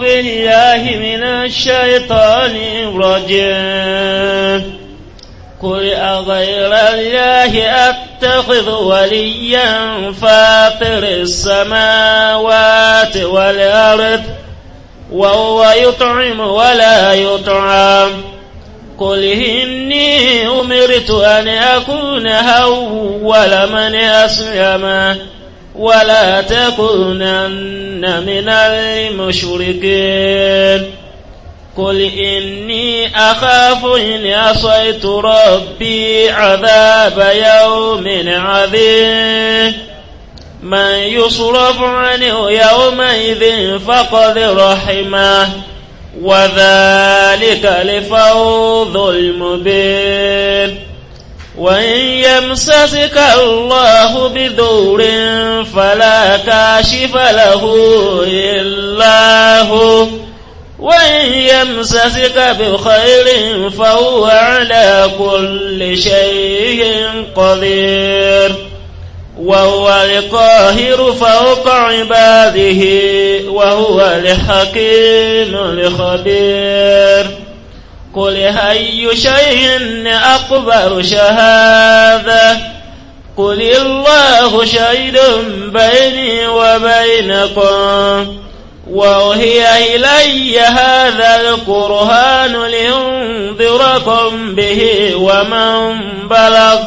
بالله من الشيطان الرجيم قل أغير الله أتخذ وليا فاطر السماوات والأرض وهو يطعم ولا يطعم قل إني أمرت أن أكون أول من أسلم ولا تكونن من المشركين قل إني أخاف إن عصيت ربي عذاب يوم عظيم من يصرف عنه يومئذ فقد رحمه وذلك لفوض المبين وإن يمسسك الله بدور فلا كاشف له إلا هو وإن يمسسك بخير فهو على كل شيء قدير وهو القاهر فوق عباده وهو الحكيم الخبير قل أي شيء أكبر شهادة قل الله شهيد بيني وبينكم وأوهي إلي هذا القرآن لينذركم به ومن بلغ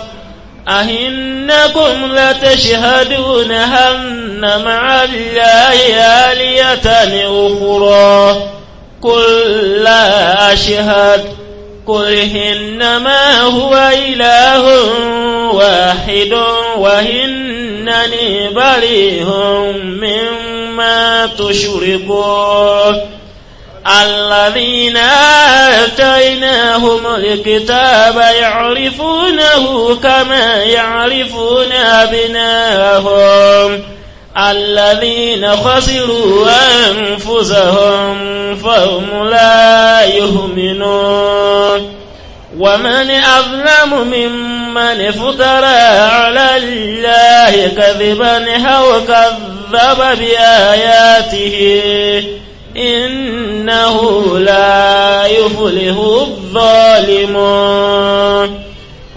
أهنكم لتشهدون أن مع الله آلية أخرى قل لا أشهد قل إنما هو إله واحد وإنني بريء مما تشركون الذين آتيناهم الكتاب يعرفونه كما يعرفون أبناءهم الذين خسروا أنفسهم فهم لا يؤمنون ومن أظلم ممن افترى على الله كذبا أو كذب بآياته إنه لا يفلح الظالمون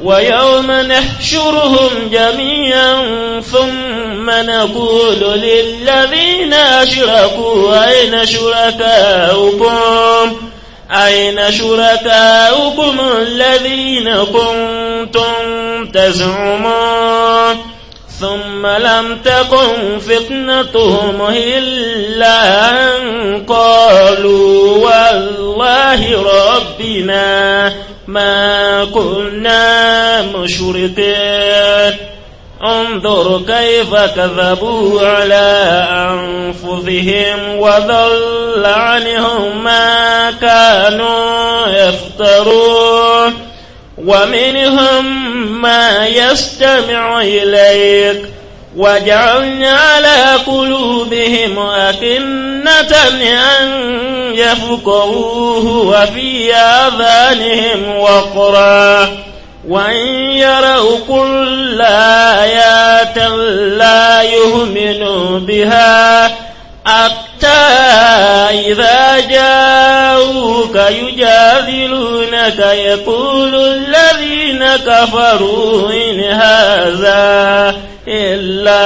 ويوم نحشرهم جميعا ثم نقول للذين أشركوا أين شركاؤكم أين شركاؤكم الذين كنتم تزعمون ثم لم تكن فتنتهم إلا أن قالوا والله ربنا ما كنا مشرقين انظر كيف كذبوا على أنفسهم وضل عنهم ما كانوا يفترون ومنهم ما يستمع إليك وجعلنا على قلوبهم أكنة أن يفقهوه وفي آذانهم وقرا وإن يروا كل آيات لا يؤمنوا بها إذا جاءوك يجادلونك يقول الذين كفروا إن هذا إلا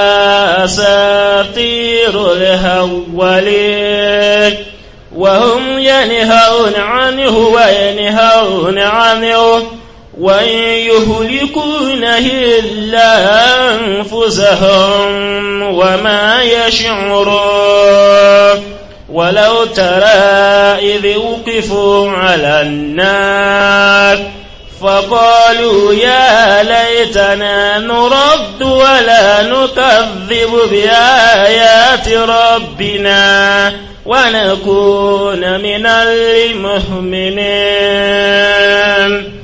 أساطير الأولين وهم ينهون عنه وينهون عنه وإن يهلكون إلا أنفسهم وما يشعرون ولو ترى إذ وقفوا على النار فقالوا يا ليتنا نرد ولا نكذب بآيات ربنا ونكون من المؤمنين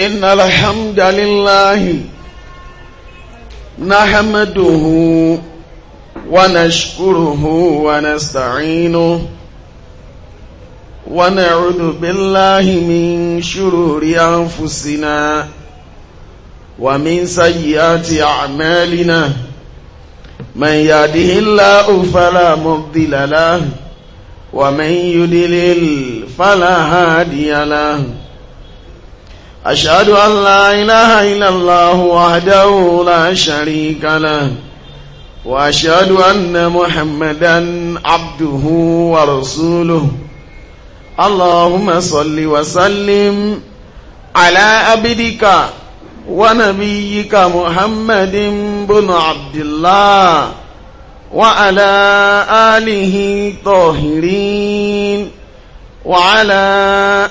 إن الحمد لله نحمده ونشكره ونستعينه ونعوذ بالله من شرور أنفسنا ومن سيئات أعمالنا من يهده الله فلا مضل له ومن يدلل فلا هادي له أشهد أن لا إله إلا الله وحده لا شريك له وأشهد أن محمدا عبده ورسوله اللهم صل وسلم على عبدك ونبيك محمد بن عبد الله وعلى آله طاهرين وعلى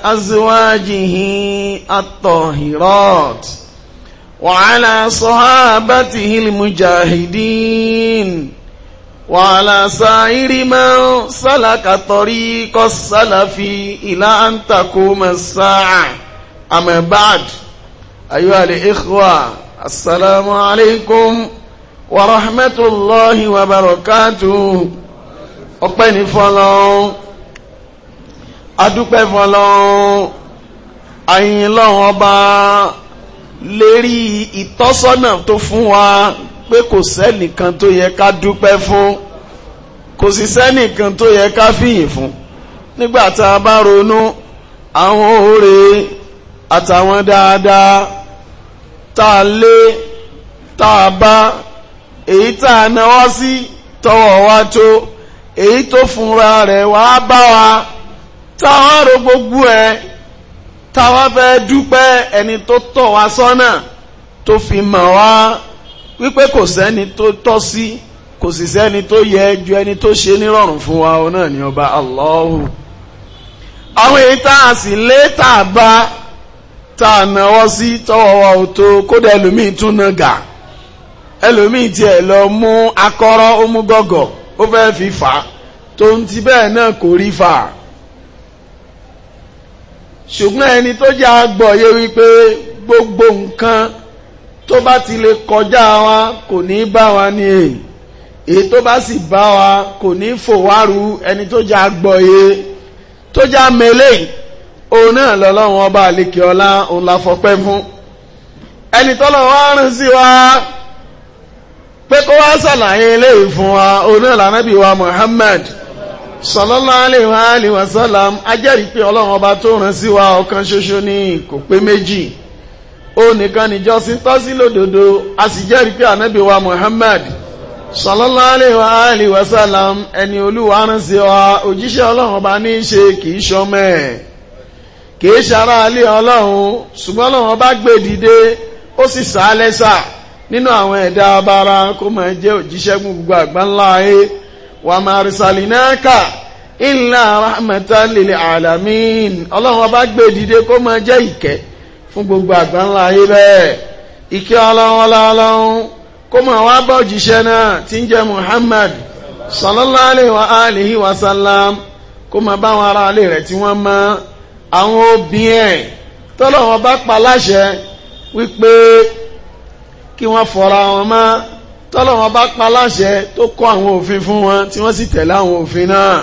أزواجه الطاهرات وعلى صحابته المجاهدين وعلى سائر من سلك طريق السلف إلى أن تقوم الساعة أما بعد أيها الإخوة السلام عليكم ورحمة الله وبركاته أقبل فلو أدوك فلو أي الله lérí ìtọ́sọ́nà tó fún wa pé kò sẹ́nìkan tó yẹ ká dúpẹ́ fún kò sì sẹ́nìkan tó yẹ ká fìyìn fún nígbà tá a bá ronú àwọn oore àtàwọn dáadáa tá a lé tá a bá èyí tá a náwó sí tọwọ́ wa tó èyí tó fúnra rẹ̀ wá bá wa tá a wá ro gbogbo ẹ̀ táwa fẹ́ dúpẹ́ ẹni tó tọ̀ wá sọ́nà tó fi mọ̀ wá wípé kò sẹ́ni tó tọ́ sí kò sì sẹ́ni tó yẹ ju ẹni tó ṣe nírọ̀rùn fún wa ọ náà ni ọba Allahu àwọn èyí tá a sì lé tá a bá tá a náwọ́ sí tọ́wọ́ wa ò tó kódà ẹlòmíì tún náà gà ẹlòmíì tiẹ̀ lọ mú akọ́rọ́ ó mú gọ́gọ́ ó fẹ́ fi fà tó ń ti bẹ́ẹ̀ náà kò rí fà á ṣùgbọ́n ẹni tó jẹ́ agbọ̀yé wípé gbogbo nǹkan tó bá ti lè kọjá wa kò ní bá wa ní èyí èyí tó bá sì bá wa kò ní fòwárù ẹni tó jẹ́ agbọ̀yé tó jẹ́ amẹ́lẹ́ òun náà lọ́lọ́run ọba àlekè ọlá òun la fọpẹ́ fún ẹni tọ́lọ́run á rán sí wa pé kó wá ṣàlàyé eléyìí fún wa òun náà lànàbí wa Muhammad sallallahu alaihi wa alihi wa sallam ajẹ́rìí pé ọlọ́run ọba tó rán sí wa ọ̀kan ṣoṣo ní kò pé méjì ó nìkan níjọ́sìn tọ́ sí lódodo a sì jẹ́rìí pé ànábì wa Muhammad sallallahu alaihi wa alihi wa sallam ẹni olúwa rán sí wa òjíṣẹ́ ọlọ́run ọba ní í ṣe kì í ṣọmọ ẹ̀ kì í ṣara alẹ́ ọlọ́run ṣùgbọ́n ọlọ́run ọba gbé dìde ó sì sá lẹ́sà nínú àwọn ẹ̀dá abara kó máa jẹ́ òjíṣẹ́ gbogbo àgbáńlá ayé wà máa rìsàlìnáàkà ìlà rahmatan lil alamin ọlọ́run ọba gbé dìde kó máa jẹ́ ìkẹ́ fún gbogbo àgbáńlá ayé bẹ́ẹ̀ ìkẹ́ ọlọ́run ọlọ́run kó máa wá bá òjíṣẹ́ náà tí ń jẹ́ Muhammad sallallahu wa alihi wa sallam kó máa bá àwọn ará alẹ́ rẹ̀ tí wọ́n mọ àwọn òbí ẹ̀ tọ́lọ́run ọba pa láṣẹ wípé kí wọ́n fọra wọn mọ́ tọ́lọ́wọ́n bá pa láṣẹ tó kọ́ àwọn òfin fún wọn tí wọ́n sì tẹ̀lé àwọn òfin náà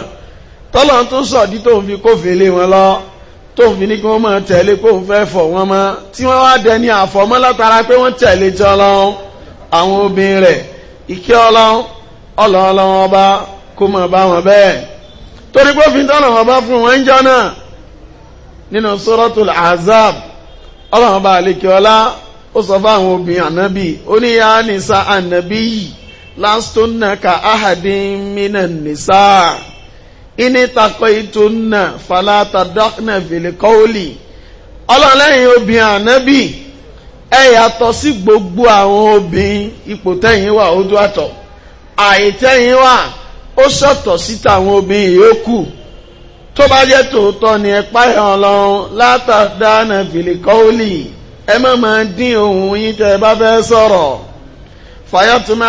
tọ́lọ́wọ́n tó sọ̀dí tóun fi kófin lé wọn lọ tóun fi ní kí wọ́n máa tẹ̀lé kóun fẹ́ fọ̀ wọ́n mọ́ tí wọ́n wá dẹni àfọ̀mọ́ látara pé wọ́n tẹ̀lé tí ọlọ́run àwọn obìnrin rẹ̀ ìkẹ́ ọlọ́run ọlọ́run ọba kó máa bá wọn bẹ́ẹ̀ torí pé òfin tọ́lọ́wọ́n bá fún wọn ń nínú suratul ó sọ fáwọn obìnrin ànábì ó ní yá nìsa ànábì yìí lásìtòǹnà ka ahadin minan nìsa ìní takọ ìtòǹnà falata dọ́knà fìlìkọ́ọ̀lì ọlọ́lẹ́yìn obìnrin ànábì ẹ yàtọ̀ sí gbogbo àwọn obìnrin ipò tẹ́yìn wà ó dúàtọ̀ àìtẹ́yìn wà ó ṣọ̀tọ̀ sí tàwọn obìnrin yòókù tó bá jẹ́ tòótọ́ ni ẹ páyọ̀ ọlọ́run látàdánà fìlìkọ́ọ̀lì. ẹ má máa dín ohùn yín tẹ́ ẹ bá fẹ́ sọ̀rọ̀ fàyàtúmá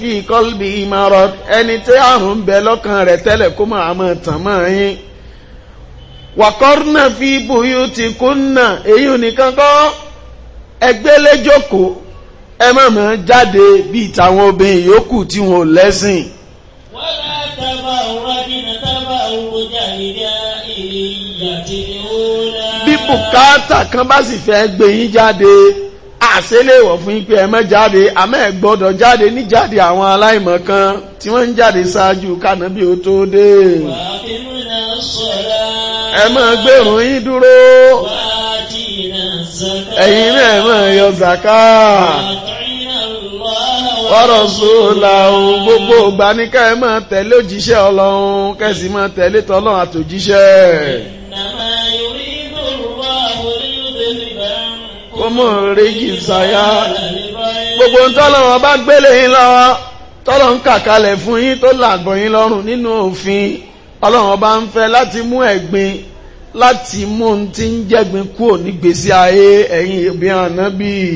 fi kọ́lbì ìmọ̀ràn ẹni tí àrùn ń bẹ lọ́kàn rẹ̀ tẹ́lẹ̀ kó máa mọ̀ tàn mọ́ yín wàkọ́rùnà fi bùyú ti kúnnà èyí nìkan kọ́ ẹ má máa jáde bíi tàwọn obìnrin yòókù tí wọn ò lẹ́sìn. wọ́n bùkátà kan bá sì fẹ́ gbé yín jáde àṣeléwọ̀ fún yín pé ẹ má jáde àmọ́ ẹ gbọ́dọ̀ jáde níjáde àwọn aláìmọ̀kan tí wọ́n ń jáde ṣáájú kànábì ó tó dé. ẹ máa gbèrún yín dúró ẹ̀yin náà ẹ máa yọ zàká ọ̀rọ̀ sóòlà ohun gbogbo ìgbà ẹ máa tẹ̀lé òjíṣẹ́ ọlọ́run kẹ́sì máa tẹ̀lé tọ́lọ́run àtòjíṣẹ́. ọmọ rẹ̀ kì í sáyà. gbogbo ń tọ́lọ̀ wọn bá gbélé yín lọ́wọ́ tọ́lọ̀ ń kàkalẹ̀ fún yín tó làgbọ̀n yín lọ́rùn nínú òfin ọlọ́run ọba ń fẹ́ láti mú ẹ̀gbin láti mú ohun tí ń jẹ́gbin kúrò nígbèésí ayé ẹ̀yin ìbí àná bíi.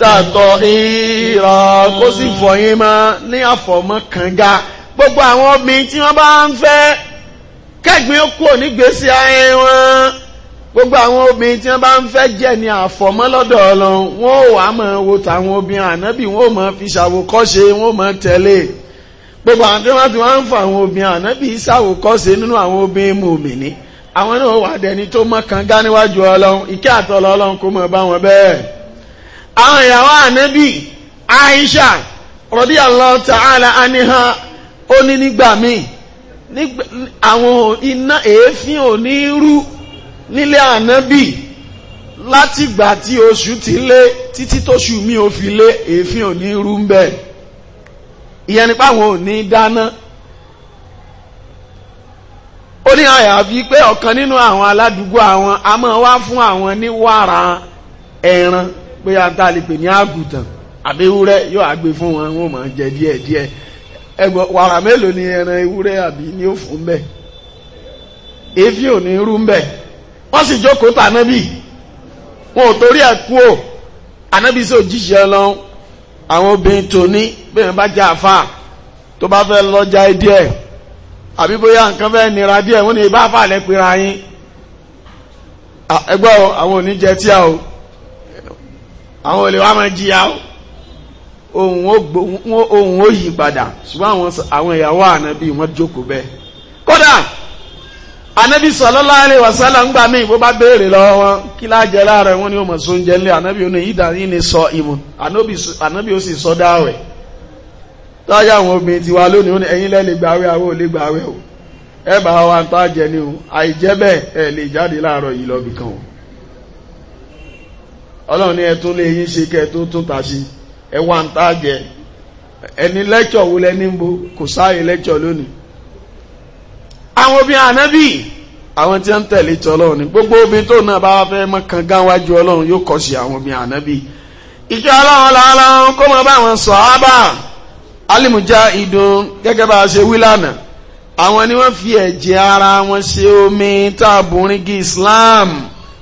tààtọ̀ ìrọ̀ kó sì fọ̀ yín mọ́ ní àfọ̀mọ́ gbogbo àwọn obìnrin tí wọ́n bá ń fẹ́ kẹ́gbin ó kúrò nígbèésí ayé wọn gbogbo àwọn obìnrin tí wọ́n bá ń fẹ́ jẹ́ ní àfọ̀mọ́ lọ́dọ̀ ọlọ́run wọn ò wá máa wo tàwọn obìnrin ànábì wọn ò máa fi ṣàwòkọ́ṣe wọn ò máa tẹ̀lé gbogbo àwọn tí wọ́n ti wá ń fọ àwọn obìnrin ànábì ṣàwòkọ́ṣe nínú àwọn obìnrin mòmìnì àwọn náà wà dẹni tó mọ́ kan gá níwájú ọlọ́run ìkẹ́ àtọ́lọ́ ọlọ́run kó mọ̀ bá wọn bẹ́ẹ̀. àwọn ìyàwó ànábì Aisha radiyallahu ta'ala anha ó ní nígbà míì àwọn iná èéfín ò ní rú nílé ànábì látìgbà tí oṣù ti lé títí tóṣù mi ò fi lé èéfín ò ní rú ń bẹ ìyẹn ni páwọn ò ní dáná ó ní àyàfi pé ọ̀kan nínú àwọn aládùúgbò àwọn a máa wá fún àwọn ní wàrà ẹran pé ata lè pè ní àgùntàn àbí ewúrẹ́ yóò àgbè fún wọn wọn máa jẹ díẹ̀ díẹ̀ ẹgbọn wàrà mélòó ni ẹran ewúrẹ́ àbí ni ó fún bẹ́ẹ̀ èéfín ò rú ń bẹ́ẹ̀ wọ́n sì jókòó tà nábì wọn ò torí ẹ̀ kú o ànábì sí òjíṣẹ́ ọlọ́run àwọn obìnrin tòní bẹ́ẹ̀ bá jẹ́ àfà tó bá fẹ́ lọ́jà díẹ̀ àbí bóyá nǹkan fẹ́ nira díẹ̀ wọ́n ní ibà fà lẹ́pẹ̀rẹ̀ yín ẹgbẹ́ o àwọn ò ní jẹ tíà o àwọn olè wa máa jìyà o ohun ó yí padà ṣùgbọ́n àwọn ìyàwó ànábì wọ́n jókòó bẹ́ẹ̀ kódà anabi sallallahu alaihi wasallam ń gbà mí bó bá béèrè lọ wọn kí lájẹ láàrẹ wọn ni ó mọ̀ sún jẹ nílé anabi ìdá yìí ni sọ ìmù anabi ó sì sọ dáwẹ̀ àwọn obìnrin ti wá lónìí ẹ̀yin àwọn ò lè o ẹ bá wa ń ni o àìjẹ́ bẹ́ẹ̀ ẹ lè jáde láàárọ̀ yìí o ọlọ́run ni ẹ tún lè yín ṣe tó tún ta ẹ wá ń ẹni àwọn obìnrin ànábì àwọn tí wọ́n ń tẹ̀lé tí ọlọ́run ni gbogbo obìnrin tó náà bá wá fẹ́ mọ́ kan gán wájú ọlọ́run yóò kọ́ sí àwọn obìnrin ànábì ìkẹ́ ọlọ́run làálàá kó mọ bá àwọn sọ̀hábà alimuja idun gẹ́gẹ́ bá a ṣe wí lánàá àwọn ni wọ́n fi ẹ̀jẹ̀ ara wọn ṣe omi táàbùrìngì Islam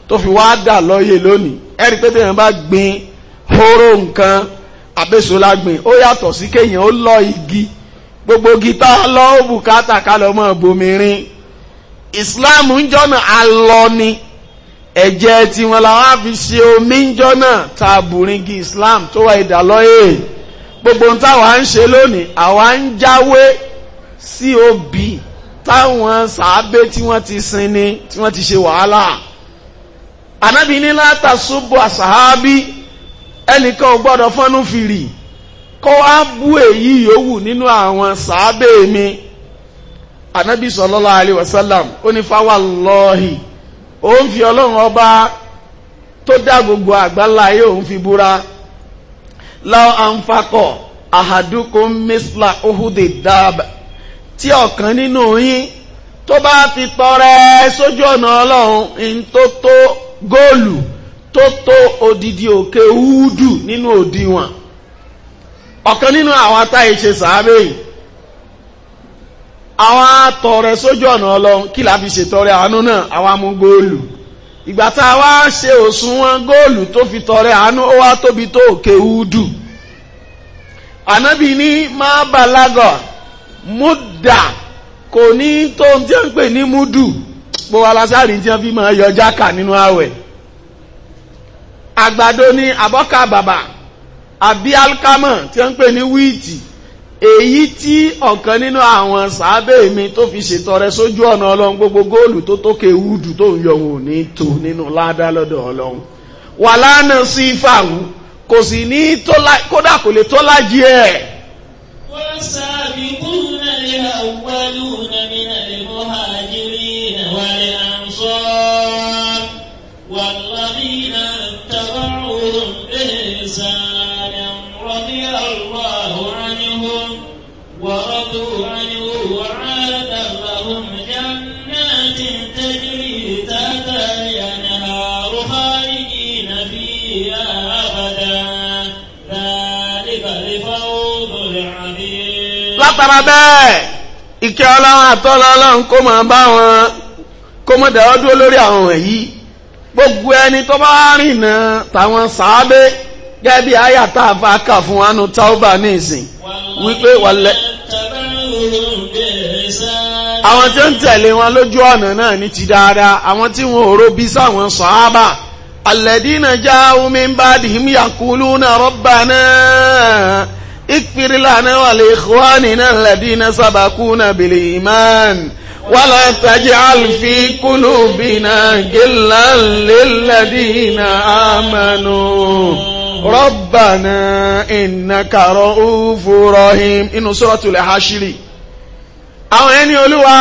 tó fi wá dà lọ́yẹ̀ lónìí ẹ̀rí pé tẹ̀yàn bá gbin hóró nǹkan àbẹ́sọ̀lá gbìn ó yàtọ̀ sí kéèyàn ó lọ igi gbogbo gita lọ́wọ́ bùkátà kálọ̀ mọ́ bomirin islam ń jọ́nà alọ́ ni ẹ̀jẹ̀ tiwọn làwọn àfi ṣe omi ń jọ́nà ta bùrìngì islam tó wà ìdálọ́ èè gbogbo ń táwa ń ṣe lónìí àwa ń jáwé sí òbí táwọn sàábé tí wọ́n ti sin ni tí wọ́n ti ṣe wàhálà anábì ní látàṣubú àṣàhábí ẹnìkan ò gbọ́dọ̀ fọ́nú fìrì kọ́ á bú èyí yòówù nínú àwọn sàábẹ̀ mi anabi sallallahu alaihi wasalam ó ní fawallahi ó ń fi ọlọ́run ọba tó dá gbogbo àgbáláyé òun fi búra láwọn àǹfàkọ̀ ahadukum misla uhudi dáàbà tí ọ̀kan nínú yín tó bá fi tọrẹ sójú ọ̀nà ọlọ́run in tó tó góòlù tó tó odidi òkè údù nínú òdiwọ̀n ọ̀kan nínú àwọn táyé ṣe sàábé yìí àwọn atọ̀rẹ̀ sójú ọ̀nà ọlọ́run kí la fi ṣètọrẹ àánú náà àwọn amú góòlù ìgbà tá a wá ṣe òṣùwọ̀n góòlù tó fi tọrẹ àánú ó wá tóbi tó òkè údù ànábì ní má múdà kò ní tó ń tí ń pè ní múdù gbogbo alásáàrí tí wọ́n fi máa yọ jákà nínú ààwẹ̀ àgbàdo ní àbọ́kà bàbà àbí alkama tí wọ́n ń pè ní wíìtì èyí tí ọ̀kan nínú àwọn sàábẹ̀ mi tó fi ṣètọrẹ sójú ọ̀nà ọlọ́run gbogbo góòlù tó tókè wúdù tó ń yọ wọn ò ní tó nínú ládá lọ́dọ̀ ọlọ́run wà lánà sí fàwù kò sì ní kódà kò lè tó lájí ẹ̀. والسابقون الأولون من المهاجرين والأنصار والذين اتبعوهم بإحسان الله عنهم ورضوا عنه وعاد لهم جنات تجري تحتها الانهار خالدين فيها ابدا ذلك الفوز العظيم. látara bẹ́ẹ̀ ìkẹ́ ọlọ́run àtọ́lọ́ ọlọ́run kó máa bá wọn kó mọ̀ dá ọdún lórí àwọn èyí gbogbo ẹni tó bá rìnnà táwọn sàábé gẹ́gẹ́ bí àyà tá a fa kà fún wánú tauba ní ìsìn wípé wàlẹ́. àwọn tí ó ń tẹ̀lé wọn lójú ọ̀nà náà ní ti dáadáa àwọn tí wọn ò robí sáwọn sàhábà alladina ja'u min ba'dihim yaquluna rabbana ikfir lana wa li ikhwanina alladina sabaquna bil iman wala taj'al fi qulubina ghillan lil ladina amanu. rọba na ra'ufur rahim inú suratul Hashiri àwọn ha olúwa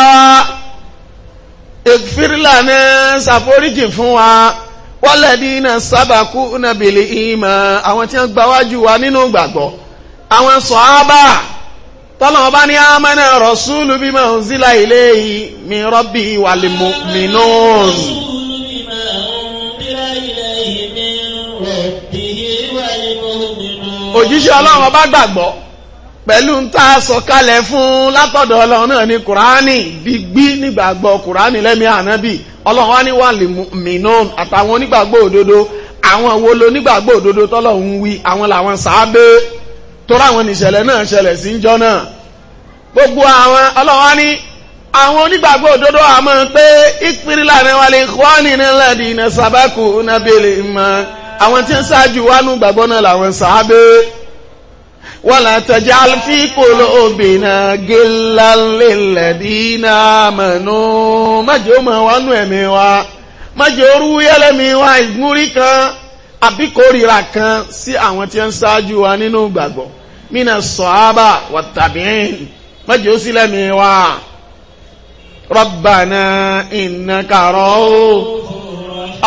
ìfìrìlànà ṣàforíjì fún wa waladina sabaquna bil iman àwọn tí wọ́n gbáwájú wa nínú gbàgbọ́ àwọn sọ̀hábà tọ́lọ̀ bá ní amana rasulu bima unzila òjíṣẹ́ ọlọ́run ọba gbàgbọ́ pẹ̀lú ń tá a sọ kalẹ̀ fún látọ̀dọ̀ ọlọ́run náà ní kùránì gbígbí nígbàgbọ́ kùránì lẹ́mí ànábì ọlọ́run wá ní wà lè mìíràn àtàwọn onígbàgbọ́ òdodo àwọn wo lo onígbàgbọ́ òdodo tọ́lọ́run ń wí àwọn làwọn sàábé torí àwọn nìṣẹ̀lẹ̀ náà ṣẹlẹ̀ sí ń jọ náà gbogbo àwọn ọlọ́run wá ní àwọn onígbàgbọ́ òdodo àmọ́ pé ìpínlẹ̀ àrẹwálé kúránì nílẹ̀ dìínà àwọn tí ń ṣáájú wánú gbàgbọ́ náà làwọn sàábé wala tajal fi qulubina gillan lilladina amanu májò mọ̀ wánú ẹ̀mí wa májò orú yẹlẹ́mí wa ìgúnrí kan àbí kórìíra kan sí àwọn tí ń ṣáájú wa nínú gbàgbọ́ mina sahaba wa tabi'in májò sílẹ̀mí wa rabbana innaka ra'ufun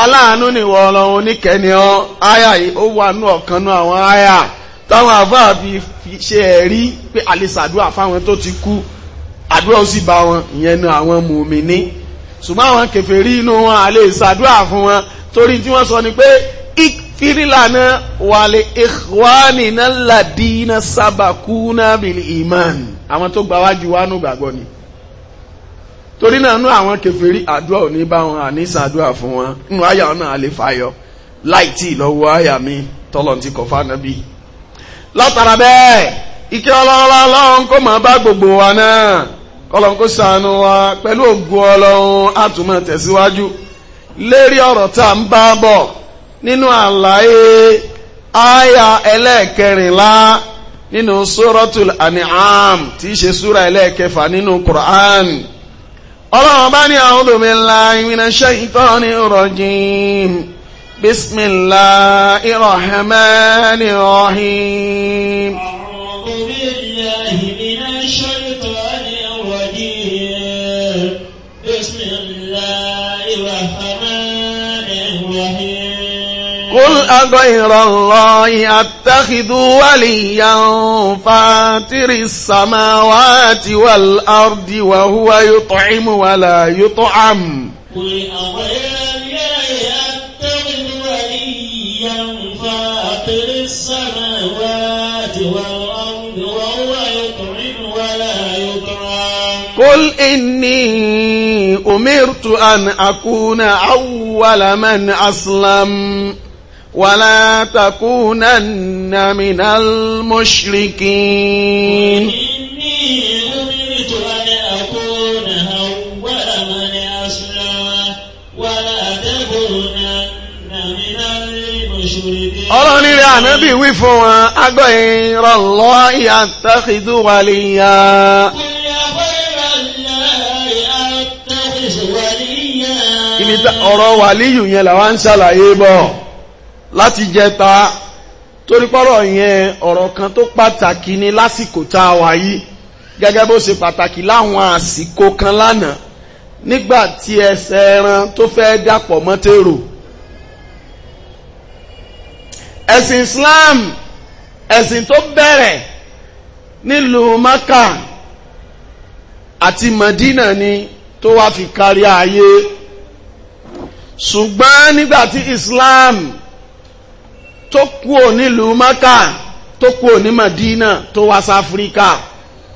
aláàánú nìwọ ọlọ́run oníkẹ́ni ọ́ áyà yìí ó wà nú ọ̀kan nú àwọn áyà táwọn àfáà fi ṣe ẹ̀rí pé àlesàdúrà fáwọn tó ti kú àdúrà ó sì bá wọn ìyẹn nu àwọn mùmíní ṣùgbọ́n àwọn kèfèrí inú wọn àlesàdúrà fún wọn torí tí wọ́n sọ ni pé ìfìrìlànà wàlẹ̀ ikhwanina ladina sabakuna bil àwọn tó gbà wánú gbàgbọ́ ni. torí náà nú àwọn kèfèrí àdúrà òní bá wọn àní sàdúrà fún wọn nínú àyà ọ̀nà lè láì tí lọ́wọ́ àyà mi tọ́lọ̀ ti kọ̀ fánàbí látara bẹ́ẹ̀ ike ọlọ́ọ̀lọ́ ọlọ́run kó máa bá gbogbo wa náà kọlọ́n kó sànù wa pẹ̀lú ògùn ọlọ́run àtúmọ̀ tẹ̀síwájú lérí ọ̀rọ̀ tá à ń bá bọ̀ nínú àlàyé àyà ẹlẹ́ẹ̀kẹrìnlá nínú suratul an'am tí í ṣe súra ẹlẹ́ẹ̀kẹfà nínú Qur'an ọlọ́run bá ní a'udhu billahi minash shaitani rajim bismillahir rahmanir rahim. قل أغير الله أتخذ وليا فاتر السماوات والأرض وهو يطعم ولا يطعم قل أغير الله أتخذ وليا فاتر السماوات والأرض وهو يطعم ولا يطعم قل إني أمرت أن أكون أول من أسلم ولا تكونن من المشركين وإني أمرت أن أكون أول من أسلم ولا تكونن من المشركين ọlọ́run nílé ànábì wí fún wọn agbọ́ ìrọ̀ lọ́ يتخذ وليا ibi ọ̀rọ̀ wàlíyù yẹn làwọn ń ṣàlàyé bọ̀ láti jẹta torí pọ́rọ̀ yẹn ọ̀rọ̀ kan tó pàtàkì ni lásìkò tá a wà yìí gẹ́gẹ́ bó ṣe pàtàkì láwọn àsìkò kan lánàá nígbà tí ẹsẹ̀ ẹran tó fẹ́ dàpọ̀ mọ́tẹ́rò ẹ̀sìn Islam ẹ̀sìn tó bẹ̀rẹ̀ nílùú Maka àti Madina ni tó wá fi kárí ayé ṣùgbọ́n nígbà tí Islam tó kúò nílùú maka tó kúò ní Madina tó wá sí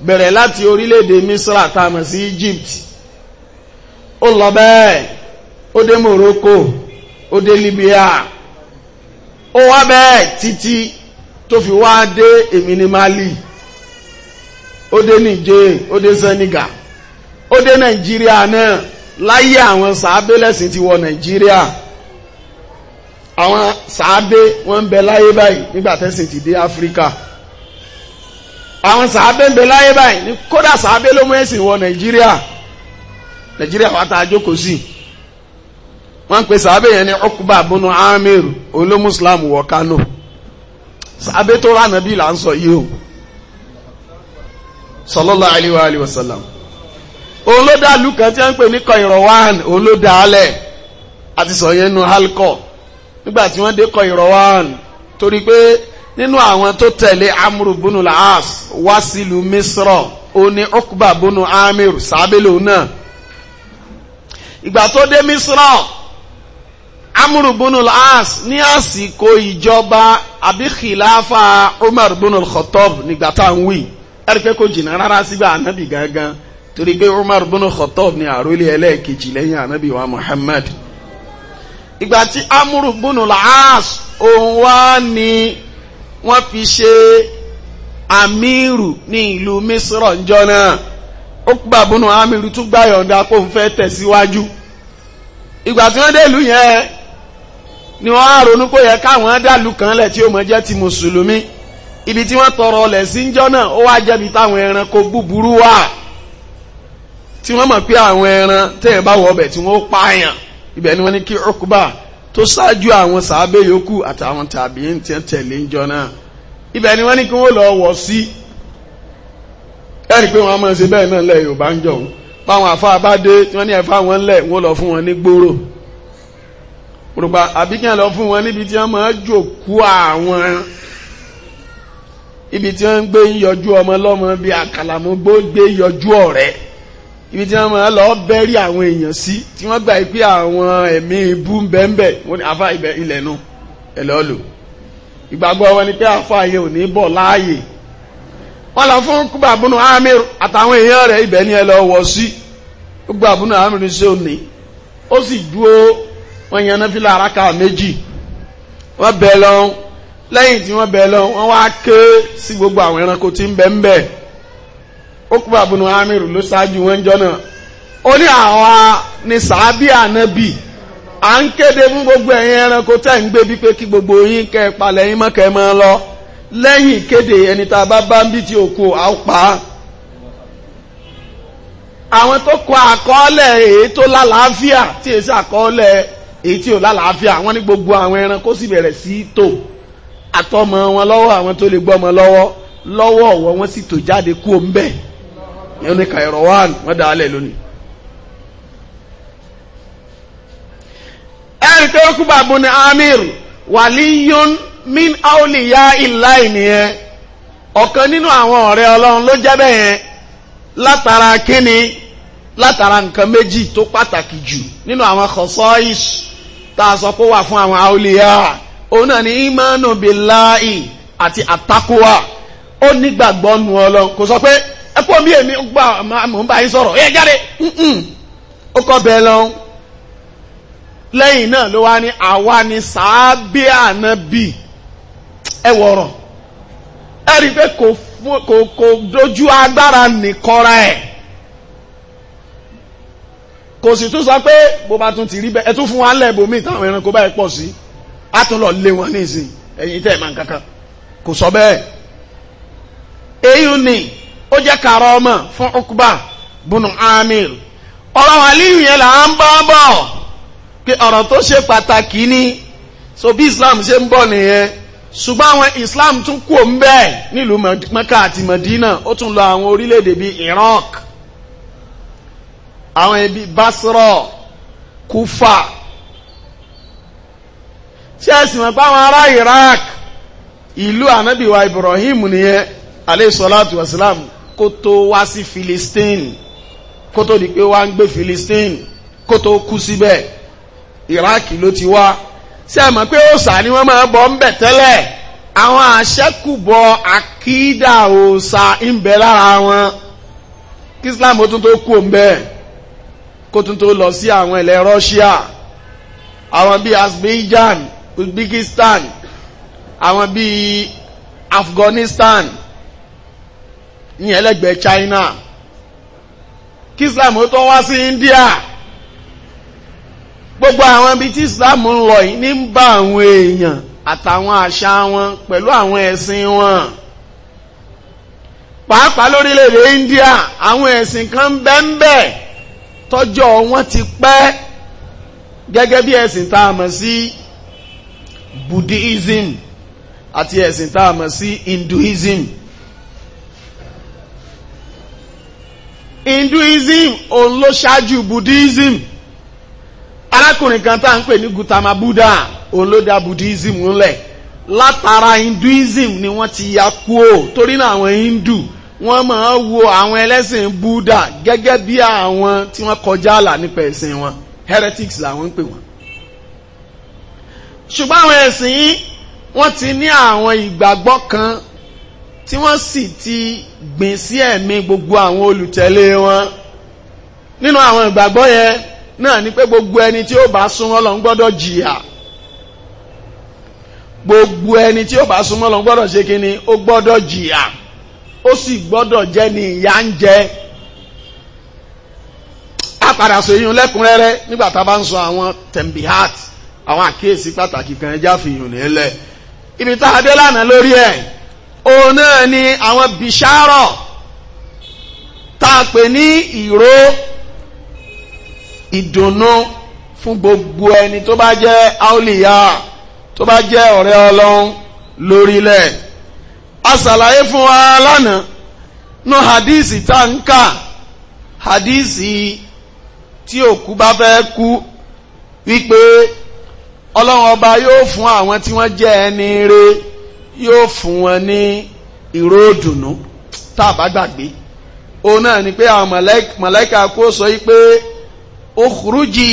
bẹ̀rẹ̀ láti orílẹ̀-èdè Misra tá a mọ̀ sí Egypt ó lọ bẹ́ẹ̀ ó dé Morocco ó dé Libya ó wá bẹ́ẹ̀ títí tó fi wá dé èmi ní Mali ó dé Niger ó dé Senegal ó dé Nàìjíríà náà láyé àwọn sàábẹ́lẹ̀sìn ti wọ Nàìjíríà àwọn sàábé wọ́n ń bẹ láyé báyìí nígbà ti dé áfíríkà àwọn sàábé ń bẹ láyé báyìí kódà sàábé ló mú ẹ̀sìn wọ nàìjíríà nàìjíríà wà tá a jókòó sí wọ́n ń pe sàábé yẹn ní ọkùbà amir olómù wọ kánò sàábé tó là ń sọ o wa kan tí wọ́n ń pè ní olódàálẹ̀ nígbà tí wọ́n dé kọ ìrọ̀wọ́n torí pé nínú àwọn tó tẹ̀lé amúrù búnú làás wá sílùú misrọ̀ ó ní ọkùbà búnú amir sábẹ́lò náà ìgbà tó dé misrọ̀ amúrù búnú làás ní àsìkò ìjọba àbí khilafa umar búnú khotob nígbà tá à ń wí ẹ̀rí pé kò jìnnà rárá sígbà ànábì gangan torí pé umar búnú khotob ní àrólé ẹlẹ́ẹ̀kejì lẹ́yìn ànábì wa muhammad ìgbà tí amúrù bùnú làás òun wá ni wọ́n fi ṣe amíru ní ìlú misrọ̀ ńjọ́ náà ó gbà bùnú amíru tún gbà yọ̀ǹda kó fẹ́ tẹ̀síwájú ìgbà tí wọ́n dé ìlú yẹn ni wọ́n á ronú pé yẹ káwọn dàlú kan lẹ̀ tí ó mọ̀ jẹ́ ti mùsùlùmí ibi tí wọ́n tọrọ ọlẹ̀ sí ńjọ́ náà ó wá jẹ́bi táwọn ẹranko búburú wà tí wọ́n mọ̀ pé àwọn ẹran tẹ̀yìn bá wọ̀ ọbẹ̀ tí wọ́n pààyàn ibẹ̀ ni wọ́n ní kí Ukba tó ṣáájú àwọn sàábé yòókù àtàwọn tàbí ń tiẹ̀ tẹ̀lé ń jọ náà ibẹ̀ ni wọ́n ní kí wọ́n lọ wọ̀ sí ẹ̀rí pé wọ́n máa ṣe bẹ́ẹ̀ náà lẹ̀ Yorùbá ń jọ̀hún báwọn àfa bá dé tí wọ́n ní ẹ̀fà wọn lẹ̀ wọ́n lọ fún wọn ní gbòòrò òrùpa àbíkẹ́ lọ fún wọn níbi tí wọ́n máa jòkú àwọn ibi tí wọ́n ń gbé yọjú ọmọ lọ́mọ bíi àkàlàmúgbó gbé yọjú ọ̀rẹ́ ibi tí wọ́n máa lọ bẹ́rí àwọn èèyàn sí tí wọ́n gbà pé àwọn ẹ̀mí ibú ń bẹ ń bẹ wọ́n ní afá ilẹ̀ nu ẹ̀ lọ́ọ́ lò ìgbàgbọ́ wọn ni pé afá yẹn ò ní bọ̀ láàyè wọ́n lọ fún kúbà búnú amir àtàwọn èèyàn rẹ̀ ibẹ̀ ni ẹ lọ wọ̀ sí kúbà búnú amir ní sí òní ó sì dúró wọ́n yan náfìlà àràkà méjì wọ́n bẹ̀ lọ lẹ́yìn tí wọ́n bẹ̀ lọ wọ́n wá ké sí gbogbo àwọn ẹranko tí ń bẹ ń bẹ okùnbà bùnú amiru ló ṣáájú wọn jọ náà ó ní àwọn ní sàábì ànábì à ń gbogbo ẹ̀yin ẹranko tẹ́ ń gbé bí gbogbo yín nke palẹ̀ yín maka mọ́ lọ lẹ́yìn ìkéde ẹni tá a bá bá ń bí ti òkú àwòpá àwọn tó kọ àkọọ́lẹ̀ èyí tó lálàáfíà tí èsì àkọọ́lẹ̀ èyí tí ò lálàáfíà àwọn ní gbogbo àwọn ẹranko sì bẹ̀rẹ̀ sí tò àtọmọ wọn lọwọ àwọn tó lè gbọ́mọ lọwọ lọ́wọ́ ọ̀wọ́ wọn sì tò jáde kú òun bẹ́ẹ̀ yẹn ní kairowan wọ́n dá alẹ́ lónìí. ẹ̀rì tó kú bàbá ni amir wàlíyún min aoliya ilá ìnìyẹn ọ̀kan nínú àwọn ọ̀rẹ́ ọlọ́run ló jẹ́ bẹ́ẹ̀ yẹn látara kíni látara nǹkan méjì tó pàtàkì jù nínú àwọn kọ̀sọ́ìs tá a sọ pé wà fún àwọn aoliya òun náà ni imanu bilahi àti atakuwa ó nígbàgbọ́ nu ọlọ́run kò sọ pé ẹ omi emi èmi gbà mò ń bá yín sọ̀rọ̀ ẹ jáde ó kọ́ bẹ́ẹ̀ lọ lẹ́yìn náà ló wá ní àwa ni sàábí ànábì ẹ wọ̀rọ̀ ẹ rí i pé kò kò kò dojú agbára nìkanra ẹ̀ kò sì tún sọ pé bó bá tún ti rí bẹ́ẹ̀ ẹ tún fún wa lẹ́ẹ̀ bòmíì táwọn ẹranko báyìí pọ̀ sí á tún lọ lé wọn nísìnyí ẹ̀yìn tẹ̀ máa ń kankan kò sọ bẹ́ẹ̀ èyí ni. ó jẹ́ kàrọ ọmọ fún Ukba bunu Amir ọ̀rọ̀ Aliyu yẹn là ń bọ́ bọ̀ pé ọ̀rọ̀ tó ṣe pàtàkì ni so bí Islam ṣe ń bọ̀ nìyẹn ṣùgbọ́n àwọn Islam tún kú òun bẹ́ẹ̀ nílùú Mẹ́kà àti Mẹ́dínà ó tún lọ àwọn orílẹ̀-èdè bíi Iraq àwọn ibi Basra Kufa ṣé ẹ̀sìn mọ̀ pé àwọn ará Iraq ìlú anabiwa Ibrahim nìyẹn aleyhisalatu wasalam kó tó wá sí Philistine kó tó di pé wá ń gbé Philistine kó tó kú síbẹ̀ Iraq ló ti wá ṣé ẹ mọ̀ pé òòṣà ni wọ́n máa bọ̀ ń bẹ̀ tẹ́lẹ̀ àwọn àṣẹ́kùbọ̀ àkídà òòṣà ń bẹ lára wọn kí Islam ó tún tó kú òun bẹ́ẹ̀ kó tún tó lọ sí àwọn ilẹ̀ Russia àwọn bíi Azerbaijan Uzbekistan àwọn bíi Afghanistan ní ẹlẹ́gbẹ̀ẹ́ China kí Islam ó tó wá sí India gbogbo àwọn ibi tí Islam ń lọ yìí ní ń bá àwọn èèyàn àtàwọn àṣà wọn pẹ̀lú àwọn ẹ̀sìn wọn pàápàá lórílẹ̀-èdè India àwọn ẹ̀sìn kan bẹ́ńbẹ́ tọ́jọ́ wọn ti pẹ́ gẹ́gẹ́ bí ẹ̀sìn tá a mọ̀ sí Buddhism àti ẹ̀sìn tá a mọ̀ sí Hinduism hinduism òun buddhism arákùnrin kan tá à ń pè ní gautama buddha òun buddhism ńlẹ̀ látara hinduism ni wọn ti ya kúò torí náà àwọn hindu wọn máa ń wo àwọn ẹlẹ́sìn buddha gẹ́gẹ́ bí àwọn tí wọn kọjá àlà nípa ẹ̀sìn wọn heretics làwọn ń pè wọn ṣùgbọ́n àwọn ẹ̀sìn yìí wọ́n ti ní àwọn ìgbàgbọ́ kan tí wọ́n sì ti gbìn sí ẹ̀mí gbogbo àwọn olùtẹ̀lé wọn nínú àwọn ìgbàgbọ́ yẹn náà ni pé gbogbo ẹni tí ó bá súnmọ́ lọ ń gbọ́dọ̀ jìyà gbogbo ẹni tí ó bá súnmọ́ lọ ń gbọ́dọ̀ ṣe kí ni ó gbọ́dọ̀ jìyà ó sì gbọ́dọ̀ jẹ́ ni ìyà ń jẹ a padà sọ èyí lẹ́kùnrẹ́rẹ́ nígbà tá a bá ń sọ àwọn tembihat àwọn àkíyèsí pàtàkì kan ẹja fìyàn nílẹ̀ ibi tá a dé lánàá lórí ẹ̀ òun náà ni àwọn bìṣárọ̀ tá a pè ní ìró ìdùnnú fún gbogbo ẹni tó bá jẹ́ aoliya tó bá jẹ́ ọ̀rẹ́ ọlọ́run lórílẹ̀ a ṣàlàyé fún wa lánàá nú hadisi tá n kà hadisi tí òkú bá fẹ́ kú wípé ọlọ́run ọba yóò fún àwọn tí wọ́n jẹ́ ẹni rere yóò fún wọn ní ìró ìdùnnú tá a bá gbàgbé òun náà ni pé àwọn màláíkà kó sọ yìí pé ukhruji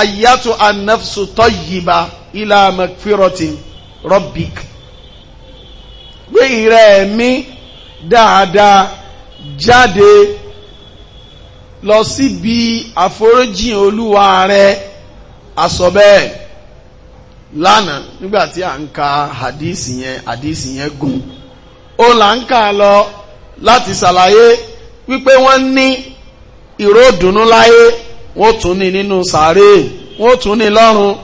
ayyatu an-nafsu tayyiba ila magfirati rabbik pé ìrẹ́ mi dáadáa jáde lọ síbi àforíjìn olúwa rẹ̀ àsọ̀bẹ́ẹ̀. Lana, nígbà tí à ka hadisi yẹn hadisi yẹn gùn O là ń kà lọ láti ṣàlàyé wípé wọ́n ní ìró dùnú láyé wọ́n ni ní nínú sàárè wọ́n tún ní lọ́run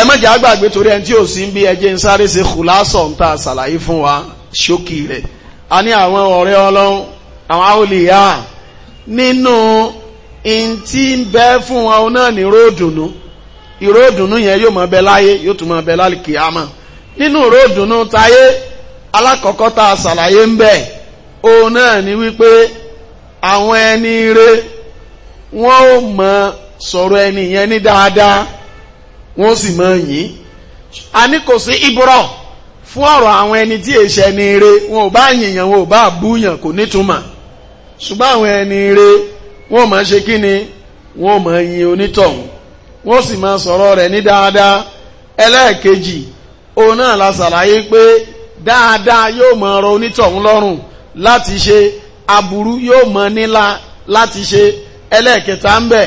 ẹ má jẹ́ àgbàgbé torí ẹni tí ò sí ń bí ẹjẹ́ ń sáré ṣe kùlásọ̀ ń ta ṣàlàyé fún wa ṣókì rẹ̀ a ní àwọn ọ̀rẹ́ ọlọ́run àwọn àwòlìyá nínú ìntí ń bẹ fún wọn náà ní ròdùnú ìró òdùnnú yẹn yóò máa bẹ láyé yóò tún máa bẹ lálìkì àmọ́ nínú ìró táyé alákọ̀ọ́kọ́ tá a ṣàlàyé ń bẹ̀ òun náà ni wípé àwọn ẹni ire wọn ò mọ sọ̀rọ̀ ẹni yẹn ní dáadáa wọn sì mọ yìí a ní kò sí fún ọ̀rọ̀ àwọn ẹni tí ni wọn ò bá yìnyàn wọ́n sì máa sọ̀rọ̀ rẹ̀ ní dáadáa ẹlẹ́ẹ̀kejì òun náà la ṣàlàyé pé dáadáa yóò máa rọ onítọ̀hún lọ́rùn láti ṣe aburú yóò máa nílá láti ṣe ẹlẹ́ẹ̀kẹta ń bẹ̀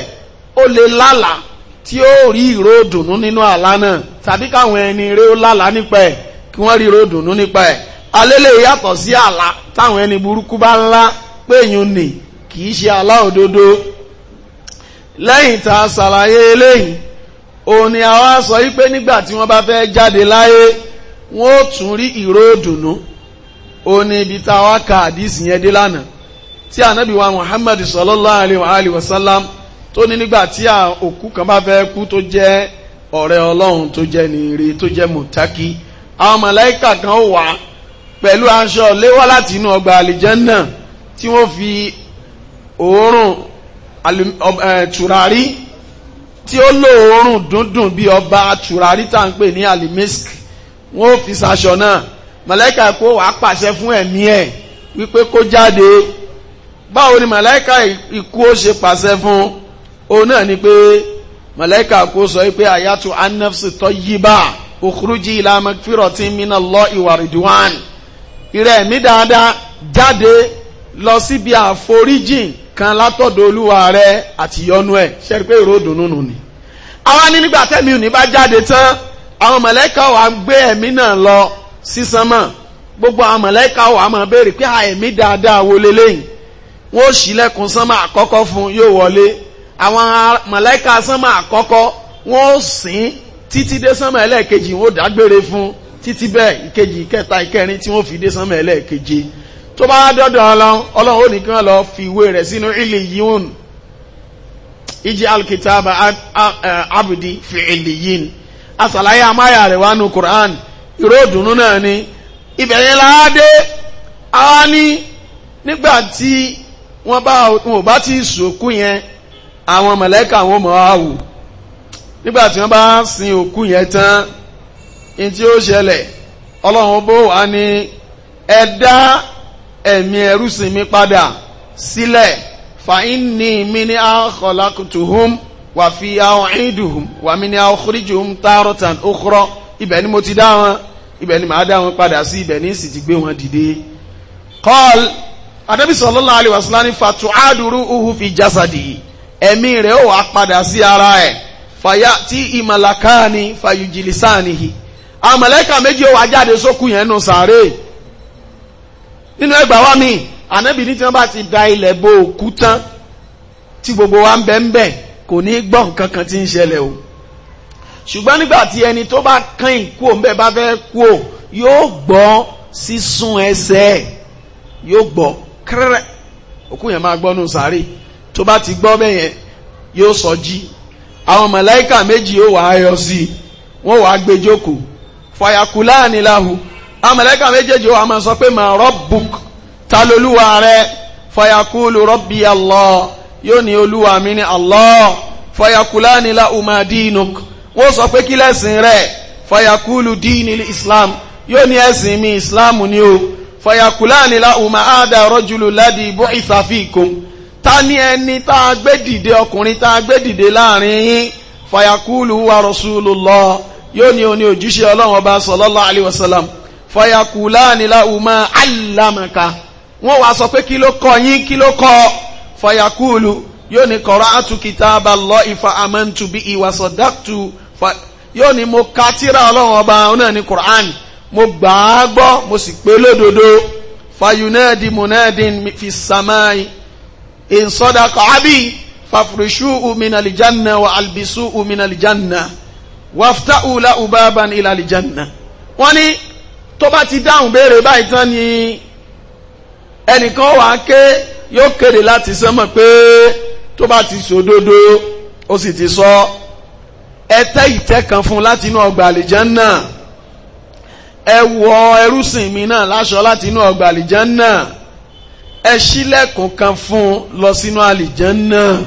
ó lè lálàá tí ó rí ìró dùnú nínú àlá náà tàbí káwọn ẹni eré ó lálàá nípa ẹ̀ kí wọ́n rí ìró dùnú nípa ẹ̀ alélè yàtọ̀ sí àlá táwọn ẹni burúkú bá ńlá péyùn nì kì í ṣe àlá òdodo lẹ́yìn ta a ṣàlàyé eléyìí òun ni àwa sọ wípé nígbà tí wọ́n bá fẹ́ jáde láyé wọ́n ó tún rí ìró ìdùnnú òun ni ibi tá a wá ka àdìsí yẹn dé lánàá tí ànábì wa Muhammad sallallahu alayhi wa alayhi wa sallam tó ní nígbà tí òkú kan bá fẹ́ kú tó jẹ́ ọ̀rẹ́ ọlọ́run tó jẹ́ nìire tó jẹ́ mùtákì àwọn màláíkà kan wà pẹ̀lú aṣọ léwá láti inú ọgbà àlìjẹ́nnà tí wọ́n fi òórùn tùràrí tí ó lóòórùn dúndùn bí ọba tùràrí tá à ń pè ní alimisk wọn fi ṣaṣọ náà màláíkà kó wàá pàṣẹ fún ẹ̀mí ẹ̀ wípé kó jáde báwo ni màláíkà ikú ó ṣe pàṣẹ fún òun náà ni pé màláíkà kó sọ pé àyàtú anafsi tayyiba ukhruji ila magfiratin minallahi wa ridwan ìrẹ́ ẹ̀mí dáadáa jáde lọ síbi àforíjìn kan látọ̀dọ̀ olúwa rẹ àti yọ́nú ẹ̀ ṣe pé ìró ìdùnnú nù ni. àwa ní nígbà tẹ́mi ò ní bá jáde tán àwọn mọ̀lẹ́kà wa gbé ẹ̀mí náà lọ sí sánmọ̀ gbogbo àwọn mọ̀lẹ́kà wa máa béèrè pé à ẹ̀mí dáadáa wo leléyìí wọ́n ó ṣílẹ̀kùn sánmọ̀ àkọ́kọ́ fún yóò wọlé àwọn mọ̀lẹ́kà sánmọ̀ àkọ́kọ́ wọ́n ó sìn títí dé sánmọ̀ ẹlẹ́ẹ̀kejì wọ́n ó dágbére fún títí bẹ́ẹ̀ ìkejì ìkẹta ìkẹrin tí wọ́n fi dé sánmọ̀ ẹlẹ́ẹ̀keje tó bá dọ́dọ̀ ọlọ́run ọlọ́run ó nìkan lọ fi ìwé rẹ̀ sínú ilé yíwọ̀n ìjì alkitaba abdi fi ilé yín asàlàyé amáyà rẹ̀ wà nù Qur'an ìró ìdùnnú náà ni ibẹ̀ yẹn la dé a ní nígbà tí wọ́n bá ti sòkú yẹn àwọn mọ̀lẹ́kà wọn mọ̀ á wù nígbà tí wọ́n bá sin òkú yẹn tán ní tí ó ṣẹlẹ̀ ọlọ́run bó wà ní ẹ̀dá ẹ̀mí ẹrú sìn mi padà sílẹ̀ fàínì mi ní àkọlákùtùhùm wà fi àwọn ìdùhùm wà mí ní àkọríjùhùm tààrọ̀tàn òkúrọ̀ ibẹ̀ ni mo ti dá wọn ibẹ̀ ni màá dá wọn padà sí ibẹ̀ ni sì ti gbé wọn dìde. kọ́l adébí sallallahu alaihi ní fatu adúrú uhu fi jásàdì ẹ̀mí rẹ̀ ó wà padà sí ara ẹ̀ fàyà tí ìmàlàkà ni fàyùjìlísà nìyí àmàlẹ́kà méjì ó wà jáde sókù yẹn nù sàárè nínú ẹgbàá wa mi ànábì ní tí wọ́n bá ti da ilẹ̀ bo òkú tán tí gbogbo wa ń bẹ ń bẹ kò ní gbọ́ nǹkan kan tí ń ṣẹlẹ̀ o ṣùgbọ́n nígbà tí ẹni tó bá kán ìkú òun bẹ́ẹ̀ bá fẹ́ kú o yóò gbọ́ sísun ẹsẹ̀ yóò gbọ́ kẹrẹ òkú yẹn máa gbọ́ nù tó bá ti gbọ́ bẹ́ẹ̀ yẹn yóò sọ jí àwọn màláíkà méjì yóò wá yọ sí i wọ́n wàá gbé fàyàkùlá níláhùn amẹ̀lẹ́kà méjèèjì wa máa sọ pé mà rabbuk ta lolúwa rẹ fayakulu rabbi Allah yóò ní olúwa mi ní Allah fayakulani la uma dinuk wọ́n sọ pé kí lẹ́sìn rẹ̀ fayakulu dinil islam yóò ní ẹ̀sìn mi islam ni o fayakulani la uma ada rọ́júlù ládì bu'itha fikum ta ni ẹni tá a gbé dìde ọkùnrin tá a gbé dìde láàrin yín fayakulu wa rasulullah yóò ní oní òjíṣẹ́ ọlọ́run ọba sallallahu alaihi wasallam fayakulani lahuma alamaka wọ́n wá sọ pé kí ló kọ́ yín kí ló kọ́ fayakulu yóò ní qara'atu kitaballahi fa amantu bihi wa saddaqtu yóò ní mo ka tírà ọlọ́run ọba ọ̀nà ní Qur'an mo gbà á gbọ́ mo sì pé lódodo fayunadi munadin fi samai in sadaqa abi fafrishu min alijanna wa albisu min alijanna wafta ula ubaban ila alijanna wọ́n ní tó bá ti dáhùn béèrè báyìí tán ni ẹnìkan wà á ké yóò kéde láti sánmọ̀ pé tó bá ti sòdodo ó sì ti sọ ẹtẹ́ ìtẹ́ kan fún láti inú ọgbà àlìjánà ẹ wọ ẹrúsìn mi náà láṣọ láti inú ọgbà àlìjánà ẹ ṣílẹ̀kùn kan fún lọ sínú àlìjánà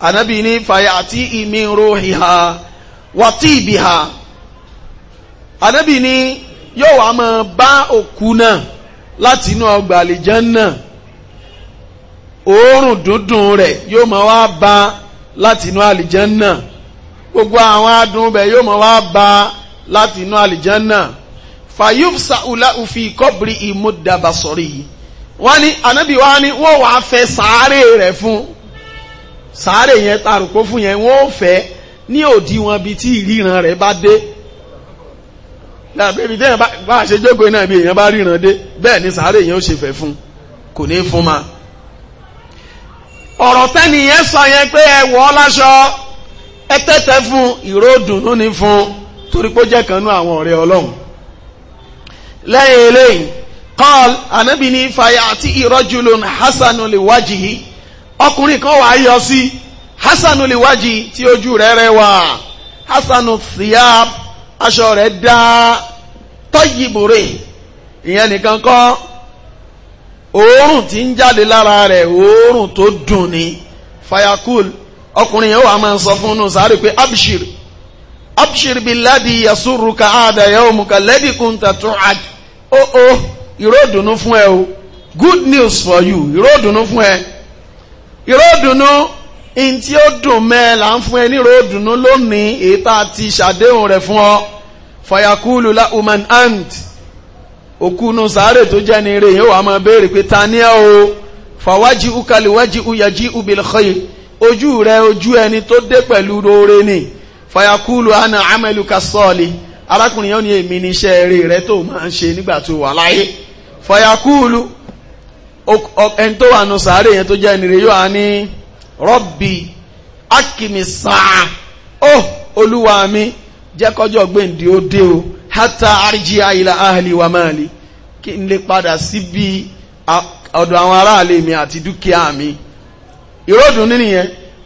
ànábì ní fàyà àti ìmí ìhà wàtí ìbìhà ànábì ní yóò wá máa bá òkú náà láti inú ọgbà àlìjánà òórùn dúndùn rẹ̀ yóò máa wá bá láti inú àlìjánà gbogbo àwọn adùn bẹ̀ yóò máa wá bá láti inú àlìjánà fàyúfsà ùlà òfin kọ́bìrì ìmúdàbàsọ̀rì yìí wọ́n ni ànábì wa ní wọ́n wàá fẹ́ sàárè rẹ̀ fún sàárè yẹn tarùkó fún yẹn wọ́n fẹ́ ní òdiwọ̀n bíi tí ìríran rẹ̀ bá dé láàbẹ̀bí tẹ́yàn bá ṣe jókòó náà bí èèyàn bá ríran dé bẹ́ẹ̀ ni sàárè èèyàn ó ṣe fẹ̀ fún kò ní fún ma ọ̀rọ̀ tẹ́ni yẹn sọ yẹn pé ẹ wọ̀ ọ́ láṣọ ẹ tẹ́tẹ́ fún ìró dùnú ni fún torí pé ó jẹ́ kan nú àwọn ọ̀rẹ́ ọlọ́run lẹ́yìn eléyìí kọ́ọ̀l ànábì ní fàyà àti ìrọ́júlùn hasanu lè ọkùnrin kan wàá yọ sí hasanu lè tí ojú rẹ̀ rẹwà hasanu thiyab aṣọ rẹ̀ dá tọ́yìbùrè ìyẹn nìkan kọ́ oorun ti ń jáde lára rẹ̀ oorun tó dùn ní fayakul ọkùnrin yẹn wà máa ń sọ fún un sáré pé abshir abshir billadi yasuruka ada yawmuka lẹ́dí kunta tu'ad o o ìró dunu fún ẹ o good news for you ìró dunu fún ẹ ìró dunu. in tí ó dùn mẹ́ là ń fún ẹ ní ròdùnú lónìí èyí ti ṣàdéhùn rẹ̀ fún ọ fayakulu la uman ant òkúnu sáré tó jẹ́ ní eré yìí ó wàá máa pé ta ni ẹ o ukali wájì uyàjì ubilkhayi ojú rẹ ojú ẹni tó dé pẹ̀lú rore ni fayakulu ana amẹlu kasọ́ọ̀lì arákùnrin yóò ní èmi ní iṣẹ́ eré rẹ tó máa ń ṣe nígbà tó wà láyé fayakulu ẹni tó wà nù sáré yẹn tó jẹ́ ní eré yóò á ní. rọ́bì akimisaa ó oh, olúwa mi jẹ́ kọjọ́ gbèǹdé ó dé o hátà àríjíà ilà ahìlì wà máàlì kí n lè padà síbi ọ̀dọ̀ àwọn aráàlú mi àti dúkìá mi ìròdùn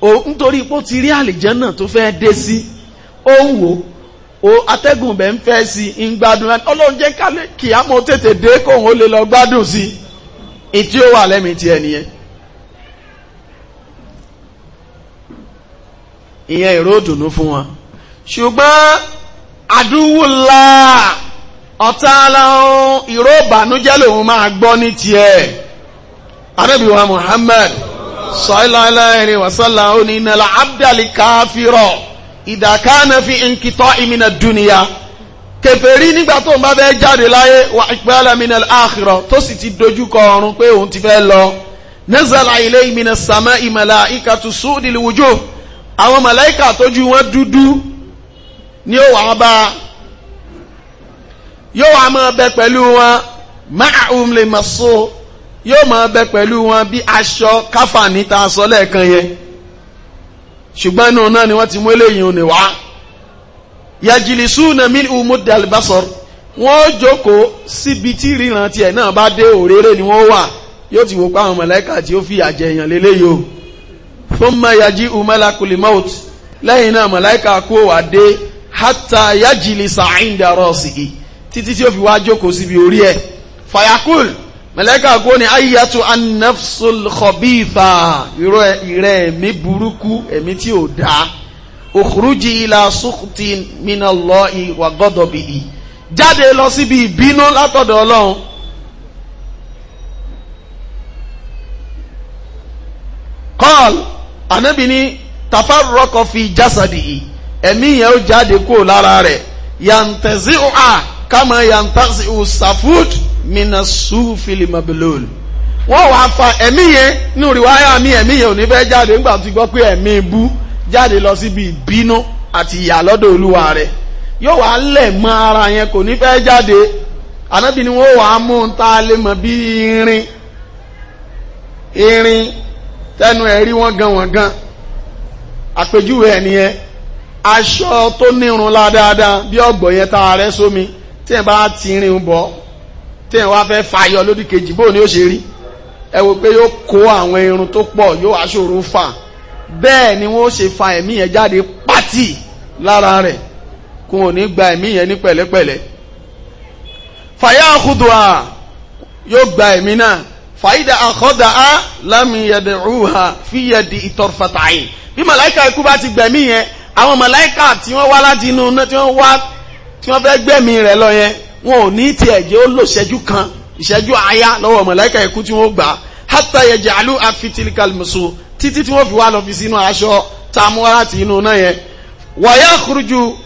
o n pé ó ti rí àlìjẹ́nà tó fẹ́ dé sí ó ń wò ó atẹ́gùn bẹ́ẹ̀ ń fẹ́ sí ń gbádùn ọlọ́run jẹ́ kí á mọ̀ tètè dé ó lè lọ gbádùn sí i tí ó wà lẹ́mìí tiẹ̀ nìyẹn ìyẹn ìró ìdùnnú fún wọn ṣùgbọ́n àdúwùlá ọ̀tá aláhùn ìró ìbànújẹ́ lòun máa gbọ́ ní tiẹ̀ Ànábì wa Muhammad sallallahu alaihi wasallam ó ní innal abdal kafira idha kana fi inqita'i min ad-dunya kèfèrí nígbà tó ń bá fẹ́ jáde láyé wà ìpẹ́lẹ̀ minal akhirah tó sì ti dojúkọ ọ̀run pé òun ti fẹ́ lọ nazala ilayhi minas sama'i malaikatu su'dil wujuh àwọn màláíkà tójú wọn dúdú ni ó wàá bá yóò wàá máa bẹ pẹ̀lú wọn ma'ahum lè máa so yóò máa bẹ pẹ̀lú wọn bí aṣọ káfà níta aṣọ lẹ́ẹ̀kan yẹn ṣùgbọ́n inú náà ni wọ́n ti mú eléyìí òní wá yajilisuna min umuddal basar wọ́n jókòó síbi tí ríran tiẹ̀ náà bá dé òréré ni wọ́n wà yóò ti wò pa àwọn màláíkà tí ó fi àjẹyàn lélẹ́yìí o thumma yaji'u malakul maut lẹ́yìn náà màláìka kú wà dé hatta yajlisa 'inda rasihi títí tí ó fi wá jókòó síbi orí ẹ̀ fayakul màláìka kú ni ayyatu an-nafsul khabitha ìrẹ́ ẹ̀mí burúkú ẹ̀mí tí ò dáa ukhruji ila sukhtin minallahi wa ghadabihi jáde lọ síbi ìbínú látọ̀dọ̀ ọlọ́run qal ànábì ní tafarrọkọ fi jásàdì yìí ẹ̀mí yẹn ó jáde kúrò lára rẹ̀ yantẹ̀sí ọ̀hà kama yantẹ̀sí ọ̀sàfúd minasu filimabilol wọ́n wàá fa ẹ̀mí yẹn ní rìwáyà mi ẹ̀mí yẹn ò ní fẹ́ jáde nígbà tó gbọ́ pé ẹ̀mí bú jáde lọ síbi ìbínú àti ìyà lọ́dọ̀ olúwa rẹ̀ yóò wàá lẹ̀ mọ́ ara yẹn kò ní fẹ́ jáde ànábì ni wọ́n wàá mú un tá a lè mọ̀ bí irin irin tẹnu ẹ̀ rí wọ́n gan wọ́n gan àpèjúwe ẹ̀ nìyẹn aṣọ tó nírun la dáadáa bí ọ̀gbọ̀ yẹn tá a rẹ́ sómi tí ẹ̀ bá ti rìn bọ̀ tí ẹ̀ wá fẹ́ fàyọ lódì kejì bóun ni ó ṣe rí ẹ wò pé yóò kó àwọn irun tó pọ̀ yóò aṣòro fà bẹ́ẹ̀ ni wọ́n ṣe fa ẹ̀mí yẹn jáde pátì lára rẹ̀ kò ò ní gba ẹ̀mí yẹn ní pẹ̀lẹ́pẹ̀lẹ́ fàyà àkùdùà yóò gba ẹ̀mí náà fàyídà àkọ́dà á lámìyàdẹ̀ rúhà fíyàdì ìtọ̀fàtàyìn bí màláìka ikú bá ti gbẹ̀mí yẹn àwọn màláìka tí wọ́n wá láti inú iná tí wọ́n wá tí wọ́n fẹ́ gbẹ̀mí rẹ̀ lọ yẹn wọn ò ní tiẹ̀ jẹ́ ó lò ṣẹ́jú kan ìṣẹ́jú àyá lọ́wọ́ màláìka ikú tí wọ́n gbà hátà yẹjẹ àlú àfitìlìkàlùmùsù títí tí wọ́n fi wá lọ fi sínú aṣọ tá a mú wá láti inú iná yẹn wàyà kúrújú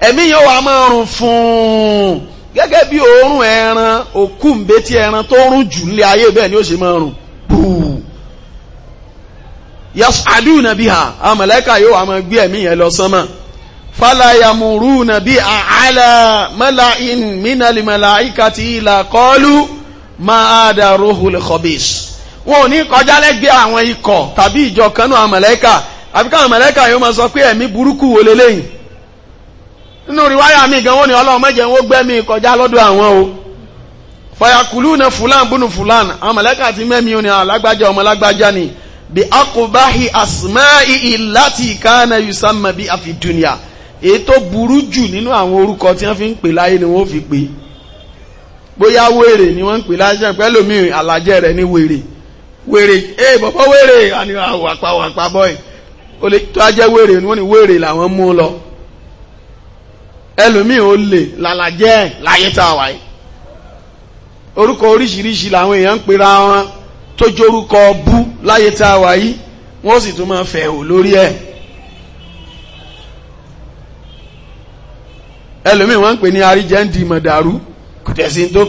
ẹ̀mí yóò wá máa rùn fún gẹ́gẹ́ bí òórùn ẹran òkú ńbẹ́tí ẹran tó rùn jù nílé ayé bẹ́ẹ̀ ni ó ṣe máa rùn bùú yas adu nabi ha amaleka yóò wá máa gbé ẹ̀mí yẹn lọ sánmà falayamuru nabi ala malain minali malaika ti ila kọlu maada rohul khabis wọn ò ní kọjá lẹ́gbẹ̀ẹ́ àwọn ikọ̀ tàbí ìjọ kanú amaleka àbíká amaleka yóò máa sọ pé ẹ̀mí burúkú wo lélẹ́yìn nínú ríwáyà mi gan wọ́n ni ọlọ́run mẹ́jẹ̀ wọ́n gbẹ́ mi kọjá lọ́dọ̀ àwọn o fàyàkùlù na fulan búnu fulan àwọn mọ̀lẹ́kà ti mẹ́mi ò ní alágbájá ah, ọmọ alágbájá ni bí akọbáhi asmá ìhì láti kánà yusamma bí àfi dùnìyà èyí tó burú jù nínú àwọn orúkọ tí wọ́n fi ń pè láyé ni wọ́n fi pè bóyá wèrè ni wọ́n ń pè láyé pẹ́lú mi àlàjẹ́ rẹ̀ ní wèrè wèrè ee eh, bọ́bọ́ wèrè àni àwàpàwàpà ah, bọ́ì ó lè tó ajẹ́ wèrè ni wọ́n ni wèrè làwọn mú lọ ẹlòmíì ò lè lálàjẹ́ láyé tá a wà yìí orúkọ oríṣiríṣi làwọn èèyàn ń pera wọn tó jórúkọ bú láyé tá a wà yìí wọ́n sì tún máa fẹ̀ hò lórí ẹ̀ ẹlòmíì wọ́n ń pè ní àríjẹ́ǹdì mọ̀dàrú kò tẹ̀sí tó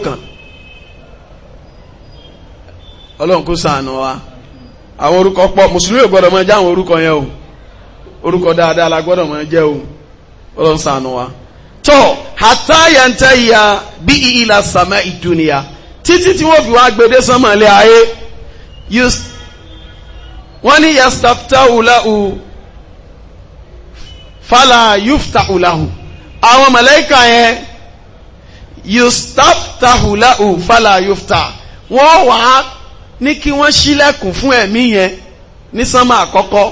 ọlọ́run kó ṣàánú wa àwọn orúkọ pọ̀ mùsùlùmí ò gbọ́dọ̀ máa jẹ́ àwọn orúkọ yẹn o orúkọ dáadáa la gbọ́dọ̀ máa jẹ́ o ọlọ́run wa. tó hàtá yàntá ìyá bí ìlà sàmà ìdúnìyà títí tí wọ́n fi wá gbèdé sánmà ayé wọ́n ní yastafta ulahu fala yufta ulahu àwọn màláíkà yẹn yustafta ulahu fala yufta wọ́n wà ní kí wọ́n ṣílẹ̀kùn fún ẹ̀mí yẹn ní sánmà àkọ́kọ́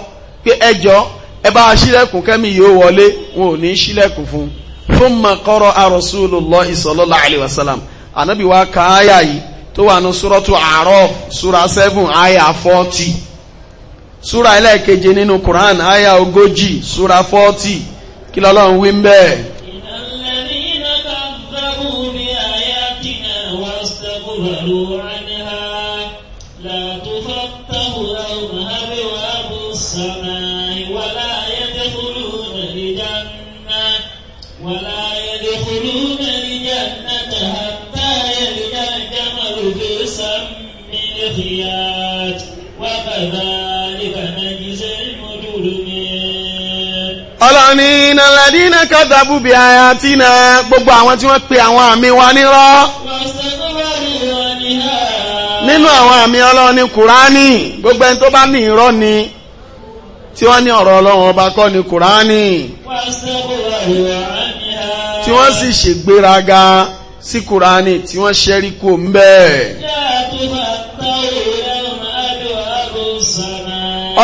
pé ẹjọ́ ẹ bá ṣílẹ̀kùn kẹ́mi yóò wọlé wọn ò ní ṣílẹ̀kùn fún un thumma qara'a rasulullahi sallallahu alayhi wa sallam ànábì wa ka àyà yìí tó wà ní suratu A'raf sura seven àyà forty sura ẹlẹ́ẹ̀keje nínú Quran àyà ogójì sura forty kí lọ́lọ́run wí ń bẹ́ẹ̀. ọlọ́ni ìnàlẹ́dínà kọ́dàbù bí aya tí na gbogbo àwọn tí wọ́n pe àwọn àmì wa nírọ́ nínú àwọn àmì ọlọ́ni kùránì gbogbo ẹni tó bá ní irọ́ ni tí wọ́n ní ọ̀rọ̀ ọlọ́run ọba kọ́ ni kùránì tí wọ́n sì ṣègbéraga sí kùránì tí wọ́n ṣẹ́rí ń bẹ́ẹ̀.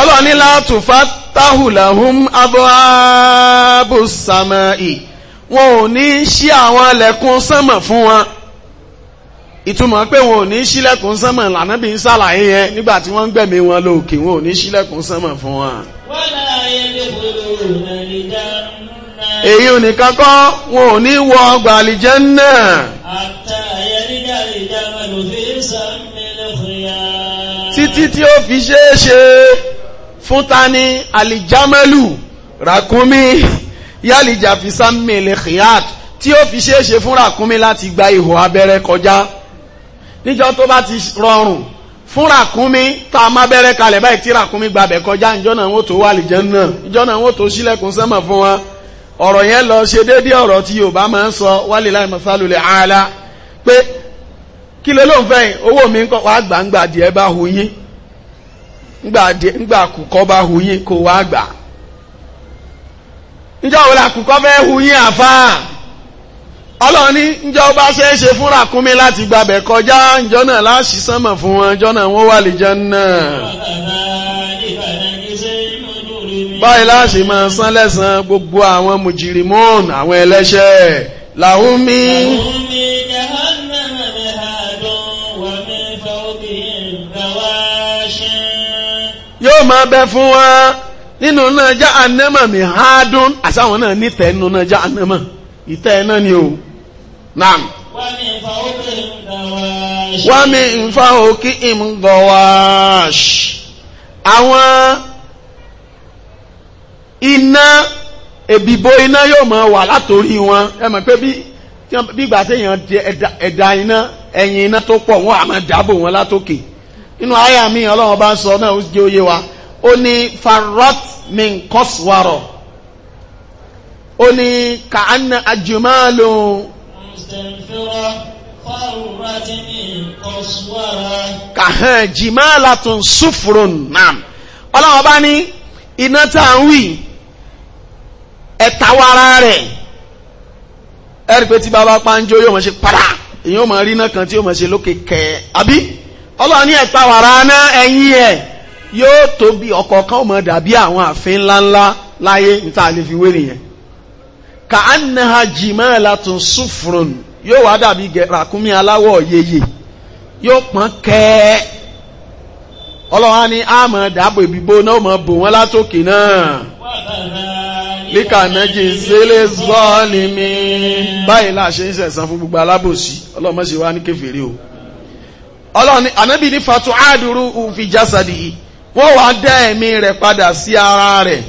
ọlọ́ni látùfá tuftahu abu samai wọn ò ní ṣí àwọn ẹlẹ́kùn sánmà fún wọn ìtumọ̀ pé wọn ò ní ṣílẹ̀kùn sánmà lànàbí ń sàlàyé yẹn nígbà tí wọ́n ń gbẹ̀mí wọn lóòkè wọn ò ní ṣílẹ̀kùn sánmà fún wọn. èyí ò ní kankọ́ wọn ò ní wọ ọgbà àlìjánnà. títí tí ó fi ṣeé ṣe fún ta ni alijamalu ràkúnmí yálìjà fi sámi lè khiyat tí ó fi ṣeéṣe fún ràkúnmí láti gba ihò abẹ́rẹ́ kọjá níjọ́ tó bá ti rọrùn fún ràkúnmí tá a má bẹ́rẹ́ kalẹ̀ báyìí tí ràkúnmí gbabẹ̀ kọjá ìjọ́ náà wọ́n tó wà lìjẹ́ náà ìjọ́ náà wọ́n tó ṣílẹ̀kùn sẹ́mọ̀ fún wọn ọ̀rọ̀ yẹn lọ ṣe kí lè lóun fẹ́ owó mi ń kọ́ wàá gbàǹgbà díẹ̀ bá hu yín ńgbà àkùkọ bá hu yín kó wá gbà níjọ́ wo la àkùkọ fẹ́ hu yín àfáà ọlọ́run ní njọ́ bá ṣe é ṣe fún ràkúnmí láti gbàbẹ̀ kọjá njọ́ náà láṣì sánmọ̀ fún wọn njọ́ náà wọ́n wà lè jẹ́ náà. báyìí láṣì san lẹ́sàn gbogbo àwọn mùjìrìmọ́ọ̀nù àwọn ẹlẹ́ṣẹ̀ làwọn mí. yóò máa bẹ fún wọn nínú náà já anẹ́mọ̀ mi hádùn àsáwọn náà nítẹ̀ nínú náà já anẹ́mọ̀ ìtẹ́ náà ni o naam. wọ́n mi ń fa òkè ìmúgọ̀wáṣ àwọn iná èbìbò iná yóò máa wà látòrí wọn ẹ mọ̀ pé bí ìgbà téèyàn ẹ̀dá iná ẹ̀yìn iná tó pọ̀ wọ́n á máa dáàbò wọn látòkè inú àyà mi ọlọ́run bá ń sọ náà ó jẹ́ òye wa ó ní farot min kọ́sùwárọ̀ ó ní kàánà àjùmáàlù kàhán jìmáàlà tún súfurun náà ọlọ́run bá ní iná tá ń wì ẹ̀ta rẹ̀ ẹ̀rí pé tí bàbá pa ń jó yóò mọ̀ ṣe para èyí ó mọ̀ rí iná kan tí yóò mọ̀ ṣe lókè kẹ̀ẹ́ àbí. ọlọ́run ní ẹ̀ta wàrà náà ẹ̀yìn ẹ̀ yóò tóbi ọ̀kọ̀ọ̀kan ó máa dàbí àwọn àfin ńláńlá láyé níta lè fi wé nìyẹn ka annaha jimalatun sufrun yóò wá dàbí ràkúnmí aláwọ̀ yeye yóò pọ́n kẹ́ẹ́ ọlọ́run ní dàbò ìbíbó náà bò wọ́n látòkè náà sílé mi gbogbo alábòsí ọlọ́run ní o. ọlọ́run ànábì ní fatu àdúrú fi jásàdì yìí wọ́n wá dá ẹ̀mí rẹ̀ padà sí ara rẹ̀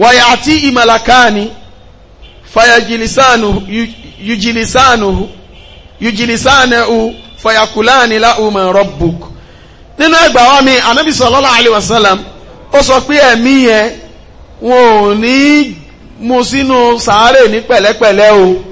wọ̀yà àti ìmàlàkáàni fàyàjìlìsánù yùjìlìsánù yùjìlìsánù fàyàkùláàni láhùmọ̀ rọ́bùk nínú ẹgbà wa mi ànábì sallallahu alaihi wasallam ó sọ pé ẹ̀mí yẹn wọn ò ní mú sínú sàárè ní pẹ̀lẹ́pẹ̀lẹ́ o.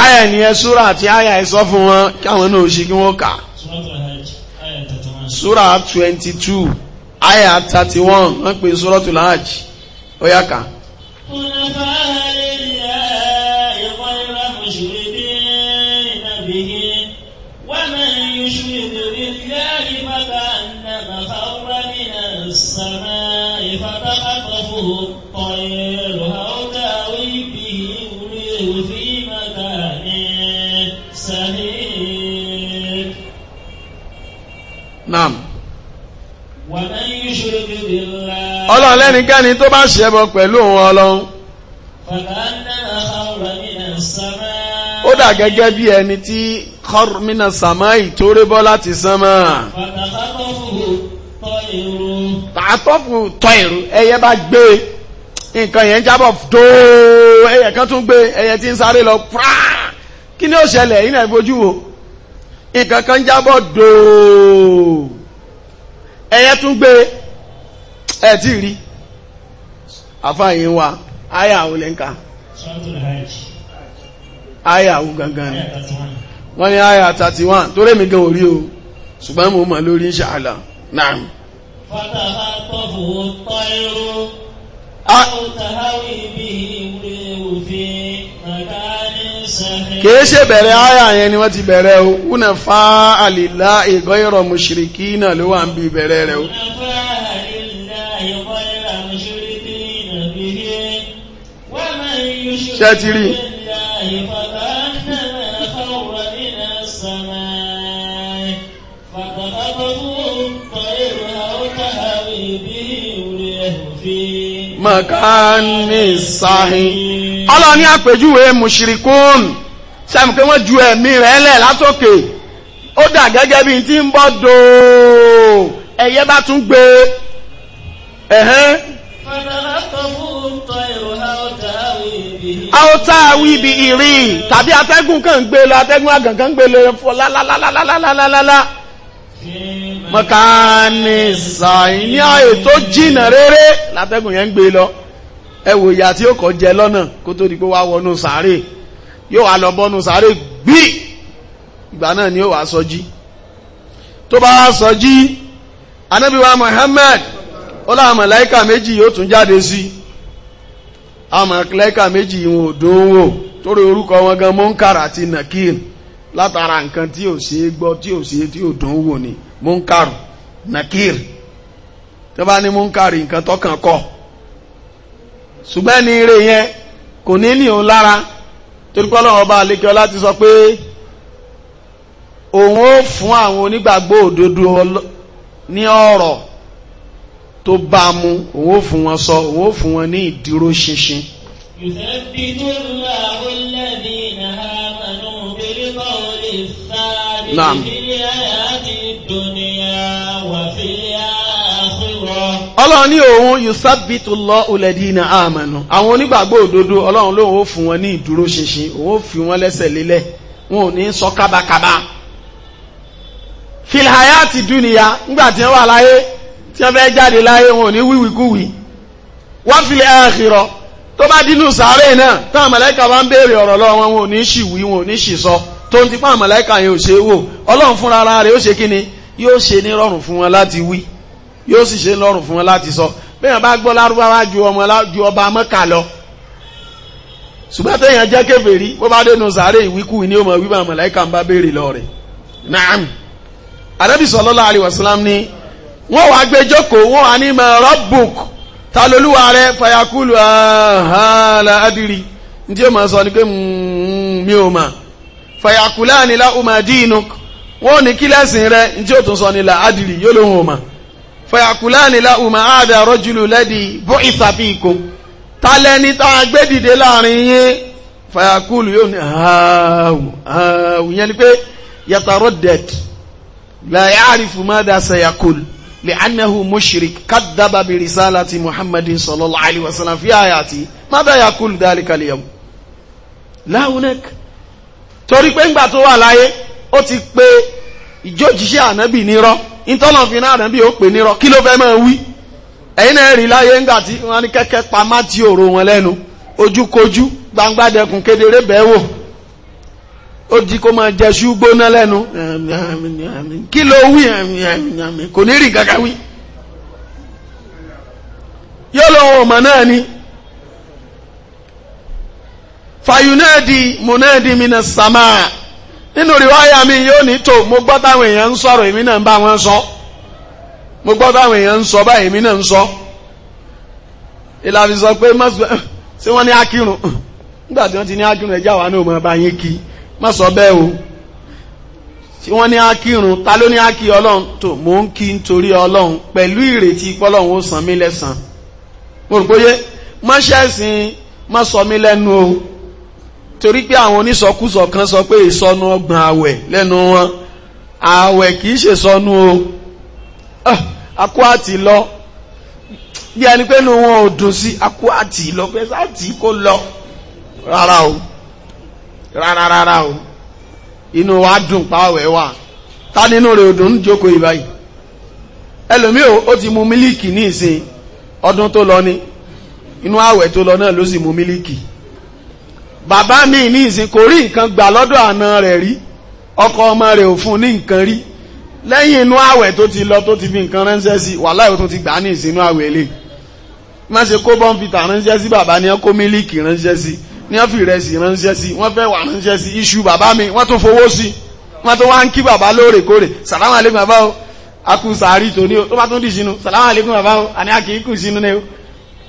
àyà ènìyàn súrà àti àyà ìsọ fún wọn kí àwọn náà ṣe kí wọ́n kà súrà 22 àyà 31 wọ́n pè súrà tó láàjì ó yá kà. ọlọ́run lẹ́nikẹ́ni tó bá ṣẹbọ pẹ̀lú òun ọlọ́run. ó dà gẹ́gẹ́ bí ẹni tí kọ́rùmínà sàmáì tó ré bọ́ láti sánmà. tààtọ́fù tọ́ ìrù ẹyẹ bá gbé nǹkan yẹn jábọ̀ dòó ẹyẹ kan tún gbé ẹyẹ tí ń sáré lọ praa kí ni ó ṣẹlẹ̀ yìí náà fojú wo nǹkan kan jábọ̀ dòó ẹyẹ tún gbé. ẹ tí rí àfáàyè wa aya àwọn lẹ́ǹkà aya àwọn gangan ni wọ́n 31 tó rẹ̀mí gan orí o ṣùgbọ́n mo mọ̀ lórí ṣàlá náà kìí ṣe bẹ̀rẹ̀ áyà yẹn ni wọ́n ti bẹ̀rẹ̀ o kúnà fáà àlìlá ìgọ́ náà ló rẹ̀ o ṣe ti rí mọ̀kánì sáhìn ọlọ́ni àpèjúwe mùṣìríkùn sẹ́mi pé wọ́n ju ẹ̀mí rẹ̀ lẹ̀ látòkè ó dà gẹ́gẹ́ bí tí ń bọ́ dòó ẹ̀yẹ́ bá tún gbé ẹ̀hẹ́n áótá wíbi ìrì tàbí atẹ́gùn kan gbé lọ atẹ́gùn àgàngán gbé lọ fọ lálálálálálálálá mọ̀kánì sàì ní ààyè tó jìnà rere látẹ́gùn yẹn gbé lọ ẹ wò ìyà tí ó kọ jẹ lọ́nà kó tó di pé wá wọnú sàárè yóò wá lọ bọ́nú sàárè gbí ìgbà náà ni ó wá sọjí tó bá sọjí anábíwá Muhammad ó láwọn màláíkà méjì yóò tún jáde sí i àmọ́ kílẹ́kà méjì wọn ò dóńwò torí orúkọ wọn gan munkar àti nakir látara nǹkan tí ò ṣe é gbọ́ tí ò ṣe é tí ò dóńwò ni munkar nakir tó bá ní munkar nǹkan tọkàn kọ ṣùgbọ́n ní ire yẹn kò ní ní òun lára torí pé ọlọ́run ọba àlékè ọlá sọ pé òun ó fún àwọn onígbàgbọ́ òdodo ní ọ̀rọ̀ tó bá a mú òun ó fún wọn sọ òun ó fún wọn ní ìdúró ṣinṣin. Naam. Ọlọ́run ní òun yusabitullahu ladina amanu. Àwọn onígbàgbọ́ òdodo ọlọ́run lóun ó fún wọn ní ìdúró ṣinṣin, òun ó fi wọn lẹ́sẹ̀ lélẹ̀, wọn ò ní sọ kábàkábà. Filhayati dúnìyà, ńgbà tí wọ́n wà láyé, tí wọ́n fẹ́ jáde láyé wọn ò ní wíwìkúwì wọ́n fi lè àkìrọ̀ tó bá dínú sàárè náà táwọn mọ̀lẹ́kà bá ń béèrè ọ̀rọ̀ lọ́wọ́ wọn ò ní ṣì wí wọn ò ní ṣì sọ tó ń tipá mọ̀lẹ́kà yẹn ò ṣe wò ọlọ́run fúnra ara rẹ̀ ó ṣe kí ni yóò ṣe ní rọrùn fún wọn láti wí yóò sì ṣe ní rọrùn fún wọn láti sọ bẹ́ẹ̀ bá gbọ́ lárúbáwá ju ọmọ ju ọba mọ́kà lọ ṣùgbọ́n téèyàn jẹ́ wọ́n wàá gbé jókòó wọ́n wàá ní mọ̀ rọ́bùk ta lolúwa rẹ fàyàkùlù àhàlà adìrí ní tí ó máa sọ ni pé hmm, mi ò mà fàyàkùlù ànílá umadínú wọ́n ní kí lẹ́sìn rẹ ní tí ó tún sọ ni là adìrí yóò lóhùn ò mà fàyàkùlù ànílá umadà rọ́jùlù lẹ́dí bó ìsàfihàn ta lẹni tá a gbé dìde láàrin yín fàyàkùlù yóò ní ààwù ààwù yẹn ni pé yàtàrọ̀ dẹ̀t làyà àrífù má dá sẹ́yàkùlù. لأنه مشرك كذب برسالة محمد صلى الله عليه وسلم في آياته ماذا يقول ذلك اليوم لا هناك torí pé ńgbà tó wà láyé ó ti pé ìjójíṣẹ́ ànábì nírọ́ ìtọ́nà fi náà ànábì ó pè nírọ́ kí ló fẹ́ máa wí ẹ̀yin náà rí láyé ńgbà tí wọ́n ní pa má ti ọ̀rọ̀ wọn lẹ́nu ojúkojú gbangbádẹkùn kedere bẹ́ẹ̀ wò ó di kó máa jẹ ṣú gbóná lẹ́nu kí ló wí kò ní rí kankan wí yóò lóun ọmọ náà ni fàyúnáàdì múnáàdì mìíràn sàmà nínú rìwáyà mi yóò ní tò mo gbọ́ táwọn èèyàn ń sọ̀rọ̀ èmi náà ń bá wọn sọ mo gbọ́ táwọn èèyàn ń sọ báyìí èmi náà ń sọ ìlànà sọ pé ṣé wọ́n ní akírun nígbà tí wọ́n ti ní akírun ẹ̀já wa náà mọ̀ bá yín kí má sọ bẹ́ẹ̀ o tí wọ́n ní akírun ta ló ní akí ọlọ́run tó mò ń kí nítorí ọlọ́run pẹ̀lú ìrètí pọ́lọ́run ó san mí lẹ́san mo rò bóyé má ṣẹ̀sìn má sọ mí lẹ́nu o torí pé àwọn onísọkúsọ kan sọ pé ìsọnù ọgbọ̀n àwẹ̀ lẹ́nu wọn àwẹ̀ kì í ṣèsọnù o akó ah, àti lọ bí ẹni pé inú wọn ò dùn sí akó àti lọ pé sáà tí kò lọ rárá o rárá rárá o inú wa dùn pàwẹ̀ wà ta nínú rẹ̀ òdùn jókòó ìbáyìí ẹlòmíì ó ti mu mílíkì ní ìsìn ọdún tó lọ ní inú àwẹ̀ tó lọ náà ló sì mu mílíkì bàbá mi ní ìsìn kò rí nǹkan gbà lọ́dọ̀ àna rẹ̀ rí ọkọ ọmọ rẹ̀ ò fún ní nǹkan rí lẹ́yìn inú àwẹ̀ tó ti lọ tó ti fi nǹkan ránṣẹ́ sí wàhálà ìwé tó ti gbà ní ìsìn inú àwẹ̀ lè má ṣe kó bọ́ǹfìtà ránṣẹ́ sí bàbá ni ẹ kó mílíkì ránṣẹ́ sí ní wọ́n fi ìrẹsì ránṣẹ́ sí wọ́n fẹ́ wà ránṣẹ́ sí iṣu bàbá mi wọ́n tún fowó sí wọ́n tún wá ń kí bàbá lóòrèkóòrè sàlámù àlékún bàbá o akú sàárì tòní o tó bá tún dì sínú sàlámù àlékún bàbá o àní àkìíkù sínú ni o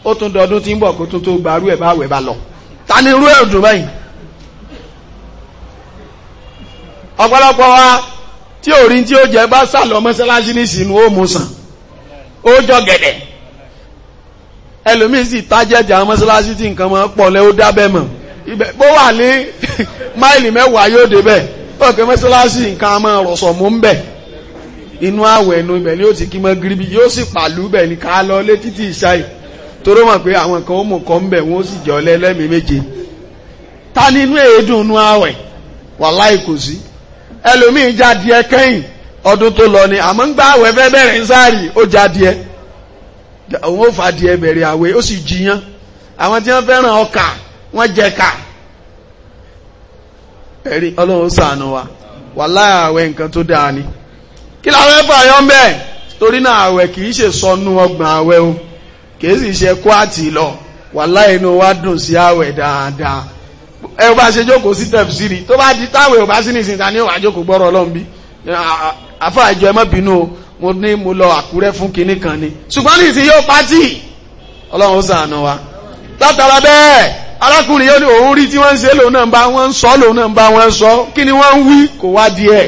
ó tún dọdún tí ń bọ̀ kó tún tó gbarú ẹ̀ bá wẹ̀ bá lọ ta ni irú ẹ̀ dùn báyìí ọ̀pọ̀lọpọ̀ wa tí òrin tí ó jẹ bá sàlọ mọ́sálásí ní sínú ó mú sàn ó jọ gẹ̀dẹ̀ ẹlòmíì sì tájẹ̀jẹ̀ àwọn mọ́sálásí tí nǹkan mọ́ pọ̀ lẹ́ ó dábẹ́ mọ̀ ibẹ̀ bó wà ní máìlì mẹ́wàá yóò débẹ̀ ọ̀kẹ́ mọ́sálásí nǹkan a rọ̀sọ̀ mú ń bẹ̀ inú àwẹ̀ ẹnu ibẹ̀ ni ó ti kí mọ́ gribi yóò sì pàlú bẹ̀ ká lọ lé títí ìṣáì mọ̀ pé àwọn kan ó ni inú èédùn inú àwẹ̀ òun ó fàdìẹ bẹ̀rẹ̀ àwẹ̀ ó sì jiyàn àwọn tí wọ́n fẹ́ràn ọkà wọ́n jẹ ká ẹ̀rí ọlọ́run ṣàánú wa wàláhì àwẹ̀ nǹkan tó dáa ni kí làwọn ẹ̀fọ́ àyọ́ torí náà àwẹ̀ kì í ṣe sọnù ọgbọ̀n àwẹ̀ o kì í sì ṣe kó àtì lọ wàláhì inú wa dùn sí àwẹ̀ dáadáa ẹ bá ṣe jókòó sí tẹ̀fsíìrì tó bá di táwẹ̀ ò bá sí ní ìsìn ta ni ó wàá jókòó gbọ́rọ̀ ọlọ́run bí àfọ àjọ ẹ mo ní mo lọ àkúrẹ́ fún kinní kan ni ṣùgbọ́n ní ìsìn yóò pátì ọlọ́run ó sàánà wa látara bẹ́ẹ̀ arákùnrin yóò ní òun rí tí wọ́n ń ṣe lòun náà bá wọ́n ń sọ lòun náà bá wọ́n ń sọ kí ni wọ́n ń wí kò wá di ẹ̀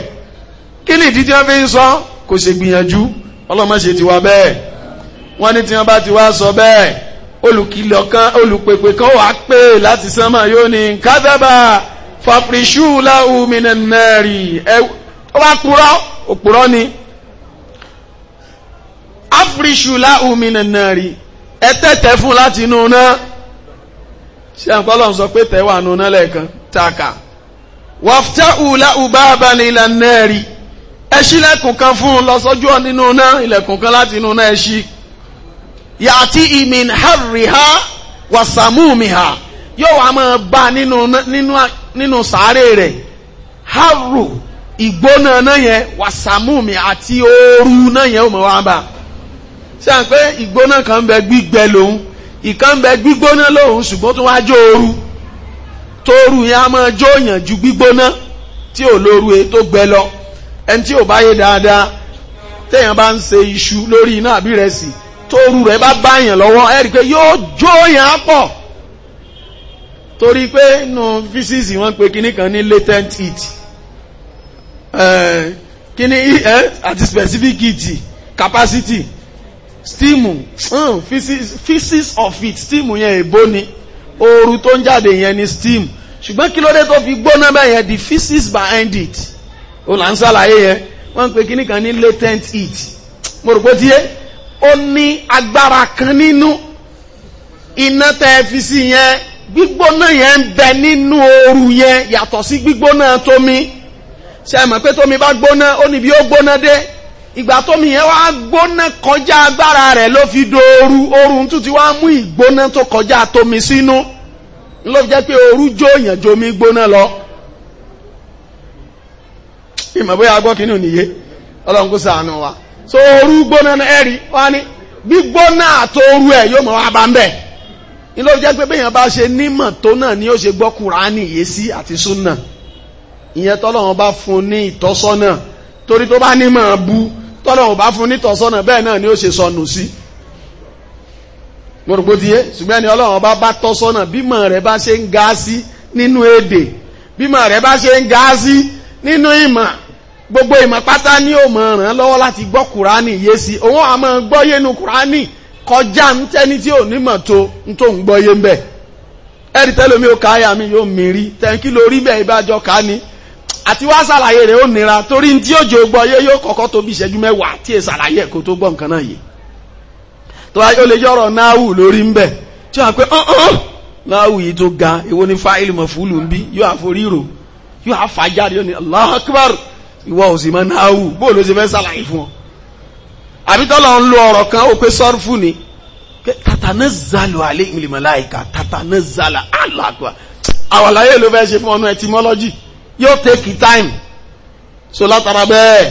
kí ni ìdí tí wọ́n fi ń sọ kò ṣe gbìyànjú ọlọ́run ṣe tiwa bẹ́ẹ̀ wọ́n ní tí wọ́n bá ti wá sọ bẹ́ẹ̀ olùkìlọ̀ kan olùpèpè kan wàá pè láti sánmà yóò ní kádàbà fàfrisù láhùn mìnà náà rí ẹ òpùrọ́ ni afrisula umina nari ẹ tẹ́tẹ́ fún láti inú náà ṣé àǹkọ́lọ̀ sọ pé tẹ́wà nù náà lẹ́ẹ̀kan taka wàftá ula uba ní ilà nari ẹ ṣí ilẹ̀kùn kan fún un lọ́sọ́jú ọ̀ nínú náà ilẹ̀kùn kan láti inú náà ẹ ṣí yàtí ìmìn harriha wàsàmúmiha yóò wá máa bá nínú nínú nínú sàárè rẹ̀ harru ìgbóná yẹn wàsàmúmi àti ooru náà yẹn ó máa wá bá ṣáà pé ìgbóná kan bẹ gbígbẹ lòun ìkan bẹ gbígbóná lòun ṣùgbọ́n tó wá jó ooru tóoru yẹn a máa jó yàn ju gbígbóná tí ò lóru e tó gbẹ lọ ẹni tí ò bá yé dáadáa téèyàn bá ń ṣe iṣu lórí iná àbí rẹ̀ sì tóoru rẹ̀ bá báyàn lọ́wọ́ ẹ rí i pé yóò jó yàn á pọ̀ torí pé nù físíìsì wọ́n pe kinní kan ní latent heat kinní àti specific heat capacity steam mm, physics, physics of it steam yẹn èbó ni ooru tó ń jáde yẹn ni steam ṣùgbọ́n kí ló dé tó fi gbóná bẹ́ẹ̀ yẹn the physics behind it ó là ń ṣàlàyé yẹn wọ́n ń pè kíní kan ní latent heat mo rò pé tiẹ́ ó ní agbára kan nínú iná tẹ́ fi sí yẹn gbígbóná yẹn ń bẹ nínú ooru yẹn yàtọ̀ sí gbígbóná tómi ṣe é mọ̀ pé tómi bá gbóná ó níbi ó gbóná dé ìgbà tó mi yẹn wá gbóná kọjá agbára rẹ̀ ló fi dooru oorun tún ti wá mú ìgbóná tó kọjá tómi sínú ló fi jẹ́ pé ooru jó èèyàn ju omi gbóná lọ. ìmọ̀ bóyá gbọ́ kínú nìyé ọlọ́run kó ṣàánú wa so oru gbóná náà ẹ̀rí wá ní gbígbóná àtooru ẹ̀ yóò mọ̀ wá bá ń bẹ̀ ni ló fi jẹ́ pé béèyàn bá ṣe nímọ̀ tó náà ni ó ṣe gbọ́ Kùránì yé sí àti súnà ìyẹn tọ́lọ́run bá fún ní ìtọ́sọ́nà torí tó bá nímọ̀ bú tọ́lọ́run ọ̀bá fún nítọ̀sọ́nà bẹ́ẹ̀ náà ni ó ṣe sọnù sí gbòrògbòdìyẹ ṣùgbọ́n ẹni ọlọ́run bá bá tọ́sọ́nà bímọ rẹ̀ bá ṣe ń ga sí nínú èdè bímọ rẹ̀ bá ṣe ń ga sí nínú ìmọ̀ gbogbo ìmọ̀ pátá ní òmọ̀ ràn lọ́wọ́ láti gbọ́ kùránì yé sí òun kùránì kọjá ń tẹ́ni tí ò nímọ̀ tó ń tó ń ń bẹ̀ tẹ́lómi ó ni àti wá ṣàlàyé rẹ̀ ó nira torí tí ó jẹ́ gbọ́ yé yóò kọ́kọ́ tó bí ìṣẹ́jú mẹ́wàá tí è ṣàlàyé ẹ̀kọ́ tó gbọ́ nǹkan náà yìí tó ayé ó lè yọ̀rọ̀ náàwù lórí ń bẹ̀ tí wọ́n á pé ọ̀hún náàwù yìí tó ga èwo ní fáìlì mọ̀ fúlù ń bí yóò àforí rò yóò àfàjáde yóò ní Allahu Akbar ìwọ ò sì mọ náàwù bó ló ṣe fẹ́ ṣàlàyé fún ọ àbí tọ́lọ̀ ń lo ọ̀rọ̀ kan ó pé sọ́rfù ni tatanazzalu alayhimul malaika tatanazzalu aláàkúwà àwàláyé ló fẹ́ ṣe fún ọ̀nà yóò take time so látara bẹ́ẹ̀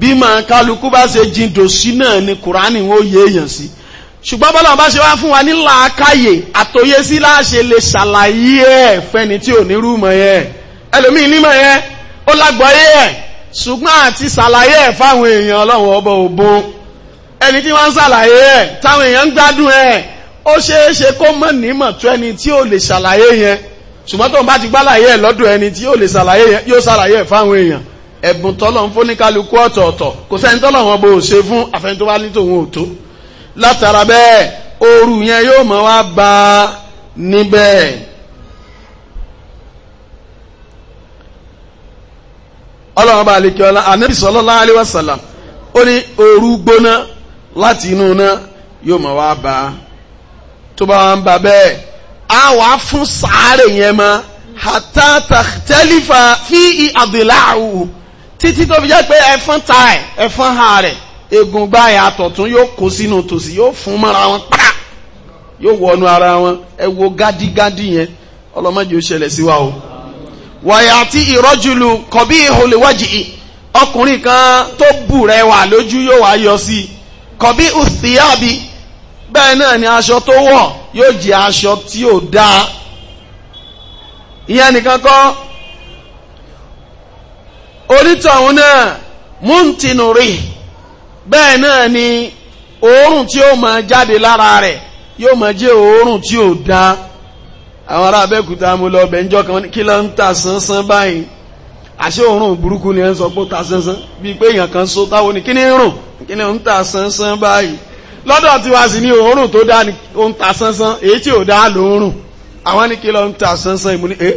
bí màá kálukú bá ṣe jindò sí náà ni kùránì wọn ò yé èèyàn sí ṣùgbọ́n bọ́lá bá ṣe wá fún wa ní làákàyè àtòyé sí láṣẹ lè ṣàlàyé ẹ̀ fẹ́ni tí ò ní rúmọ̀ yẹn ẹlòmíì nímọ̀ yẹn ó lágbọ́yé ẹ̀ ṣùgbọ́n àti ṣàlàyé ẹ̀ fáwọn èèyàn ọlọ́run ọba òbó ẹni tí wọ́n ṣàlàyé ẹ̀ táwọn èèyàn ń gbádùn ẹ̀ ó ṣeé kó mọ̀ nímọ̀ tó ẹni tí ò lè ṣàlàyé yẹn ṣùgbọ́n tó ń bá ti gbálàyé lọ́dọ̀ ẹni tí yóò lè fáwọn èèyàn ẹ̀bùn tọ́lọ̀ fóníkálukú ọ̀tọ̀ọ̀tọ̀ kò sẹ́ni tọ́lọ̀ wọn ṣe fún àfẹ́ni tó bá tó látara bẹ́ẹ̀ ooru yẹn yóò mọ̀ wá bá níbẹ̀. ọlọ́run bá lè kí ọlá anabi ó ní ooru gbóná láti inú náà yóò a wà fún sàárè yẹn mọ́ hàtà tàtẹ́lifà fi àdìláàwù títí tó fi jẹ́ pé ẹ̀fọn ta ẹ̀ ẹ̀fọn ha rẹ̀ egun gbáyà àtọ̀tún yóò kó sínú tòsí yóò fún mọ́ra wọn pàrà yóò wọnú ara wọn ẹ wo gádígádí yẹn ọlọ́mọdé ó ṣẹlẹ̀ sí wa o wàyà àti ìrọ́júlù kọ̀bí ìhòlèwájì ọkùnrin kan tó bù rẹ wà lójú yóò wá yọ sí kọ̀bí ùsíyàbí bẹ́ẹ̀ náà ni aṣọ tó wọ̀ yóò jẹ aṣọ tí ò dáa ìyẹn nìkan kọ́ onítọ̀hún náà múntínú rí bẹ́ẹ̀ náà ni òórùn tí ó máa jáde lára rẹ̀ yóò máa jẹ́ òórùn tí ò dáa àwọn ará abẹ́kúta mú lọ bẹ̀ ńjọ́ kan kí ló ń ta sánsán báyìí àṣé òórùn burúkú ni ẹ ń sọ pé ó ta sánsán bíi pé èèyàn kan so táwọn ni kí ni ń rùn kí ni ó ń ta sánsán báyìí lọ́dọ̀ tí wá sí ní òórùn tó dá ní ta sánsán èyí tí ò dá lóórùn àwọn ní kí lọ ń ta sánsán ní ẹ́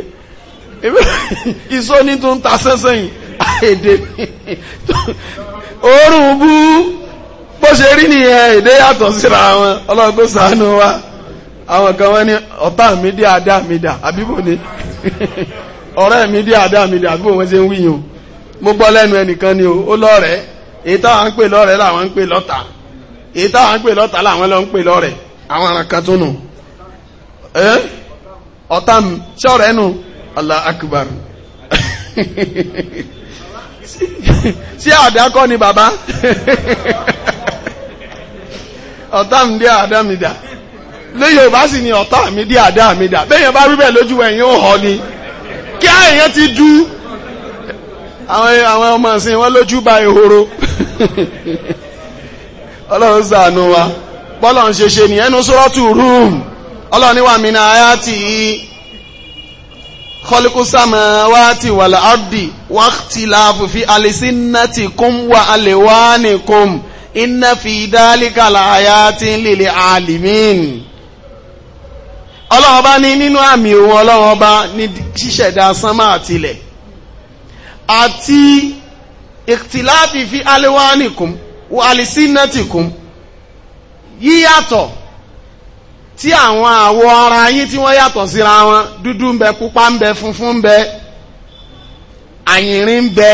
ìsó ní tó ń ta sánsán yìí èdè òórùn bú bó ṣe rí nìyẹn èdè yàtọ̀ síra wọn wa àwọn kan ní mi dí mi dà àbíbò ni mi dí mi dà àbíbò ṣe ń wíyàn mo gbọ́ lẹ́nu ni ó lọ́rẹ̀ẹ́ èyí táwọn ń pè lọ́rẹ̀ẹ́ làwọn ń pè èyí táwọn pè lọ́ta láwọn lọ ń pè lọ́rẹ̀ àwọn ará tó nù ọ̀tá nù ṣọ́ọ̀rẹ́ nù Allah ni bàbá ọ̀tá mi dé àdá mi dà sì ni ọ̀tá mi àdá mi dà bẹ́yẹn bá rí bẹ́ẹ̀ lójú ẹ̀yìn ò ni kí ti dú àwọn ọmọ ìsìn wọn lójú ba ọlọ́run ṣàánú wa bọ́lọ́run ṣe ṣe nìyẹn nínú sọ́rọ́tù rúùmù ọlọ́run ní wà mí náà ayá tì í kọlíkúsàmà wá ti wà láàrdì wá ti láàfù fi àlìsínà ti kún wà àlèwà ní kún iná fi dálíkà láàyà tí ń lèlè àlìmín ọlọ́ọ̀bá ní nínú àmì òun ọlọ́ọ̀bá ní ṣíṣẹ̀dá sánmà àtilẹ̀ àti ìtìláàfì fi àlèwà ní kún wàlìsínàtìkún yíyàtọ̀ tí àwọn àwọ̀ ara yín tí wọ́n yàtọ̀ síra wọn dúdú ń bẹ pupa ń bẹ funfun ń bẹ àyìnrín ń bẹ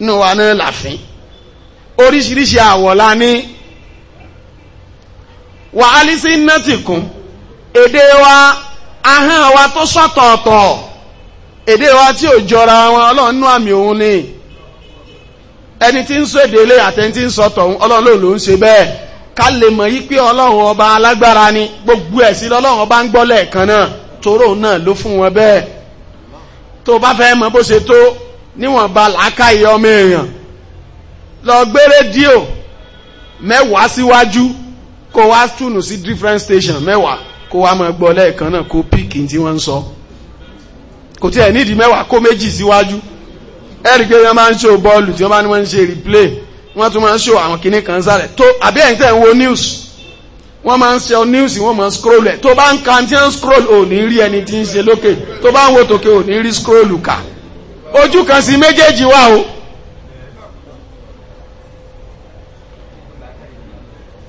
nínú wa náà làfin oríṣiríṣi àwọ̀ la ní wàlìsínàtìkún èdè wa ahọ́n wa tó sọ̀tọ̀ọ̀tọ̀ èdè wa tí ò jọra wọn ọlọ́run nú àmì òun ni ẹni tí ń sọ èdè ilé àtẹni tí ń sọ tọ̀hún ọlọ́run ló ń ṣe bẹ́ẹ̀ ká lè mọ̀ yí pé ọlọ́run ọba alágbára ni gbogbo ẹ̀ sí lọ́lọ́run ọba ń gbọ́ lẹ́ẹ̀kan náà toró náà ló fún wọn bẹ́ẹ̀ tó bá fẹ́ mọ̀ bó ṣe tó níwọ̀nba làákàyè ọmọ èèyàn lọ gbé rédíò mẹ́wàá síwájú kó wá túnù sí different station mẹ́wàá kó wá máa gbọ́ lẹ́ẹ̀kan náà kó píkì tí wọ́n ń sọ kò tí ẹ̀ nídìí mẹ́wàá kó méjì síwájú ẹ̀rí pé wọ́n máa ń ṣó bọ́ọ̀lù tí wọ́n bá ní wọ́n ń ṣe replay wọ́n tún máa ń ṣó àwọn kinní kan sálẹ̀ tó àbí ẹ̀yin tẹ̀ ń wo news wọ́n máa ń ṣe ọ news wọ́n máa ń scroll ẹ̀ tó bá ń ka tí ń scroll ò ní rí ẹni tí ń ṣe lókè tó bá ń wo tòkè ò ní rí scroll kà ojú kan sí méjèèjì wà o.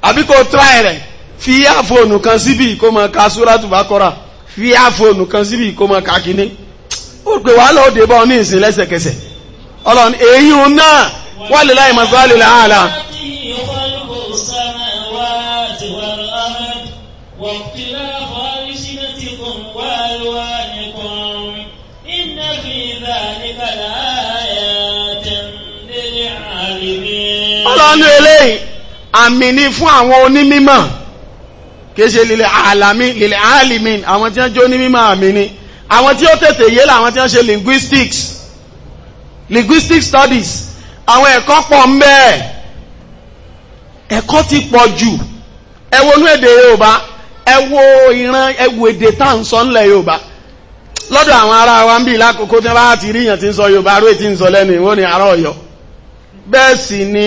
àbí kò try rẹ̀ fi áfóònù kan síbi kó máa ka súrátù Bákọ́rà fi áfóònù kan síbi kó máa ka kínní ó pè wàhálà òde bá ọ ní ìsìn lẹ́sẹ̀kẹsẹ̀ ọlọ́run èyí òun náà wà lè láì masáàlì láàlá ọlọ́run eléyìí àmì ni fún àwọn onímímọ̀ kìí ṣe lílẹ̀ àlàmí lílẹ̀ àlìmí àwọn tí wọ́n jó onímímọ̀ àmì ni àwọn tí ó tètè yé làwọn tí wọ́n ṣe linguistics linguistic studies àwọn ẹ̀kọ́ pọ̀ ń bẹ́ẹ̀ ẹ̀kọ́ ti pọ̀ jù ẹ wonú èdè Yorùbá ẹ wo ìran ẹ wo èdè tá à ń sọ ńlẹ̀ Yorùbá lọ́dọ̀ àwọn ará wa ń bì lákòókò tí wọ́n bá ti ríyàn tí ń sọ Yorùbá aró ètí ń sọ lẹ́nu ìwọ́n ni ará Ọ̀yọ́ bẹ́ẹ̀ sì ni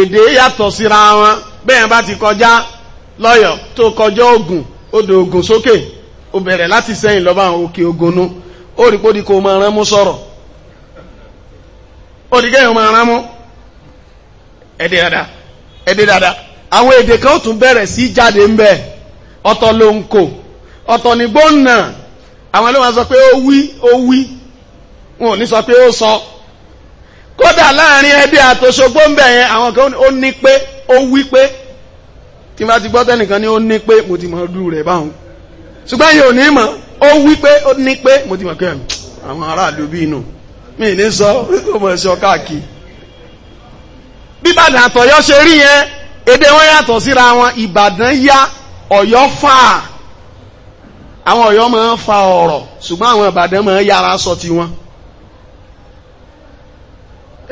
èdè yàtọ̀ síra wọn bẹ́ẹ̀ bá ti kọjá lọ́yọ̀ tó kọjá Ògùn odò Ògùn sókè ó bẹ̀rẹ̀ láti sẹ́yìn lọ́ba àwọn òkè Ògùn nú ó rí pódì kó máa rán mú sọ̀rọ̀ òdìgẹ́ ìhun máa rán mú ẹ̀dẹ̀ dáadáa ẹ̀dẹ̀ dáadáa àwọn èdè kan ó tún bẹ̀rẹ̀ sí jáde ń bẹ̀ ọ̀tọ̀ ló ń kò ọ̀tọ̀ ní gbóǹnà àwọn ẹlẹ́wọ̀n sọ pé ó wí ó wí wọn ò ní sọ pé ó sọ kódà láàrin ẹdẹ àtòṣogbó ń bẹ̀ yẹn àwọn kan ó ní pé ó wí pé tí bá ti gbọ́ tẹ́nìkan ní ó ní pé mo ti mọ̀ ọdún rẹ̀ báwọn ṣùgbọ́n yìí ò ní mọ̀ ó wí pé ó ní pé mo ti mọ̀ kẹ́ hmm, àwọn aráàlú bí inú mi ní sọ kó mọ̀ ẹ̀ṣọ́ káàkiri bíbàdàn àtọ̀yọ́ ṣe rí yẹn èdè wọn yàtọ̀ síra wọn ìbàdàn yá ọ̀yọ́ fà àwọn ọ̀yọ́ máa ń fa ọ̀rọ̀ ṣùgbọ́n àwọn ìbàdàn máa ń yára sọ tiwọn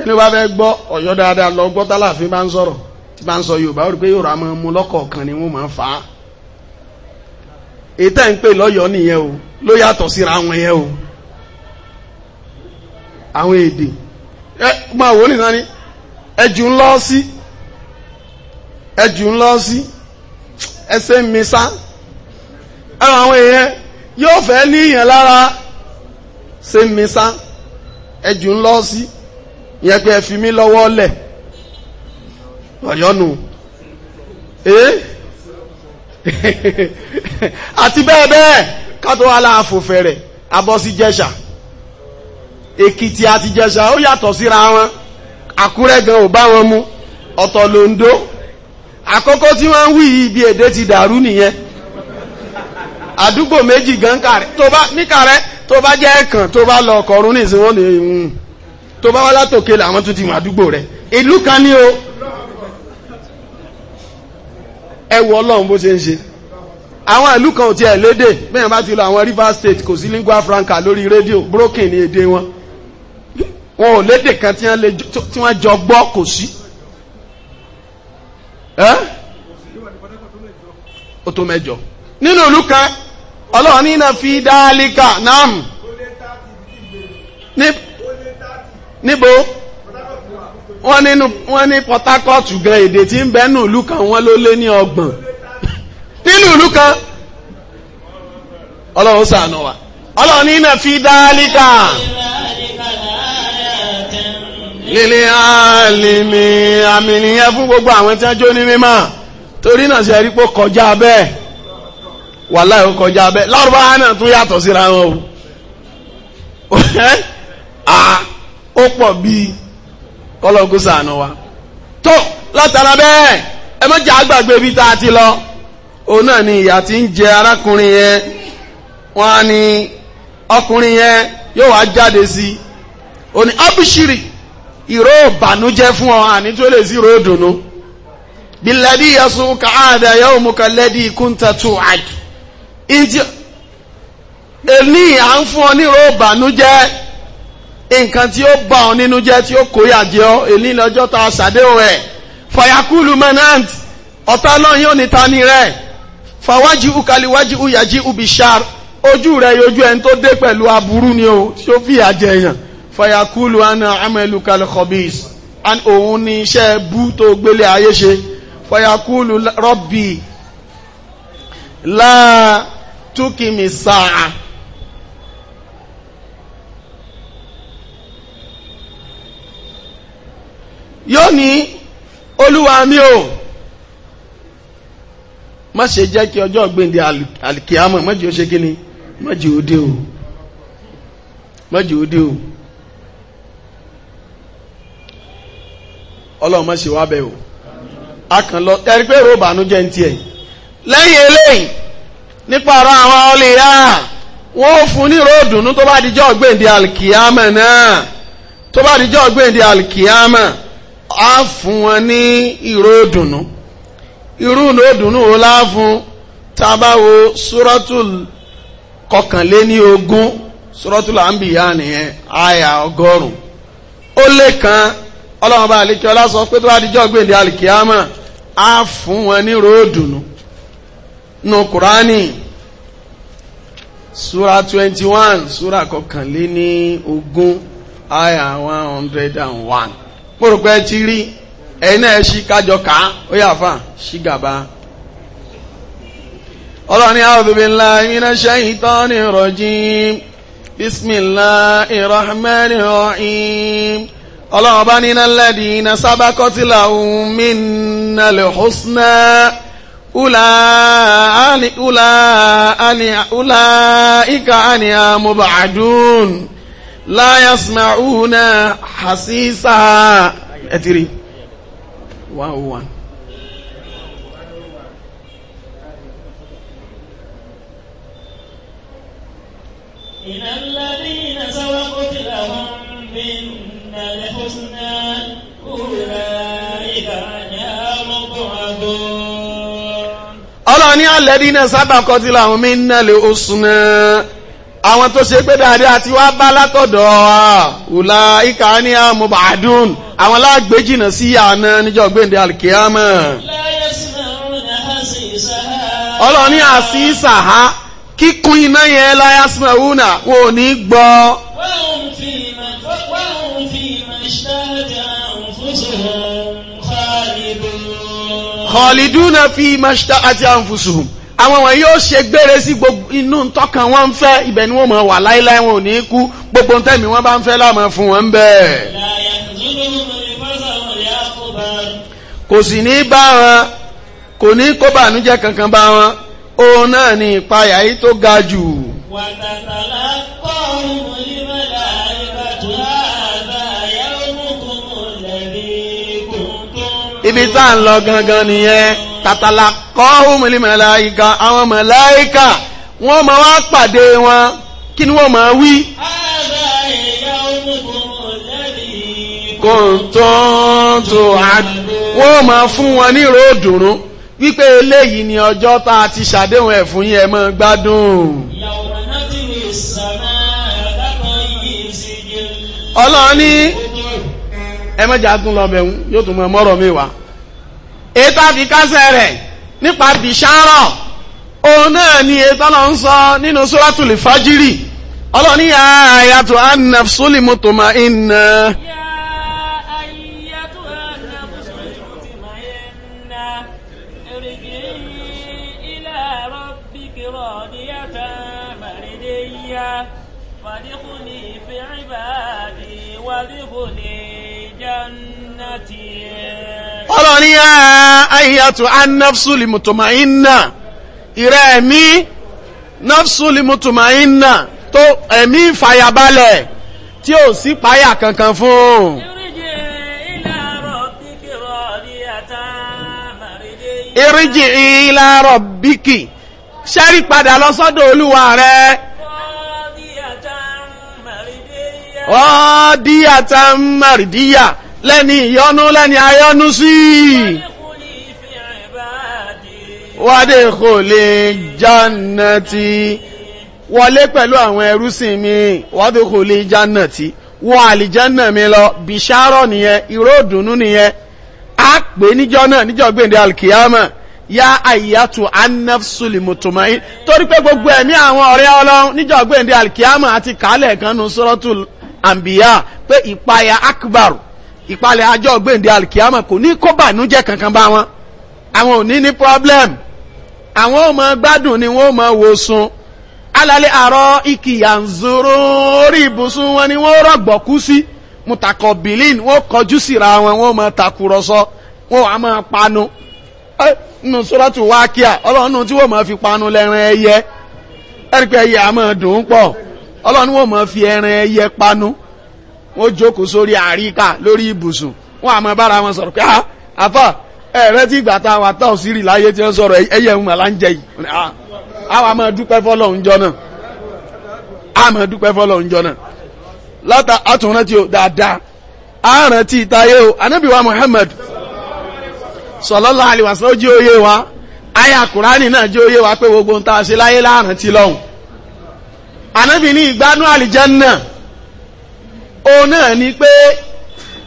ẹni bá fẹ́ gbọ́ ọ̀yọ́ dáadáa lọ gbọ́ tálàfin bá ń sọ̀rọ̀ tí bá ń sọ yorùbá ó rí pé yorùbá máa mú lọ́kọ̀ọ̀kan ni wọ́n máa ń fà á èyí tẹ́ ń pè lọ́yọ̀ọ́ nìyẹn o ló yàtọ̀ síra wọn yẹn o àwọn èdè Ma máa wò nìkan ni ẹjù ń lọ sí ẹjù ń lọ sí ẹsẹ̀ mi sá ẹ̀rọ àwọn èèyàn yóò fẹ́ ní ìyàn lára ṣe mi sá ẹjù ń lọ sí ìyẹn pé ẹ fi mí lọ́wọ́ lẹ̀ ọ̀yọ́nu ee àti bẹ́ẹ̀ bẹ́ẹ̀ ká tó fẹ̀rẹ̀ abọ́ sí jẹ́sà èkìtì àti jẹ̀ṣà ó yàtọ̀ síra wọn àkúrẹ́ gan ò bá wọn mu ọ̀tọ̀ lòǹdó àkọ́kọ́ tí wọ́n ń wí ibi èdè ti dàrú nìyẹn àdúgbò méjì gan kàrẹ́ tó bá níkàrẹ́ tó bá jẹ́ ẹ̀kàn tó bá lọ ọkọ̀ọ̀rún nìsín wọn ni tó bá wá látòkè làwọn tún ti mọ àdúgbò rẹ̀ ìlú kan ní o ẹ wo ọlọ́run bó ṣe ń ṣe àwọn ìlú kan ò tiẹ̀ lédè bẹ́ẹ̀ bá ti lọ àwọn Rivers State kò sí lingua franca lórí rédíò broken ní èdè wọn wọn ò lédè kan tí wọ́n jọ gbọ́ kò sí. ó tó mẹ́jọ nínú ìlú kan ọlọ́run nínú fi dáálíkà náàm níbo wọ́n nínú wọ́n ní Port Harcourt gan èdè tí ń bẹ nínú ìlú kan wọ́n ló lé ní ọgbọ̀n nínú ìlú kan ọlọ́run ṣàánú wa ọlọ́run fi dáálíkà. lílé àlìmí àmì nìyẹn fún gbogbo àwọn tí wọ́n jó ní mímọ̀ torí náà ṣe rí pé kọjá bẹ́ẹ̀ wàláhì ó kọjá bẹ́ẹ̀ lárúbáwá náà tún yàtọ̀ síra wọn o a ó pọ̀ bíi kọ́lọ́kú sànù wa tó látara bẹ́ẹ̀ ẹ má jà àgbàgbé ibi tá a ti lọ òun náà ni ìyà ti ń jẹ arákùnrin yẹn wọ́n á ní ọkùnrin yẹn yóò wá jáde sí i òní abishiri ìró ìbànújẹ́ fún ọ àní tó lè sí ìró ìdùnnú bílẹ̀dí yẹsùn káàdà yóò mú kan lẹ́dí kúńtà tó àjù ìjọ èní à ń fún ọ ní ìró ìbànújẹ́ nǹkan tí ó bà ọ nínú jẹ́ tí ó kóyà jẹ ọ èní lọ́jọ́ ta ṣàdéhùn ẹ̀ fàyàkùlù mẹ́nant ọ̀tá náà yóò ní rẹ̀ fàwájú ukaliwájú uyàjí ubishar ojú rẹ̀ yóò ojú ẹni tó dé pẹ̀lú aburú ni o tí ó fìyà jẹ fayakulu ana amaluka al-khabis an òun ni iṣẹ́ bú tó gbélé ayé ṣe fayakulu rabbi la tukimi sa'a yóò ní olúwa mi o má ṣe jẹ́ kí ọjọ́ gbèndé alìkíámọ̀ má jẹ́ ó ṣe kí ni má ó dé o má ó dé o ọlọ́run si ṣe wá bẹ́ẹ̀ o akànlọ ẹ̀rí pé ròbà nú ń tiẹ̀ lẹ́yìn eléyìí nípa ọ̀rọ̀ àwọn wọ́n ó fún ní ròdùnú tó bá dijọ́ gbèǹde alkiyama náà tó bá dijọ́ gbèǹde alkiyama á fún wọn ní ìròdùnú suratul kọkànléní ogún suratul nìyẹn àyà ọlọ́run bá àlékè ọlá sọ pé tó bá dijọ́ gbèdé alìkíyàmà á fún wọn ní ròódùnú nù kúránì sura twenty one sura kọkànléní ogún aya one hundred and one mo rò pé ti rí ẹ̀yin náà ẹ ṣí kájọ ká ó yà fà ṣí gàba. ọlọ́run ní a'udhu billahi minash shaitanir rajim bismillahir rahmanir rahim. ọlọ́run bá nínú lẹ́dí iná sábàkọ́tìlà minna al-husna ula ani ula ani ula ika ani amubadun la yasma'una hasisa ẹtìrì one oh one. إن الذين سبقت لهم من الحسنى أولئك عنها مبعدون ọlọ́run ní alladhina sábàkọ́ tí làwọn mi ń nà lè òsùn náà àwọn tó ṣe pé dáadáa tí wá bá látọ̀dọ̀ ọ̀la ìka ní àmúbàdùn àwọn láàgbé jìnà sí àná níjọ́ gbéǹde alkiyama ọlọ́ni àti ìsàhá kíkún iná yẹn láyásùnà wúnà ní gbọ́ khaliduna fi mashta'at anfusuhum àwọn wọn yóò ṣe gbére sí gbogbo inú tọkàn wọn ń fẹ́ ibẹ̀ ni wọ́n máa wà láíláí wọn ò ní kú gbogbo tẹ̀mí wọn bá ń fẹ́ láàmú fún wọn bẹ́ẹ̀. kò sì ní bá wọn kò ní kó bànújẹ́ kankan bá wọn òun náà ni ìpayà yìí tó ga jù. wàtàtàlá ibi tá à ń lọ gangan nìyẹn tàtàlà kọ́ òmìnir màláìka àwọn màláìka wọ́n máa wá pàdé wọn kí ni wọ́n máa wí. kòńtóńtò wọ́n máa fún wọn ní ròdùnrún wípé eléyìí ni ọjọ́ tá a ti ṣàdéhùn ẹ̀ fún yín ẹ máa gbádùn. ọlọ́run ẹ mọ́jà tún lọ bẹ̀rún yóò tún mọ mọ́rọ̀ mi wá. ètò àfikásẹ̀ rẹ̀ nípa bìṣárọ̀ òun náà ni ètò ọ̀nà ń sọ nínú suratul fajiri ọlọ́ni yà á yàtọ̀ Yeah. ọlọ́ni ayyàtò annafsuli mutumainna ìrẹ́ ẹ̀mí nafsuli mutumainna tó ẹ̀mí fàyàbalẹ̀ tí ó sì páyà kankan fún ìrìjì ìlà rọ̀bíkì ṣẹ́rí padà lọ sọ́dọ̀ olúwa rẹ̀ ọ́díyàtà màrìdíyà lẹ́ni ìyọ́nú lẹ́ni ayọ́nú sí wádé kò lè jánàtì wọlé pẹ̀lú àwọn ẹrúsìn mi wádé kò lè jánàtì wọ àlìjánà mi lọ bìṣárọ̀ nìyẹn ìró ìdùnnú nìyẹn a pè níjọ́ náà níjọ́ gbèǹde alkiyama ya ayyatu annafsul mutmain torí pé gbogbo ẹ̀mí àwọn ọ̀rẹ́ Ọlọ́run níjọ́ gbèǹde alkiyama àti kálẹ̀ kan nu suratul pé ìpayà akbar ìpalẹ̀ àjọ gbèǹde alkiyama kò ní kó bànújẹ́ kankan bá wọn àwọn ò ní ní problem àwọn ò mọ gbádùn ni wọn ò mọ wò sùn alálẹ́ àárọ̀ ìkìyà ń zoro orí ibùsùn wọn ni wọ́n rọ̀gbọ̀kú sí mutakọ bilin wọ́n kọjú síra wọn wọ́n mọ takùrọ̀sọ wọn á máa panu nínú sọ́rọ́tù wákíà ọlọ́run tí wọ́n máa fi panu lẹ́ran ẹyẹ ẹni pé ẹyẹ á máa dùn ún pọ̀ ọlọ́run wọ́n máa fi ẹran ẹyẹ panu wọ́n jókòó sórí àríkà lórí ibùsùn wọ́n àmọ́ bára wọn sọ̀rọ̀ pé ah, àfà ẹ̀rẹ́ tí ìgbà táwọn àtàwọn sírì láyé tí wọ́n sọ̀rọ̀ ẹyẹ ń màlá ń jẹ yìí àwọn ah, àmọ́ dúpẹ́ fọ́lọ́run jọ àmọ́ dúpẹ́ fọ́lọ́run jọ náà látà àtúnrántí o dáadáa àrántí ìtayé o anábìwá Muhammad sallallahu alaihi wasallam jí oyé wa aya kùránì náà jí oyé wa pé gbogbo ń ta ṣe láyé láàrántí lọ́hùn anábì òun náà ni pé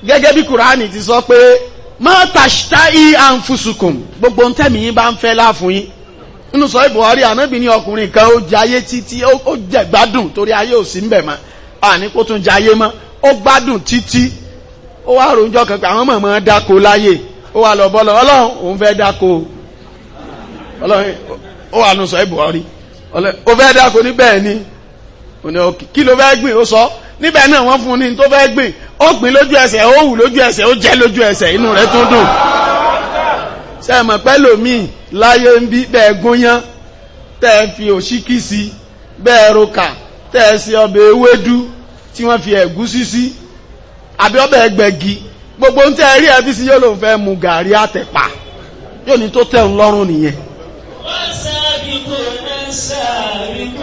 gẹ́gẹ́ bí kùránì ti sọ pé má à ń àǹfùsùkùn gbogbo ń tẹ̀mí yín bá ń fẹ́ láàfún yín nínú sọ ìbùhárí ànábì ní ọkùnrin kan ó jẹ ayé títí ó jẹ gbádùn torí ayé ò sí ń bẹ̀ mọ́ àní kó tún jẹ ayé mọ́ ó gbádùn títí ó wá ròjọ́ kan pé àwọn mọ̀mọ́ dáko láyè ó wà lọ bọ́lọ̀ ọlọ́run òun fẹ́ dáko ọlọ́run ó wà nù sọ ìbùhárí ó fẹ́ dáko níbẹ̀ ni kí ló fẹ́ gbìn ó sọ níbẹ̀ náà wọ́n fún ní tó fẹ́ gbìn ó gbìn lójú ẹsẹ̀ ó hù lójú ẹsẹ̀ ó jẹ́ lójú ẹsẹ̀ inú rẹ̀ tó dùn sẹ́mọ̀ pẹ́lòmíì láyé ń bí bẹ́ẹ̀ gúnyán tẹ́ fi òṣíkí sí bẹ́ẹ̀ roka tẹ́ sí ọbẹ̀ ewédú tí wọ́n fi ẹ̀gúsí sí àbí ọbẹ̀ gbẹ̀gì gbogbo ń tẹ́ rí ẹbí sí yóò lòun fẹ́ mu gàrí àtẹ̀pà yóò ní tó tẹ́ ń lọ́rùn nìyẹn. wọ́n sábì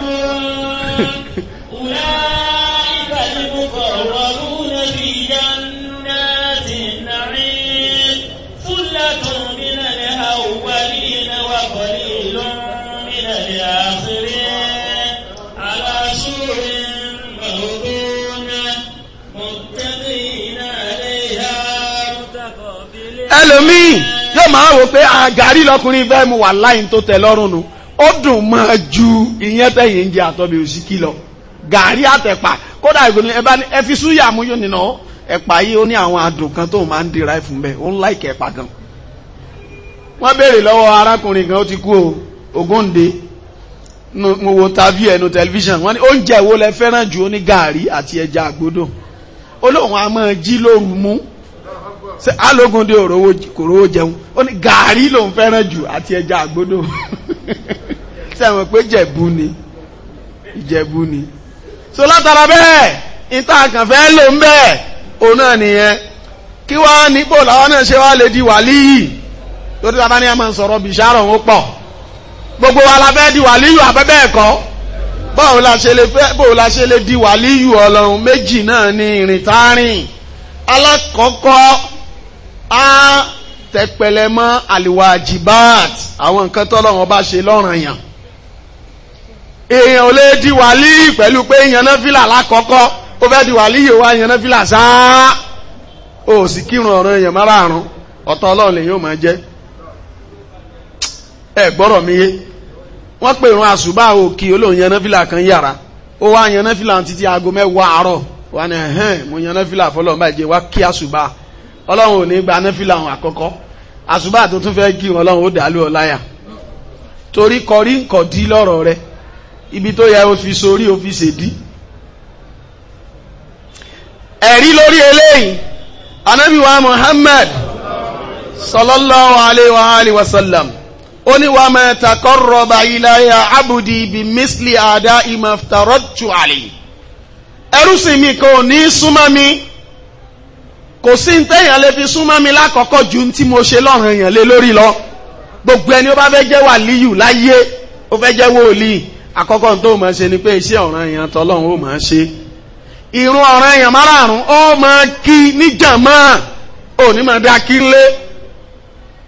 المقربون في جنات النعيم ثلة من الأولين وقليل من الآخرين على سور موضونة متقين عليها yóò máa wò pé àgàrí lọkùnrin bẹ́ẹ̀ mu wà láyìn tó tẹ́ lọ́rùn nu ó dùn máa ju ìyẹn tẹ̀yìn ń jẹ àtọ́bí òsì kìlọ̀ gàrí àtẹ̀pà kódà ìgbóni ẹbá ní ẹfi súyà mú yóò nínú ẹ̀pà yìí ó ní àwọn àdùn kan tó máa ń dira ẹ̀fún bẹ́ẹ̀ ó ń láìkẹ̀ ẹ̀pà gan wọ́n béèrè lọ́wọ́ arákùnrin kan ó ti kú o Ògúndé mo wo tàbí ẹnu tẹlifíṣàn wọ́n ní oúnjẹ wo lẹ fẹ́ràn jù ó ní gàrí àti ẹja àgbódò ó lóun a máa jí lóru mú alógúndé kò rówó jẹun ó ní gàrí lòun fẹ́ràn jù àti ẹja àgbódò sẹ́wọ̀n pé jẹ̀bú ni ìjẹ̀bú ni so látara bẹ́ẹ̀ níta kàn fẹ́ lò ń bẹ́ẹ̀ òun náà nìyẹn kí wá nípò làwọn náà ṣe wá lè di wàlíyì lórí ta bá ní àmọ́ sọ̀rọ̀ bìṣàrọ̀ ń pọ̀ gbogbo wa la fẹ́ di wàlíyù abẹ́bẹ́ ẹ̀kọ́ báwo la ṣe lè fẹ́ báwo la ọlọ́run méjì náà ní ìrìn tárìn alákọ̀ọ́kọ́ á tẹpẹlẹ mọ́ àlìwàjìbáàt àwọn nǹkan tọ́lọ́run bá ṣe lọ́ranyàn èèyàn ò lè di wàlí pẹ̀lú pé ìyànná fílà lákọ̀ọ́kọ́ ó fẹ́ di wàlí yóò wá ìyànná fílà sáá ó sì kírun ọ̀rọ̀ èèyàn àrùn ọ̀tọ̀ ọlọ́run lèyìn máa jẹ́ ẹ gbọ́rọ̀ mi yé wọ́n pè ìrun àṣùbà òkì olóhùn ìyànná fílà kan yàrá ó wá ìyànná fílà títí aago mẹ́wàá àárọ̀ wà ní ẹ̀hẹ́n mo ìyànná fílà fọlọ́run wá kí àṣùbà ọlọ́run ò ní gba náfìlà àwọn àkọ́kọ́ àṣùbà tó tún fẹ́ kí ọlọ́run ó ibi tó yẹ o fi sórí o fi ṣèdí ẹ̀rí lórí eléyìí anábìwá Muhammad sallallahu alaihi wa alihi wa sallam ó ní wa ma taqarraba ilayya abudi bi misli ada'i ma aftaradtu alayhi ẹrúsìn mi kò ní súnmọ́ mi kò sí ní téèyàn lè fi súnmọ́ mi lákọ̀ọ́kọ́ ju tí mo ṣe lọ́rùn èèyàn lé lórí lọ gbogbo ẹni ó bá fẹ́ jẹ́ wàlíyù láyé ó fẹ́ jẹ́ wòlíì àkọ́kọ́ tó máa ṣe ni pé iṣẹ́ ọ̀ranyàn tọ́lọ́run ó máa ṣe ìrun ọ̀ranyàn márààrún ó máa kí níjàmá ò ní máa dá kí lé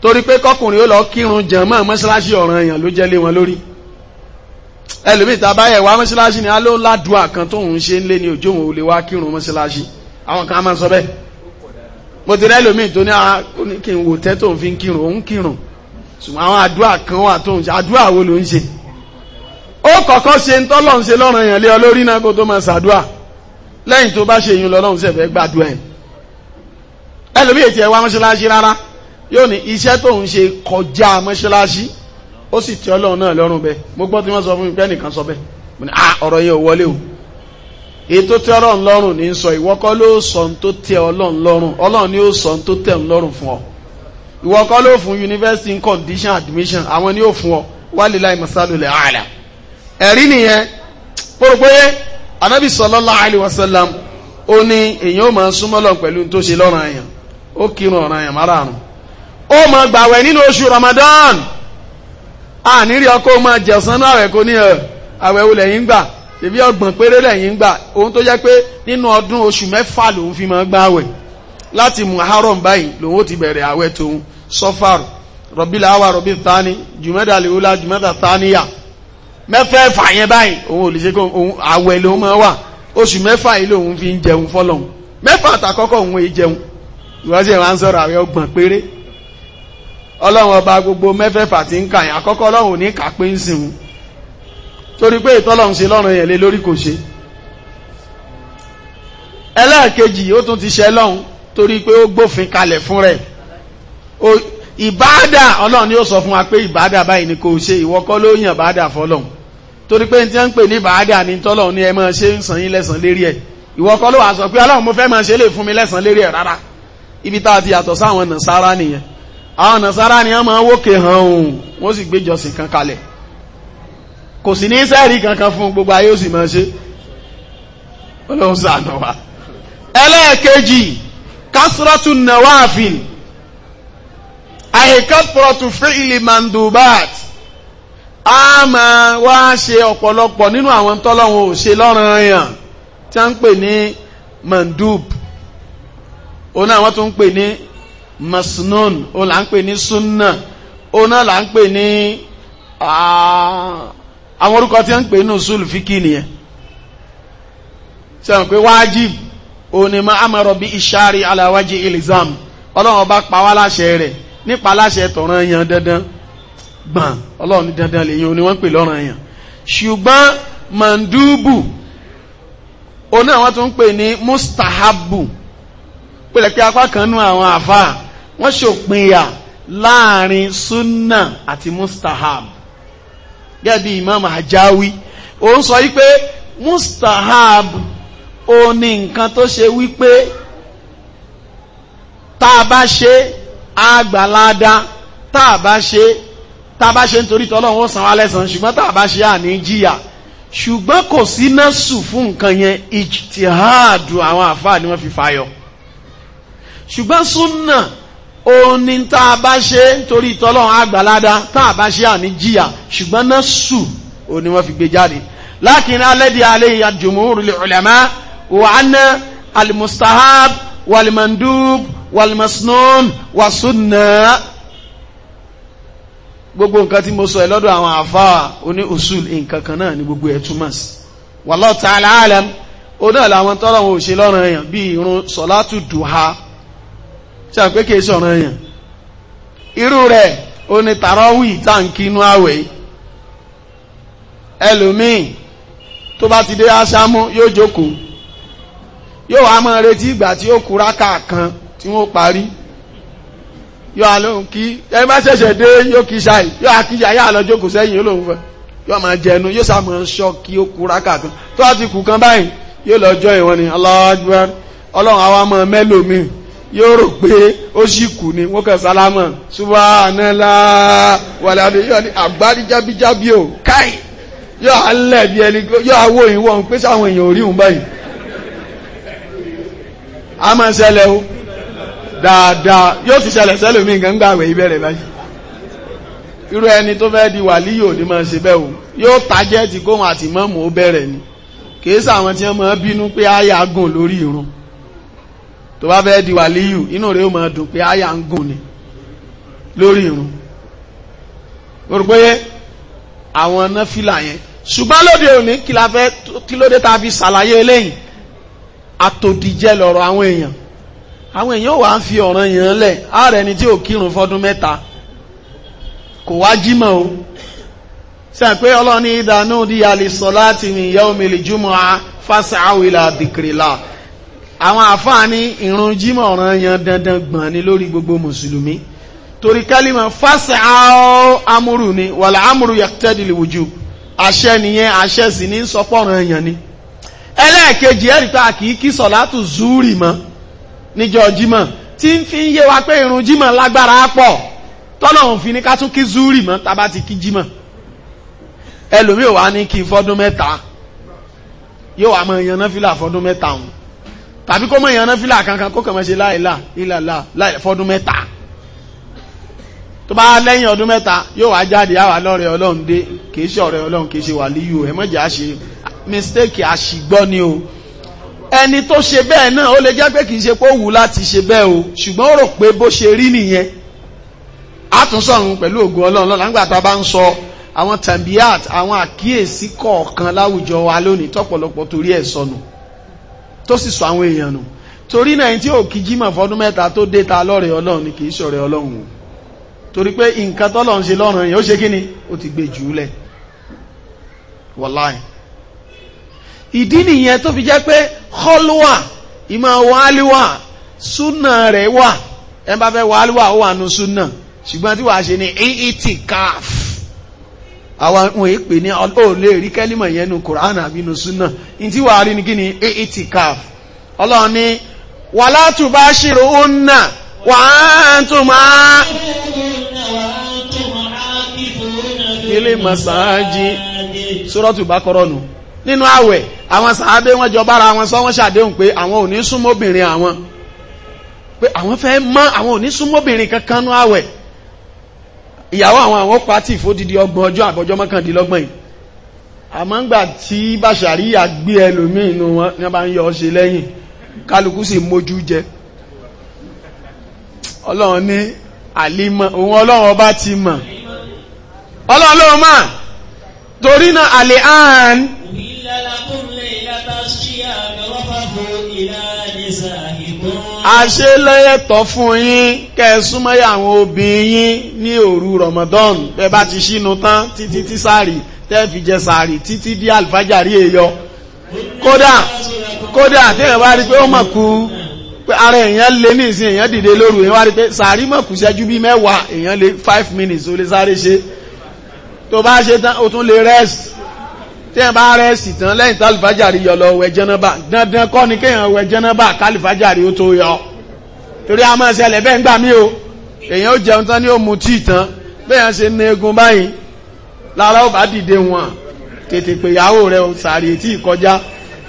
torí pé kọkùnrin ó lọ kírun jàmá mọ́ṣáláṣí ọ̀ranyàn ló jẹ́ wọn lórí ẹlòmíì tá a bá yẹ wá mọ́ṣáláṣí ni aló ládùá kan tóun ṣe ń lé ní òjò òun ò lè wá kírun mọ́ṣáláṣí àwọn kan á máa sọ bẹ́ẹ̀ mo ti rẹ́ ẹlòmíì ó kọ́kọ́ ṣe ń tọ́lọ̀ ń ṣe lọ́rùn èèyàn lé ọ lórí náà kó tó máa ṣàdúà lẹ́yìn tó bá ṣe yín lọ́lọ́run ṣe fẹ́ gbàdúà ẹ̀ ẹlòmí ètí ẹ̀ wá mọ́ṣáláṣí rárá yóò ní iṣẹ́ tó ń ṣe kọjá mọ́ṣáláṣí ó sì ti ọlọ́run náà lọ́rùn bẹ́ẹ̀ mo gbọ́ tí wọ́n sọ fún mi pé nìkan sọ bẹ́ẹ̀ mo ah, ọ̀rọ̀ yẹn ò wọlé o ètò tí ọlọ́run lọ́rùn ní sọ ni ó sọ ohun tó tẹ́ ọ̀n lọ́rùn university condition admission àwọn ni ó fún ọ wálé láì ẹ̀rí nìyẹn pòròpóyé anábì sallallahu alaihi wasallam ó ní èyàn ó máa súnmọ́ lọ pẹ̀lú tó ṣe lọ́rọ̀ àyàn ó kírun ọ̀ràn àyàn márààrún ó ma gbàwẹ̀ nínú oṣù Ramadan àníri ọkọ ma jẹ̀sán náà rẹ̀ kó ní ẹ̀ àwẹ̀ wo lẹ́yìn gbà ọgbọ̀n péré lẹ́yìn gbà ohun tó jẹ́ pé nínú ọdún oṣù mẹ́fà lòun fi máa gbàwẹ̀ láti báyìí lòun ó ti bẹ̀rẹ̀ àwẹ̀ mẹ́fẹ̀ẹ̀fà yẹn báyìí òun ò lè ṣe kó òun àwẹ̀ lòun máa wà oṣù mẹ́fà yìí lòun fi ń jẹun fọ́lọ́hun mẹ́fà àtàkọ́kọ́ òun èyí jẹun ìwọ́n sì wá ń sọ̀rọ̀ àwẹ̀ ọgbọ̀n péré ọlọ́run ọba gbogbo mẹ́fẹ̀ẹ̀fà ti ń kà yẹn àkọ́kọ́ ọlọ́run ò ní kà pé ń sìn torí pé ìtọ́lọ́run ṣe lọ́rùn yẹn lé lórí kò ṣe ẹlẹ́ẹ̀kejì ó tún ti ṣe lọ́hùn torí pé ó gbófin kalẹ̀ fún rẹ̀ ìbáàdà ọlọ́run ni ó sọ fún wa pé ìbáàdà báyìí ni kò ṣe ìwọ kọ́ ló yàn báàdà fọlọ́run torí pé tí wọ́n ń pè ní ìbáàdà ni tọ́lọ́run ni ẹ máa ṣe ń san yín lẹ́sàn lérí ẹ̀ ìwọ kọ́ ló wà sọ pé ọlọ́run mo fẹ́ máa ṣe lè fún mi lẹ́sàn lérí ẹ̀ rárá ibi tá a ti yàtọ̀ sáwọn nàṣàrà nìyẹn àwọn nàṣàrà ni wọ́n máa wókè hàn òun wọ́n sì gbé jọsìn kan kalẹ̀ kò sì ní sẹ́ẹ̀rí kankan fún gbogbo ayé ó sì máa ṣe ọlọ́run sàánà àìkọ́pọ̀rọ̀tù fíìlì mandubat a máa wá ṣe ọ̀pọ̀lọpọ̀ nínú àwọn tọ́lọ́run ò ṣe lọ́ranyàn tí a ń pè ní mandub òun náà wọ́n tún ń pè ní masnun òun là ń pè ní sunna òun náà là ń pè ní àwọn orúkọ tí a ń pè ní usul fíkì nìyẹn sẹ́wọ̀n pé wájib òun ni ma amọ̀rọ̀ bí ìṣàrí aláwájì ilizam ọlọ́run ọba pa wá láṣẹ rẹ̀ nípa aláṣẹ tọ̀ràn yàn dandan gbọ̀n ọlọ́run dandan lèyìn oní wọ́n pè lọ́ràn yàn ṣùgbọ́n mandubu oní àwọn tó ń pè ní mustahabu pẹ̀lẹ̀ pé apá kan nú àwọn àfà wọ́n ṣòpinya láàrin sunna àti mustahab gẹ́gẹ́ bí imam ajawi ó ń sọ wípé mustahab ó ní nǹkan tó ṣe wípé tá a bá ṣe àgbàládá tá a bá ṣe tá a bá ṣe nítorí tọ́lọ́run ó san wá lẹ́san ṣùgbọ́n tá a bá ṣe àní jìyà ṣùgbọ́n kò sí nẹ́sù fún nǹkan yẹn ìjìtìhádù àwọn àfáà ni wọ́n fi fàyọ ṣùgbọ́n súnà òun ni tá ṣe nítorí tọ́lọ́run àgbàládá tá a ṣe àní jìyà ṣùgbọ́n nẹ́sù òun wọ́n fi gbé jáde lákin alẹ́dí alẹ́ ìyàjùmọ̀ wàlmasnon wàsúnà gbogbo nǹkan tí mo sọ ẹ lọ́dọ̀ àwọn àfáà oní usul nǹkan náà ni gbogbo ẹ̀ túmọ̀ sí wallahu alam ó náà làwọn tọ́lọ̀ wọn ò ṣe lọ́rọ̀ èèyàn bí irun sọ̀látù dùhà ṣe àpé kìí sọ̀rọ̀ èèyàn irú rẹ̀ ó ní tàrọ́wì táǹkì inú àwẹ̀ ẹlòmíì tó bá ti dé aṣámú yóò jókòó yóò wá máa retí ìgbà tí ó kú rákà tí wọ́n parí yóò alóhùn kí ẹ má ṣẹ̀ṣẹ̀ dé yóò kí ṣáì yóò akíjà yóò àlọ́jọ́ kò sẹ́yìn olóhùn fẹ́ yóò máa jẹnu yóò sá máa ṣọ́ kí ó kú rákà kan tó a ti kù kan báyìí yóò lọ́jọ́ ìwọ̀n ni aláàjúwẹ́rẹ́ ọlọ́run àwa mọ̀ mẹ́lòmíì yóò rò pé ó sì kù ni wọ́n kàn sálámọ̀ subhanallah wàlẹ́ àdé yóò ní àgbárí jábíjábí o káì yóò alẹ́ bí ẹni yóò awó ìwọ̀n pé sáwọn èèyàn ò rí òun báyìí dáadáa yóò ti ṣẹlẹ̀ sẹ́lòmí nǹkan gbàwẹ̀ ìbẹ̀rẹ̀ báyìí irú ẹni tó fẹ́ di wàlí yóò ní máa ṣe bẹ́ẹ̀ o yóò tajẹ́ ti kóhun àti mọ́mù ó bẹ̀rẹ̀ ni kìí sàwọn tí wọ́n máa bínú pé àyà gùn lórí irun tó bá fẹ́ di wàlí yù inú rẹ̀ ó máa dùn pé àyà ń gùn ni lórí irun o rò pé àwọn náfìlà yẹn ṣùgbọ́n lóde òní kí lóde tá fi ṣàlàyé eléyìí àtòdìjẹ lọ̀rọ̀ àwọn èèyàn àwọn èèyàn wà ń fi ọ̀ràn yàn lẹ̀ ààrẹ ni tí ò kírun fọdún mẹ́ta kò wá jímọ̀ o sẹ́n pé ọlọ́ni ìdánú di àlìsọ láti ní ìyá omi jùmọ̀ a fásà àwìlà dìkìrìlà àwọn àfáà ní ìrun jímọ̀ ọ̀ràn yàn dandan gbọ̀n ni lórí gbogbo mùsùlùmí torí kálímọ̀ fásà amúrù ni wàlà amúrù yàtẹ́dìlì wùjú àṣẹ nìyẹn àṣẹ sì ní sọpọ̀ ọ̀ràn yàn ni ẹlẹ́ẹ̀kejì ẹ̀rí pé a sọ̀látù zúrì mọ́ níjọ́ jímọ̀ tí ń fi ń yé wa pé irun jímọ̀ lágbára pọ̀ tọ́lọ́run fi ní ká tún kí zúrì mọ́ tá bá ti kí jímọ̀ ẹlòmíì wà ní kí fọ́dún mẹ́ta yóò wà mọ ìyànná fìlà fọ́dún mẹ́ta òun tàbí kó mọ ìyànná fìlà kankan kó kàn mọ́ ṣe láìlà ìlàlà láì fọ́dún mẹ́ta tó bá lẹ́yìn ọdún mẹ́ta yóò wá jáde àwà lọ́rẹ̀ ọlọ́run dé kìí ṣe ọ̀rẹ́ ọlọ́run kìí ṣe wà líyù ẹ mọ́jà ṣe mistake àṣìgbọ́ ni o ẹni tó ṣe bẹ́ẹ̀ náà ó lè jẹ́ pé kì í ṣe pé ó wù láti ṣe bẹ́ẹ̀ o ṣùgbọ́n ó rò pé bó ṣe rí nìyẹn àtúnṣọ̀run pẹ̀lú ògùn ọlọ́run lọ́la nígbà tá a bá ń sọ àwọn tambiat àwọn àkíyèsí kọ̀ọ̀kan láwùjọ wa lónìí tọ́pọ̀lọpọ̀ torí ẹ̀ sọnù tó sì sọ àwọn èèyàn nù torí náà tí ò kí jímọ̀ fọdún mẹ́ta tó dé ta lọ́rẹ̀ ọlọ́run ni kì í ṣọ̀rẹ̀ ọlọ́run o torí pé nǹkan tọ́lọ́run ṣe lọ́rùn yẹn ó ṣe kí ni ó ti gbé jù ú lẹ̀ wọ́láì ìdí nìyẹn tó fi jẹ́ pé kọ́lùwà ìmọ̀ wàálùwà súnà rẹ̀ wà ẹ bá fẹ́ wàálùwà ó wà nù ṣe àwọn ohun èpè ní lè rí kẹ́límọ̀ yẹn nu kùránà àbí nu súnà wàá ni ọlọ́run wa antuma ilé masáájì sórọ́tù bá nù nínú àwẹ̀ àwọn sàábé wọn jọ bára wọn sọ wọn ṣàdéhùn pé àwọn ò ní súnmọ́bìnrin àwọn pé àwọn fẹ́ mọ́ àwọn ò ní súnmọ́bìnrin kankan nú àwẹ̀ ìyàwó àwọn àwọn pàtì fódìdí ọgbọ̀n ọjọ́ àbọ̀jọ́ mọ́kàndínlọ́gbọ̀n yìí àmọ́ ńgbà tí bàṣàríyà gbé ẹlòmíì inú wọn ní bá ń yọ ṣe lẹ́yìn kálukú sì mójú jẹ ọlọ́run ní àlímọ̀ òun ọlọ́run ọba ti mọ̀ ọlọ́run ló mọ̀ torí náà àlè àán àṣelẹ́yẹ̀tọ̀ fún yín kẹsúmọ́yà àwọn obìnrin yín ní òru Ramadan bẹ́ẹ̀ bá ti ṣínú tán títí tí sáàrì tẹ́ẹ̀fì jẹ sáàrì títí dí àlùfájàrí èyọ kódà kódà téèyàn bá rí pé ó mọ̀ kú ara èèyàn lé ní ìsìn èèyàn dìde lóru èèyàn wá rí pé sàárì mọ̀ ṣẹ́jú bí mẹ́wàá èèyàn lé five minutes ó lè sáré ṣe tó bá ṣe tán ó tún lè rest téèyàn bá rẹ́sì tán lẹ́yìn tó àlùfájàrí yọ lọ wẹ̀ jẹ́nàbà dandan kọ́ ni kéèyàn wẹ̀ jẹ́nàbà kálùfájàrí ó tó yọ torí a máa ṣẹlẹ̀ bẹ́ẹ̀ ń gbà mí o èèyàn ó jẹun tán ní ó mu tíì tán bẹ́ẹ̀ ṣe na egun báyìí lára ó bá dìde wọn tètè pé ìyàwó rẹ ò sàárè tí ìkọjá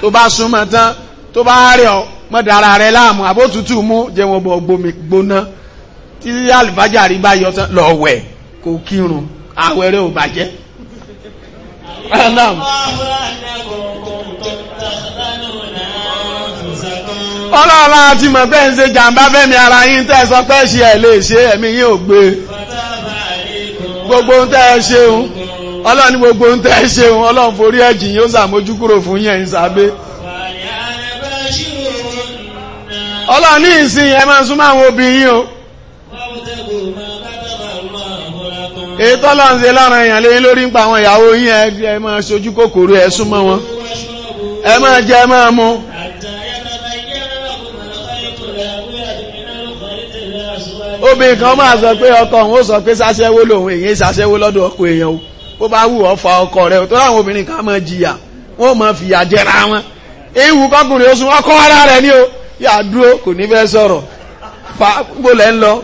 tó bá súnmọ́ tán tó bá rẹ̀ ọ mọ́dára rẹ láàmú àbótútù mú jẹun ọgbọ̀n gbomi آه نعم ọlọ́ọ̀lá àti mọ̀ ń ṣe jàǹbá ara yín tẹ́ sọ pé ṣe ẹ̀ ṣe ẹ̀mí yín ò gbé gbogbo ń tẹ́ ẹ ṣeun ọlọ́ọ̀ ní gbogbo ń tẹ́ ẹ ṣeun ọlọ́ọ̀ forí ẹ̀jì yóò ṣàmójú kúrò fún yẹn ìsàbẹ́ ọlọ́ọ̀ ní ètò ọlọ́run ṣe èèyàn lé lórí ń pa àwọn ìyàwó ẹ máa ṣojú kòkòrò ẹ wọn ẹ máa jẹ ẹ máa mu. obìnrin kan máa sọ pé ọkọ òun ó sọ pé lòun lọ́dọ̀ ọkọ èèyàn o bá wù fa ọkọ tó láwọn obìnrin kan máa jìyà wọ́n máa fìyà jẹra wọn ewu kọkùnrin oṣù ọkọ ara rẹ̀ ni o yà dúró kò ní fẹ́ sọ̀rọ̀ fa ń lọ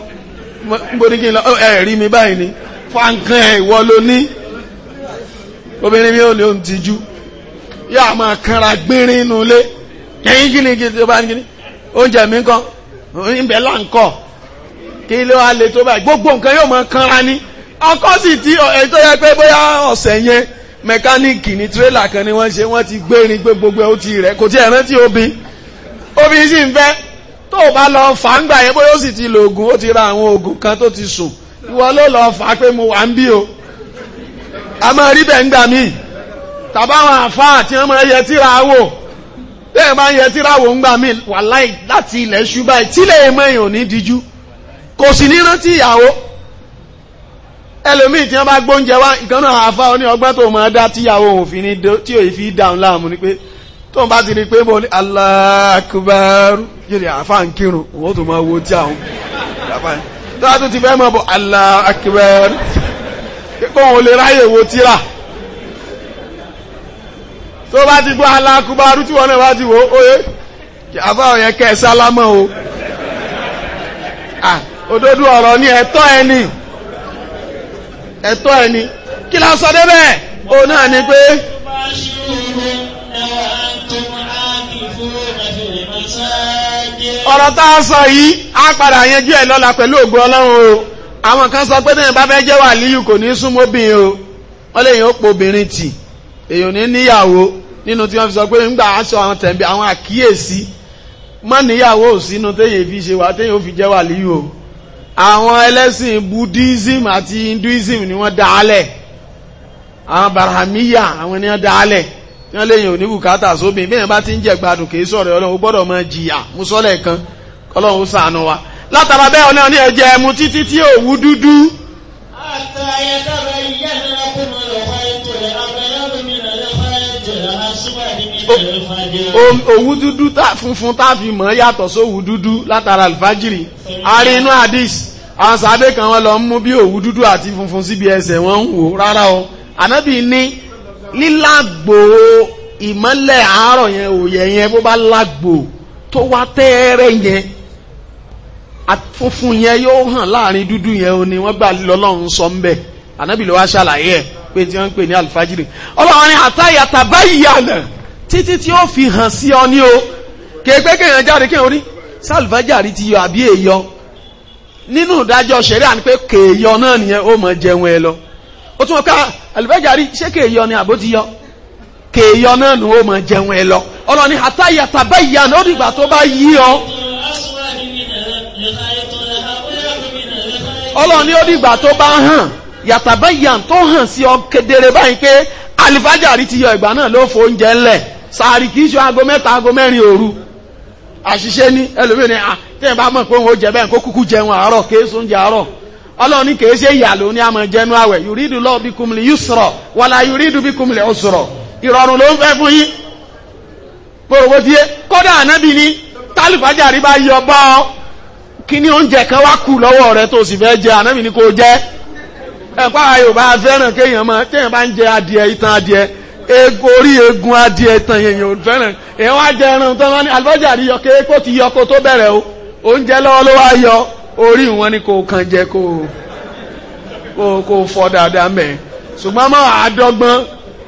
kí fankan ẹ̀ ìwọ ló ní obìnrin mi ò ní òun ti jú yóò máa kanra gbínrín inú ilé kẹ́yìn kíni kí ló bá ń kíni oúnjẹ mi kan ìbẹ̀ là ń kọ̀ kí ló wá le tó báyìí gbogbo nǹkan yóò máa kanra ní ọkọ sì ti ẹ̀ tó yẹ pé bóyá ọ̀sẹ̀ yẹn mẹkáníìkì ní tírélà kan ni wọ́n ṣe wọ́n ti gbérin gbé gbogbo ẹ̀ ó ti rẹ̀ kò tí ẹ̀ rántí obì obì sì ń fẹ́ tó o bá lọ fà yẹn bóyá ó sì ti lo oògùn ó ti ra àwọn oògùn kan tó ti sùn ìwọ ló lọ fà á pé mo wà ń bí o a máa rí bẹ́ẹ̀ ń gbà mí tàbáwọn àfáà tí wọ́n máa yẹ tíra wò bẹ́ẹ̀ máa yẹ tíra wò ń gbà mí wàláì láti ilẹ̀ ṣúgbà tílé mẹ́yìn ò ní díjú kò sì ní rántí ìyàwó ẹlòmíì tí wọ́n bá gbóúnjẹ wá ìkànnà àfáà oní ọgbọ́n tó máa dá tíyàwó òfin ní tí òyìn fi dáhùn láàmú ni pé tó bá ti rí pé mo ní Allahu Akbar jẹ́rìí àfáà ń kírun òun tó máa wo tí àwọn tọ́lá tó ti fẹ́ mọ̀ bọ̀ Allah akbar pípọ̀ òun lè ráyè wo tíra tó bá ti gbọ́ alákùbá arútí wọn náà bá ti wò ó yé àfá ọ̀yẹ kẹ́ sálámọ́ o òdodo ọ̀rọ̀ ni ẹ̀tọ́ ẹni ẹ̀tọ́ ẹni kí lásọ débẹ̀ o náà ni pé ọ̀rọ̀ tá a sọ yìí á padà yanjú ẹ̀ lọ́la pẹ̀lú ògo ọlọ́run o àwọn kan sọ pé tẹ́yìn bá fẹ́ jẹ́ wàlíyù kò ní súnmọ́ obìnrin o wọ́n lè yàn ó po obìnrin tì èèyàn ní níyàwó nínú tí wọ́n fi sọ pé ńgbà aṣọ àwọn tẹ̀m̀bí àwọn àkíyèsí mọ́ níyàwó ò sínú téèyàn fi ṣe wá téèyàn ó fi jẹ́ wàlíyù o àwọn ẹlẹ́sìn buddhism àti hinduism ni wọ́n dálẹ̀ àwọn barahamiya àwọn ni wọ́n dálẹ̀ tí wọ́n léyìn òní bùkátà sóbìn bí èèyàn bá ti ń jẹ gbádùn kì í sọ̀rọ̀ ọlọ́run ó gbọ́dọ̀ máa jìyà mú sọ́lẹ̀ kan ọlọ́run ó ṣàánú wa látara bẹ́ẹ̀ ọ̀nà ní ẹ̀jẹ̀ ẹmu títí tí òwú dúdú. òwú dúdú funfun tá a fi mọ̀ yàtọ̀ sówú dúdú látara alfajiri Ari rí inú hadith àwọn sàbẹ̀ kan wọn lọ mú bí òwú dúdú àti funfun síbi ẹsẹ̀ wọn ń wò rárá o anabi ni lílàgbò ìmọ́lẹ̀ àárọ̀ yẹn òyẹ̀ yẹn bó bá lágbò tó wá tẹ́ẹ̀rẹ̀ yẹn funfun yẹn yóò hàn láàrin dúdú yẹn o ni wọ́n gbà lọ́lọ́run sọ ń bẹ̀ ànábì ló wá ṣàlàyé ẹ̀ pé tí wọ́n ń pè ní alfajiri ọlọ́run ni àtàyàtà báyìí àná títí tí ó fi hàn sí ọ ní o kéèpé kéèyàn jáde kéèyàn rí sálfàjàrí ti yọ àbí èèyọ nínú ìdájọ́ ṣẹ̀rí à ní pé kéèyọ náà nìyẹn ó mọ̀ jẹun ẹ lọ ó tún wọ́n ká àlùbẹ́jàrí ṣé kéèyọ ni àbó ti yọ kéèyọ náà nù ó mọ̀ jẹun ẹ lọ ọlọ́ni àtàyàtà báyìí àná ó dìgbà tó bá yí ọ ọlọ́ni ó dìgbà tó bá hàn yàtàbá yàn tó hàn sí ọ kedere báyìí pé alifájàrí ti yọ ìgbà náà ló fo oúnjẹ ńlẹ̀ sàárì kìí ṣe aago mẹ́ta aago mẹ́rin òru àṣìṣe ní ẹlòmíràn ní ah, à mọ̀ pé òun ó jẹ bẹ́ẹ̀ kó kúkú jẹun àárọ̀ kéésù oúnjẹ àárọ̀ ọlọ́run ní kèé ṣe ìyà ló ní àmọ́ jẹnu àwẹ̀ yùrídù lọ́ọ́ bí kùmìlì yusra wàlà yùrídù bí kùmìlì usra ìrọ̀rùn ló ń fẹ́ fún yín gbòrògbò tiẹ̀ kódà ànábì ni tálífàjà rí bá yọ bá ọ kí ni oúnjẹ kan wá kù lọ́wọ́ rẹ tó sì fẹ́ jẹ ànábì ni kò jẹ́ ẹ̀pá yorùbá fẹ́ràn kéèyàn mọ téèyàn bá ń jẹ adìẹ itan adìẹ egun egun adìẹ itan èèyàn ò fẹ́ràn èèyàn wá jẹ ẹran tán wọn ni àlùfáàjà rí yọ kéé kó ti yọ kó tó bẹ̀rẹ̀ o oúnjẹ lọ́wọ́ ló wá yọ orí wọn ni kò kàn jẹ kò kò kò fọ dáadáa mẹ ṣùgbọ́n mọ́ àádọ́gbọ́n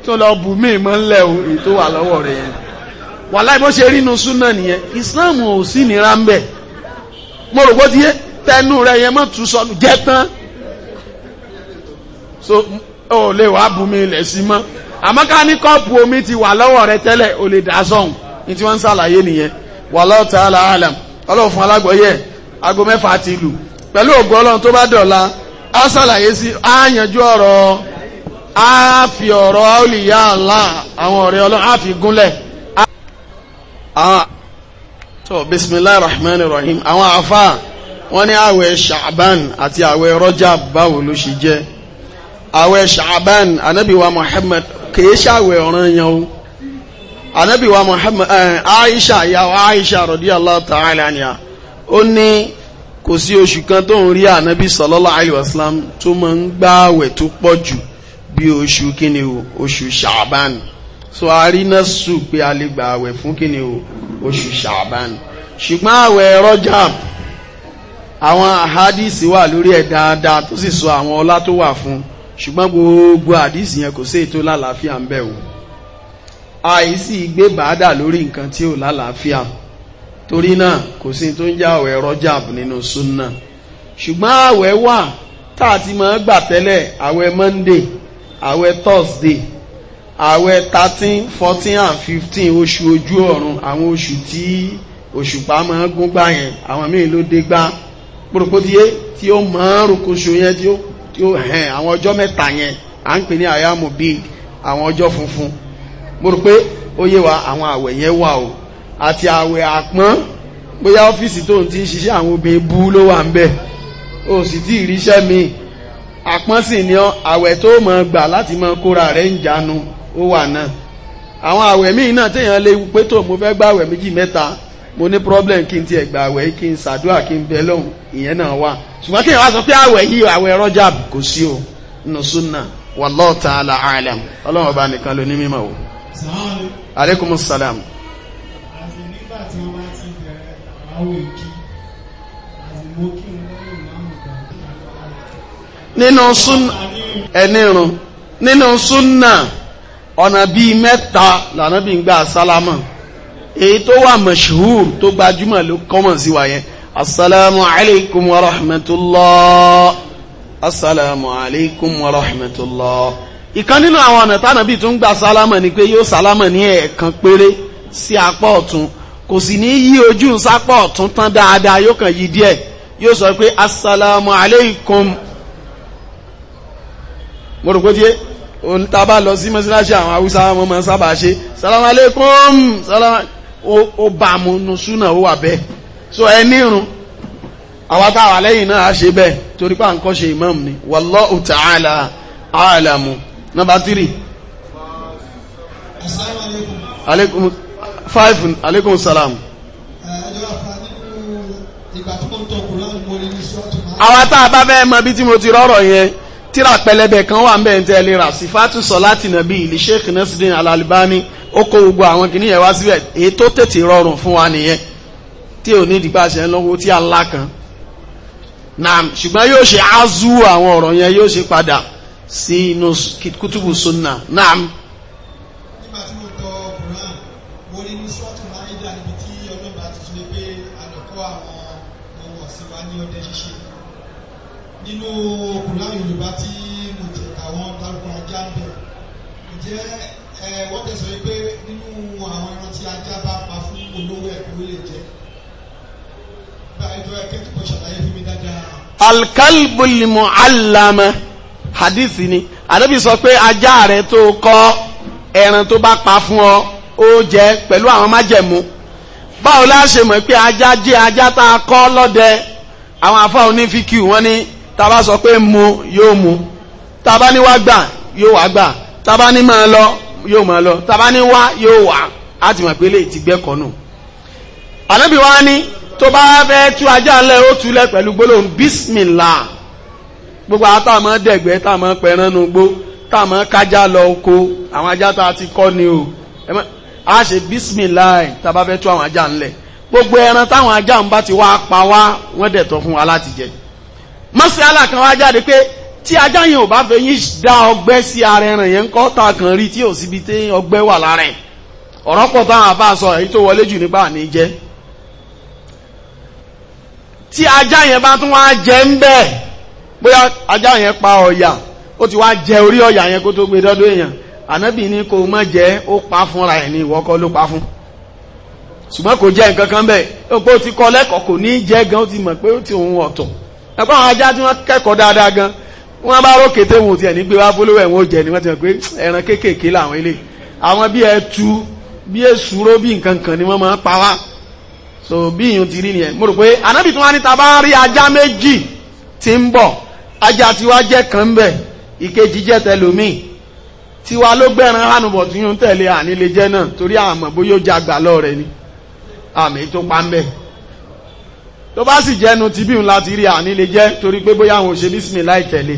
tó lọ bù mí mọ́ ńlẹ̀ o èyí tó wà lọ́wọ́ rẹ̀ yẹn wàláì bó ṣe rí inú súnà nìyẹn Islam ò sí nira ń bẹ̀ mo rò bó ti yé tẹnu rẹ̀ yẹn mọ́ tún sọnù jẹ́ tán so ó lè wàá bù mí ilẹ̀ sí mọ́ àmọ́ ká ní kọ́ọ̀pù omi ti wà lọ́wọ́ rẹ̀ tẹ́lẹ̀ ó lè dà sọ̀hún ní tí wọ́n ń ṣàlàyé nìyẹn wallahu ta'ala alam ọlọ́run fún alágbọ̀ọ́yẹ̀ aago mẹ́fà ti lù pẹ̀lú ògùn ọlọ́run tó bá dọ̀la á ṣàlàyé sí á yanjú ọ̀rọ̀ á fi ọ̀rọ̀ àwòlìyá ńlá àwọn ọ̀rẹ́ ọlọ́run á fi gúnlẹ̀. tó bisimilayi rahman rahim àwọn afa wọ́n ní àwẹ̀ sha'ban àti àwẹ̀ rọ́jà báwo ló ṣe jẹ́ àwẹ̀ sha'ban anabiwa muhammad kìí ṣàwẹ̀ ọ̀ranyàn o anabiwa muhammad aisha ìyàwó aisha radiyallahu ta'ala anha ó ní kò sí oṣù kan tó ń rí ànábì sallallahu alaihi wasallam tó máa ń gbààwẹ̀ tó pọ̀ jù bí oṣù kíni o oṣù ṣàbán so a rí náà sù pé a lè gbààwẹ̀ fún kíni o oṣù ṣàbán ṣùgbọ́n àwẹ̀ Rajab àwọn àhádìsì wà lórí ẹ̀ dáadáa tó sì sọ àwọn ọlá tó wà fún ṣùgbọ́n gbogbo àdìsì yẹn kò sí ètò lálàáfíà ń bẹ̀ o àìsí gbé bàádà lórí nǹkan tí ò lálàáfíà torí náà kò sí tó ń já àwẹ̀ rọ́jàb nínú súnà ṣùgbọ́n àwẹ̀ wà tá a ti máa gbà tẹ́lẹ̀ àwẹ̀ monday àwẹ̀ thursday àwẹ̀ thirteen fourteen and fifteen oṣù ojú ọ̀run àwọn oṣù tí òṣùpá máa gún gbà yẹn àwọn míì ló dé gbá pòròpótíyé tí ó máa ń rokoṣo yẹn tí ó hẹn àwọn ọjọ́ mẹ́ta yẹn à ń pè ní àyàmù àwọn ọjọ́ funfun mo rò pé ó yé wa àwọn àwẹ̀ yẹn wà o àti àwẹ̀ àpọ́n bóyá ọ́fíìsì tó ń ti ń ṣiṣẹ́ àwọn obìnrin bú ló wà ń bẹ̀ ó sì tí ìríṣẹ́ mi àpọ́n sì ni àwẹ̀ tó mọ̀ gbà láti mọ kóra rẹ̀ ń jánu ó wà náà àwọn àwẹ̀ míì náà téèyàn lè wípé tó mo fẹ́ gbà méjì mẹ́ta mo ní problem kí n tiẹ̀ gbà àwẹ̀ kí n ṣàdúrà kí n bẹ lọ́hùn ìyẹn náà wà ṣùgbọ́n téèyàn wá sọ pé àwẹ̀ yìí àwẹ̀ rọ́jà kò sí o nù súnà wallahu ta'ala alam ọlọ́run ọba nìkan ló ní mímọ̀ o. aleykum salaam. nínú súnà ẹnìrún nínú súnà ọ̀nà bíi mẹ́ta lànà bíi gbà sálámà èyí tó wà mashhur tó gbajúmọ̀ ló kọ́mọ̀ sí wa yẹn assalamu alaikum wa rahmatullah assalamu alaikum wa rahmatullah ìkan nínú àwọn ọ̀nà tánàbí tó ń gbà sálámà ni pé yóò sálámà ní ẹ̀ẹ̀kan péré sí apá ọ̀tún kò sì ní yí ojú sápọ̀ ọ̀tún tán dáadáa yóò kàn yí díẹ̀ yóò sọ pé assalamu alaikum mo rò pé díẹ̀ òun ta bá lọ sí mọ́síláṣí àwọn haúsá wọn mọ́ sábà ṣe salamu alaikum ó bá mu nu súnà ó wà bẹ́ẹ̀ so ẹ nírun àwa táwa lẹ́yìn náà á ṣe bẹ́ẹ̀ torí pé à ń kọ́ ṣe imam ni wallahu ta'ala alamu nọmba tírì. asalaamualeykum. aleykum five aleykum salam. àwa tá a bá fẹ́ mọ bí tí mo ti rọ́rọ̀ yẹn tíra pẹlẹbẹ kan wà nbẹ ntẹ lè rà sífàtú sọláàtì nàbí ilé sheikh nasirin alalibani ó kó gbogbo àwọn kìnìún yẹn wá síbẹ̀ èyí tó tètè rọrùn fún wa nìyẹn tí ò ní ìdìgbà ṣe ń lọ́wọ́ tí a ńlá kan naam ṣùgbọ́n yóò ṣe azú àwọn ọ̀rọ̀ yẹn yóò ṣe padà sí inú kútùbù sunna naam. kùlá yorùbá tí mo jẹ àwọn darúgbó ajá ń bẹ̀ ǹjẹ́ ẹ wọ́n tẹ̀ sọ pé nínú àwọn ẹran tí ajá bá pa fún olówó ẹ̀ ló lè jẹ alkalbul mu'allama hadith ni àdébí sọ pé ajá rẹ tó kọ ẹran tó bá pa fún ọ ó jẹ pẹ̀lú àwọn májẹ̀mú báwo la ṣe mọ̀ pé ajá jẹ́ ajá tá a kọ́ lọ́dẹ àwọn afá onífíkì wọ́n ní tàbá sọ pé mu yóò mu tàbá ní wá gbà yóò wá gbà tàbá ní máa lọ yóò máa lọ tàbá ní wá yóò wá á ti mọ̀ pé lè ti gbẹ́kọ̀ nù. ànábì wa ní tó bá fẹ́ tú ajá ńlẹ̀ ó túlẹ̀ pẹ̀lú gbólóhùn bísmìlà gbogbo àwọn táwọn máa dẹ̀gbẹ́ táwọn máa pẹran nu gbó táwọn máa kájá lọ oko àwọn ajá tá a ti kọ́ ni o a ṣe bísmìlà tàbá fẹ́ tú àwọn ajá ńlẹ̀ gbogbo ẹran táwọn ajá ń bá ti wá pa wá wọ́n dẹ̀ tọ́ fún wa láti jẹ mọ́sálà kan wá jáde pé tí ajá yẹn ò bá fẹ́ yín dá ọgbẹ́ sí ara ẹran yẹn ń kọ́ ta kan rí tí ò síbi tí ọgbẹ́ wà lára ẹ̀ ọ̀rọ̀ pọ̀ táwọn àbá sọ èyí tó wọlé jù nípa ní jẹ́ tí ajá yẹn bá tún wá jẹ ń bẹ́ẹ̀ bóyá ajá yẹn pa ọ̀yà ó ti wá jẹ orí ọ̀yà yẹn kó tó gbé dọ́dọ̀ èèyàn ànábì ní kò mọ̀ jẹ́ ó pa fúnra ẹ̀ ní ìwọ kọ́ ló pa fún ṣùgbọ́n kò jẹ́ nǹkan kan bẹ́ẹ̀ ó pé ó ti kọ́ lẹ́kọ̀ọ́ kò ní jẹ́ gan ó ti mọ̀ pé ó ti òun ọ̀tọ̀ ẹ̀kọ́ àwọn ajá tí wọ́n kẹ́kọ̀ọ́ dáadáa gan wọ́n bá rò kété wọn tiẹ̀ ní gbé wá fólówó ẹ̀wọ̀n jẹ ni wọ́n ti mọ̀ pé ẹran kéékèèké làwọn ilé àwọn bí ẹtu bí èsúró bí nǹkan kan ni wọ́n máa ń pa wá so bí ìyún ti rí nìyẹn mo rò pé ànábì tí wọ́n á ní ta bá rí ajá méjì tí ń bọ̀ ajá tiwa jẹ́ kan bẹ̀ ìkejì jẹ́ tẹlómìn tiwa ló gbẹ̀ràn hànúbọ̀ tí yóò tẹ̀lé ànílejẹ́ náà torí àmọ̀ bóyá ó jagbà lọ́ọ̀rẹ́ ni àmì tó pa ń bẹ́ẹ̀ tó bá sì jẹ́nu ti bí n láti rí àní lè jẹ́ torí pé bóyá àwọn òṣèlú sinmi láì tẹ̀lé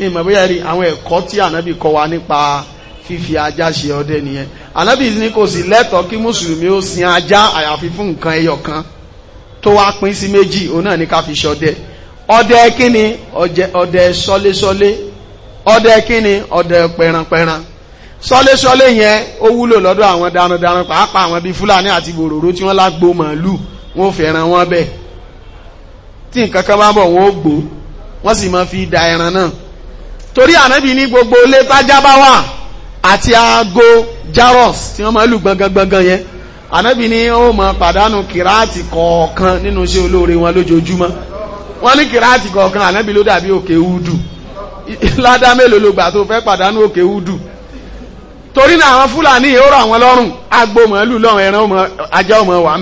ìmọ̀ bóyá rí àwọn ẹ̀kọ́ tí ànábì kọ́ wa nípa fífi ajá ṣe ọdẹ nìyẹn ànábì ní kò sì lẹ́tọ̀ọ́ kí mùsùlùmí ó sin ajá àyàfi fún nǹkan ẹyọ kan tó wá pín sí méjì òun náà ní ká fi ṣọdẹ ọdẹ kíni ọdẹ ṣọléṣọlé ọdẹ kíni ọdẹ pẹranpẹran ṣọléṣọlé yẹn ó wúlò lọ́dọ̀ àwọn darandaran pàápàá àwọn bíi fúlàní àti bòròró tí wọ́n lágbó màálù wọn ò fẹ́ràn wọn bẹ́ẹ̀ tí nǹkan kan bá bọ̀ wọ́n ó gbó wọ́n sì máa fi da ẹran náà torí ànábì ní gbogbo ilé jabawa àti aago jaros tí wọ́n máa lù gbọ̀ngbọ̀ngbọ̀n yẹn ànábì ní ó máa pàdánù kìráàtì kọ̀ọ̀kan nínú iṣẹ́ olóore wọn lójoojúmọ́ wọ́n ní kọ̀ọ̀kan ànábì ló dàbí òkè torí náà àwọn fúlàní yìí ó rọ àwọn lọ́rùn lọ́rùn ẹran ajá ọmọ wà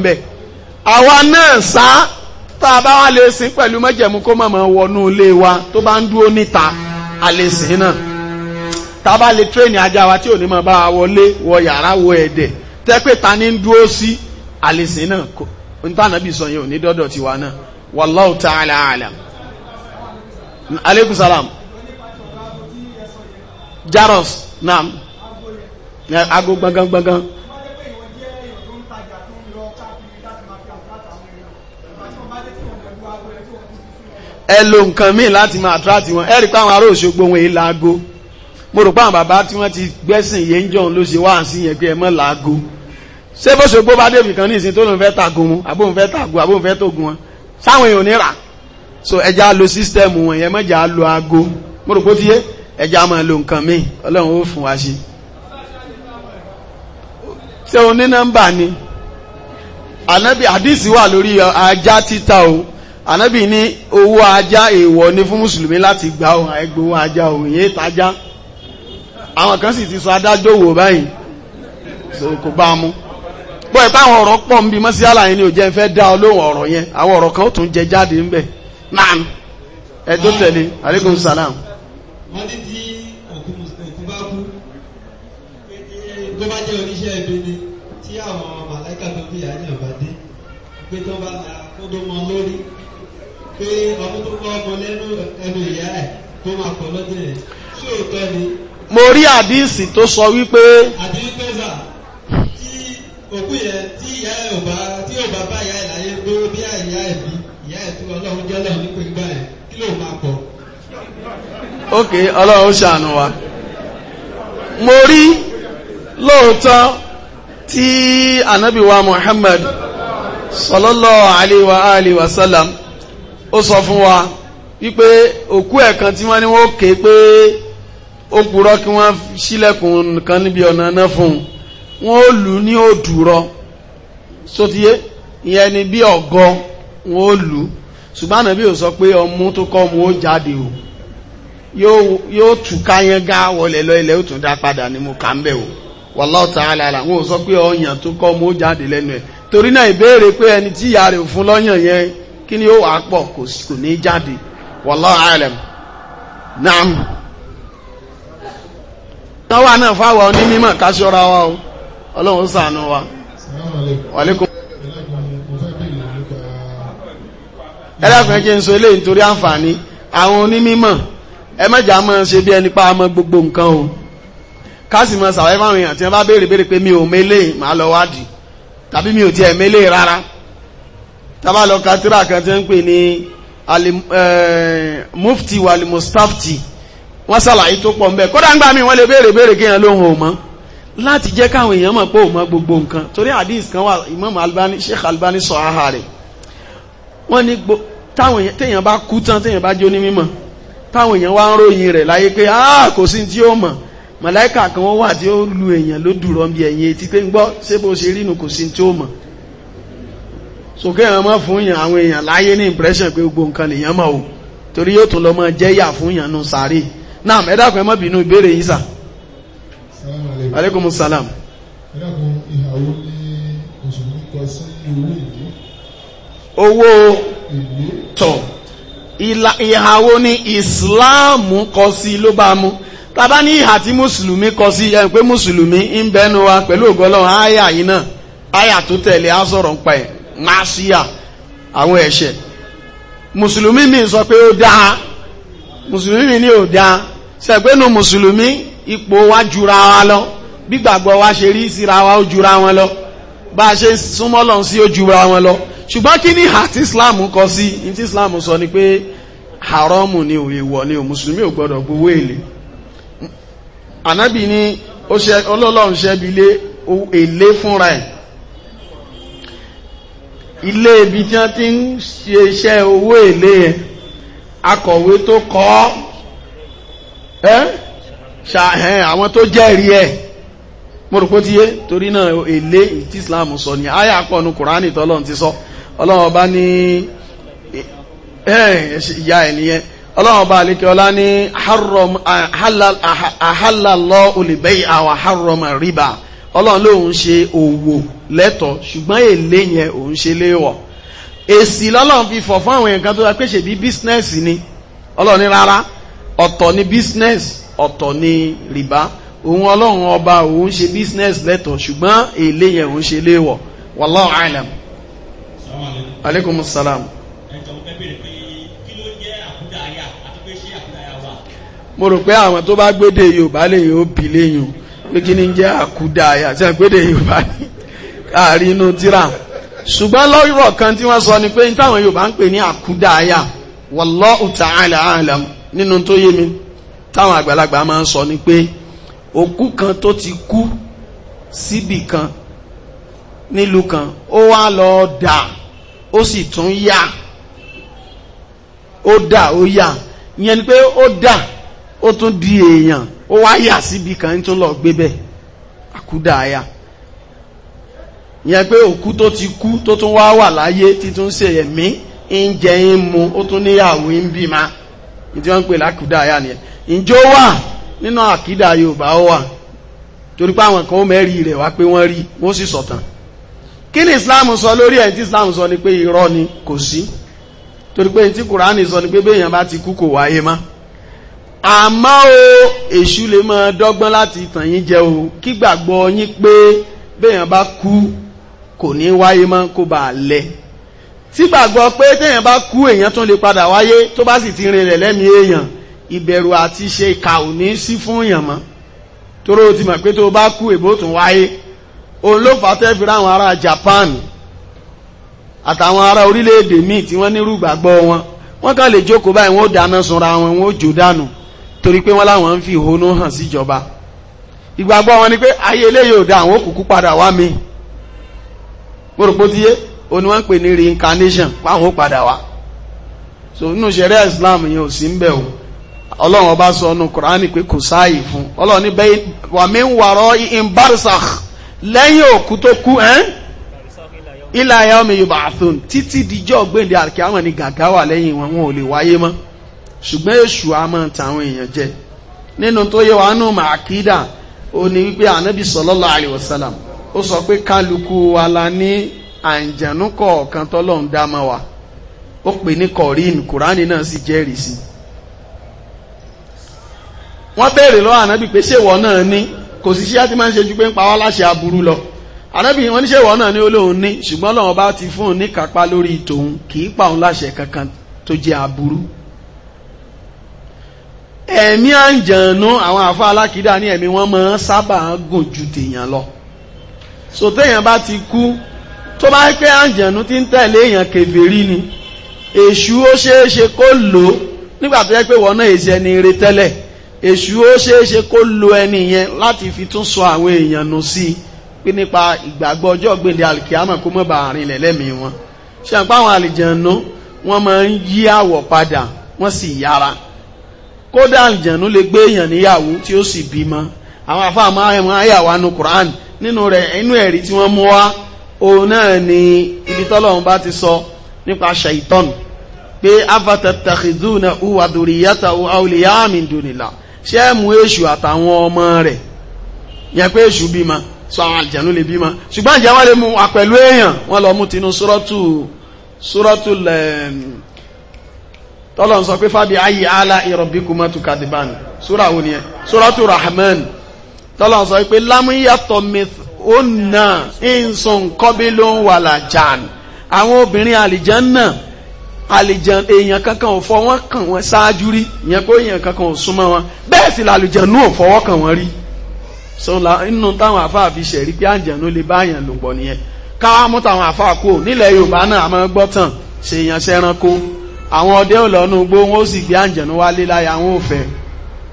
tá a bá wà lè sìn pẹ̀lú mẹ́jẹ̀mú kó mọ̀mọ́ wọnú ilé wa tó bá ń dúró níta a lè sìn náà tá a bá lè yara ajá wa tí ò ní mọ̀ bá a wọlé wọ yàrá wọ ẹ̀dẹ̀ tẹ́ pé ta ní ń dúró sí a lè sìn náà kò dọ́dọ̀ tiwa náà wallahu ta'ala alam aleykum salam jaros naam ago ẹ lo nǹkan míì láti máa attract wọn ẹ rí pé àwọn ará Òṣogbo wọn èé laago mo rò pé àwọn bàbá tí wọ́n ti gbẹ́sìn yé ń jọun ló ṣe wá sí yẹn pé ẹ mọ́ laago ṣé bó ṣe bá débì kan ní ìsìn tó lóun fẹ́ tàgùn mu àbóun fẹ́ tàgùn àbóun fẹ́ tògùn wọn sáwọn èèyàn nira so ẹja lo system wọn yẹn mọ́jà lo aago mo rò pé tiye ẹja máa lo nǹkan míì Ọlọ́run ó fún wa ṣe ṣé o ní nọ́mbà ni àdìsí wà lórí ajá títà o ànábì ní owó ajá èèwọ̀ ní fún mùsùlùmí láti gba ohun àẹgbò ajá ohun yé tajá àwọn kan sì ti sọ adájọ́ wò báyìí so kò bá mú bọ́ ẹ̀ táwọn ọ̀rọ̀ pọ̀ ń bí mọ́síálà yẹn ni ò jẹ́ ń fẹ́ dá olóhùn ọ̀rọ̀ yẹn àwọn ọ̀rọ̀ kan ó tún jẹ jáde ń bẹ̀ naam tẹ̀lé aleykum salam. Eh, pé tó bá ta kó tó mọ lórí pé ọdún tó kọ́ ọmọ lẹ́nu ẹnu ìyá ẹ̀ tó máa pọ̀ lọ́dún rẹ̀ ṣé òótọ́ ni. mo rí àdíìsì tó sọ wípé. àdíìsì pẹ́sà tí òkú yẹn tí ìyá ẹ̀ ò bá tí ò bá bá ìyá ẹ̀ láyé gbó bí ìyá ẹ̀ bí ìyá ẹ̀ tó ọlọ́run jẹ́ nípa ìgbà ẹ̀ kí ló máa pọ̀. ok ọlọ́run ṣàánú wa mo rí lóòótọ́ tí ànábì wa Muhammad sallallahu alaihi wa alihi wa sallam ó sọ fún wa wípé òkú ẹ̀ kan tí wọ́n ní wọ́n ké pé ó purọ́ kí wọ́n sílẹ̀kùn kan níbi ọ̀nà náà fún un wọ́n ó lù ú ní òdùrọ̀ sótìyé ìyẹn ni bí ọ̀gọ wọn ó lù ú ṣùgbọ́n àbí ò sọ pé ọmú tó kọ́ ọmú ó jáde o yóò tù káyán gá wọlé lọ ilẹ̀ ó tún dá padà ní mo kà ń bẹ̀ o wallahu ta'ala àlà wọn ò sọ pé ọyàn tó kọ́ ọmú ó jáde lẹ́nu ẹ̀ torí náà ìbéèrè pé ẹni tí ìyá rẹ̀ ò fún lọ́yàn yẹn kí ni ó wà pọ̀ kò ní jáde wallahu alam náà náà wà náà fáwà káṣọ́ra wa o ọlọ́run wa ẹlẹ́kùnrin jẹ́ ń sọ eléyìí nítorí àǹfààní àwọn onímọ̀ ẹ mẹ́jà máa ṣe bí ẹni pa gbogbo nǹkan o káàsì mọ́ sàwẹ́ fáwọn èèyàn tí bá béèrè béèrè pé mi ò melee màá lọ wádìí tàbí mi ò tiẹ̀ rárá tàbá lọ ka tírà kan tí ń pè ní mufti wa mustafti wọ́n sàlàyé tó pọ̀ mbẹ́ kódà ńgbà mi wọ́n lè béèrè béèrè kí èèyàn lóhùn òmọ́ láti jẹ́ káwọn èèyàn mọ̀ pé òmọ́ gbogbo nǹkan torí hadith kan wà imam albani sheikh albani sọ aha rẹ̀ wọ́n ní táwọn téèyàn bá kú tán téèyàn bá jó mímọ̀ táwọn èèyàn wá ń ròyìn rẹ̀ láyé pé ah kò sí tí ó mọ̀ màláìkà kan wọ́n wà tí ó lu èèyàn ló bí ẹ̀yìn etí pé ń gbọ́ ṣé bó ṣe rí kò sí tí ó mọ̀ so kéèyàn máa fún ìyàn àwọn èèyàn láyé ní impression pé gbogbo nǹkan lèèyàn máa wò torí yóò tún lọ máa jẹ́ yà fún ìyàn nù sàárè náà ẹ dákun isa. bínú ìbéèrè yìí sà. ní owó tọ̀ ìhàwó ni islam kọ ló bá mú tàbá ní tí mùsùlùmí kọ sí mùsùlùmí ń bẹnu wa pẹ̀lú ògbọ́lọ́wọ́ àyà máṣíà àwọn ẹ̀ṣẹ̀ mùsùlùmí mi sọ pé ó dáa mùsùlùmí mi ní ò dáa sẹ̀gbẹ́nu mùsùlùmí ipò wa jura wa lọ gbígbàgbọ́ wa ṣe rí síra wa ó jura wọn lọ bá a ṣe súnmọ́ lọ sí ó jura wọn lọ ṣùgbọ́n kí ni àti islam kọ sí ní islam sọ ni pé haramu ni èèwọ̀ ni mùsùlùmí ò gbọ́dọ̀ gbowó èlé ànábì ni ọlọ́lọ́run ṣẹ́bi lé èlé fúnra ẹ̀ ilé ibi tí wọ́n ti ń ṣe iṣẹ́ owó èlé yẹn akọ̀wé tó kọ́ ẹ́ ṣàhẹ́n àwọn tó jẹ́rìí ẹ̀ mo rò pé ti yé torí náà èlé tí Islam sọ ni àyà pọ̀ nu Kùránì tọ́lọ́run ti sọ ọlọ́run ọba ní ìyá ẹ̀ nìyẹn ọlọ́run ọba àlekẹ́ ọlá ní ahalla Allahu al-bay'a wa ọlọ́run lóun ṣe òwò lẹ́tọ̀ ṣùgbọ́n èlé yẹn òun ṣe léwọ̀ èsì lọ́lọ́run fi fọ̀ fún àwọn nǹkan tó yà pé ṣe bí bísínẹ́sì ni ọlọ́run ní rárá ọ̀tọ̀ ni bísínẹ́sì ọ̀tọ̀ ni rìbá òun ọlọ́run ọba òun ṣe bísínẹ́sì lẹ́tọ̀ ṣùgbọ́n èlé yẹn òun ṣe léwọ̀ wallahu alam. aleykum salaam. mo rò pé àwọn tó bá gbédè Yorùbá lè yóò bí léyìn o pé kí ni jẹ́ àkúdá àyà tí a gbédè yorùbá ní àárín inú tíra ṣùgbọ́n lọ́rọ̀ kan tí wọ́n sọ ni pé táwọn yorùbá ń pè ní àkúdá àyà wallahu ta'ala a'lam nínú tó yé mi táwọn àgbàlagbà máa ń sọ ni pé òkú kan tó ti kú síbì kan nílùú kan ó wá lọ dà ó sì tún yà ó dà ó yà ìyẹn ni pé ó dà ó tún di èèyàn ó wá yà síbi kan tó lọ gbé bẹ́ẹ̀ àkúdà aya yẹn pé òkú tó ti kú tó tún wá wà láyé títún ṣe ẹ̀mí ń jẹ ń mu ó tún níyàwó ń bímọ ìdí wọ́n ń pè lákúdà aya nìyẹn ǹjọ́ wà nínú àkídà Yorùbá ó wà torí pé àwọn kan ó mẹ́rí rẹ̀ wá pé wọ́n rí wọ́n sì sọ̀tàn kí ni Islam sọ lórí ẹ̀ tí Islam sọ ni pé irọ́ ni kò sí torí pé tí Kùránì sọ ni pé béèyàn bá ti kú kò wáyé mọ́ àmọ́ o èṣù lè máa dọ́gbọ́n láti tàn yín jẹ o kí gbàgbọ́ yín pé béèyàn bá kú kò ní wáyé mọ́ kó bá a lẹ tí gbàgbọ́ pé téèyàn bá kú èèyàn tún lè padà wáyé tó bá sì ti rin rẹ̀ lẹ́mìí èèyàn ìbẹ̀rù àti ṣe ìkà ò ní sí fún èèyàn mọ́ toró ti mọ̀ pé tó bá kú èbó tún wáyé òun ló fà tẹ́ fi ráwọn ará Japan àtàwọn ará orílẹ̀-èdè míì tí wọ́n nírú gbàgbọ́ wọn wọ́n kàn lè jókòó báyìí wọ́n ó dáná sunra wọn wọ́n ó jò dànù torí pé wọ́n láwọn ń fi ìhónú hàn síjọba ìgbàgbọ́ wọn ni pé ayé eléyìí ò dá àwọn òkùnkùn padà wá mi mo rò o ni wọ́n pè ní reincarnation páwọn padà wá so nínú Islam yẹn ò sí ń bẹ̀ o ọlọ́run ọba sọ ọ́nù Kùránì pé kò sáàyè fún ọlọ́run ní bẹ́ẹ̀ wà mí ń wàrọ̀ lẹ́yìn òkú tó kú yorùbá àtún títí gbèǹde ṣùgbọ́n èṣù a máa tàwọn èèyàn jẹ nínú tó yẹ wàá nù màkídà ó ní wípé ànábì sallallahu alaihi wasallam ó sọ pé kálukú wa la ní àǹjànú kọ̀ọ̀kan tọ́lọ́run dá mọ́ wa ó pè ní kọ̀rín kùránì náà sì jẹ́rìí sí wọ́n béèrè lọ́wọ́ ànábì pé ṣèwọ́ náà ní kò sí ṣíyá tí máa ń ṣe ju pé ń pa wá láṣẹ aburú lọ ànábì wọn níṣẹ́ ìwọ náà ní olóhun ní ṣùgbọ́n lọ́wọ́ bá ti fún un ní kápá lórí tòun kì í pa òun láṣẹ kankan tó jẹ́ aburú ẹ̀mí àǹjànú àwọn àfa alákìdá ní ẹ̀mí wọn máa ń sábà gùn ju tèèyàn lọ so téèyàn bá ti kú tó bá pẹ́ àǹjànú ti ń tẹ̀lé èèyàn kèbèrí ni èṣù ó ṣeéṣe kó lò ó nígbà tó yẹ pé wọ́n náà èsì ẹni eré tẹ́lẹ̀ èṣù ó ṣeéṣe kó lo ẹni yẹn láti fi tún sọ àwọn èèyàn nù sí i pé nípa ìgbàgbọ́ ọjọ́ gbèdé alìkíámà kó mọ́ bá àárín lẹ́lẹ́mìí wọn ṣe àpá àwọn àlìjànú wọ́n máa ń yí àwọ̀ padà wọ́n sì yára kódà àlìjànú lè gbé èèyàn níyàwó tí ó sì bímọ àwọn afáàmọ́ ẹ̀mọ́ ayàwó anú Quran nínú rẹ̀ inú ẹ̀rí tí wọ́n mú wá òun náà ni ibi tọ́lọ́run bá ti sọ nípa shaitan pé afatatakhiduna wa dhurriyatahu awliya min dunillah ṣé mú èṣù àtàwọn ọmọ rẹ̀ yẹn pé èṣù bímọ sọ àwọn àlìjànú lè bímọ ṣùgbọ́n ìjà wọn lè mú wa èèyàn wọn lọ mú tinú suratul suratul lẹ́ẹ̀mù tọ́lọ̀ ń sọ pé fábí ayé ala ìrọ̀bíkúmọ́ tó kàdìbàn súra wo ni ẹ súra tó rahman tọ́lọ̀ ń sọ pé lámúyàtọ̀ mẹ́tọ́nà ìsùn kọ́bí ló ń wà lájàn àwọn obìnrin àlìjàn náà àlìjàn èèyàn kankan ò fọwọ́ kàn wọ́n ṣáájú rí ìyẹn pé èèyàn kankan ò súnmọ́ wọn bẹ́ẹ̀ sì làlìjàn náà ò fọwọ́ kàn wọ́n rí so la inú táwọn àfáà fi ṣẹ̀rí pé àǹjàn ló lè bá àyàn lò pọ̀ nìyẹn káwá mú táwọn àfáà kú nílẹ̀ yorùbá náà àmọ́ gbọ́tàn ṣèyàn ṣẹranko àwọn ọdẹ ọlọ́nu gbó wọn ó sì gbé àǹjẹ̀nú wálé láyà àwọn òfẹ́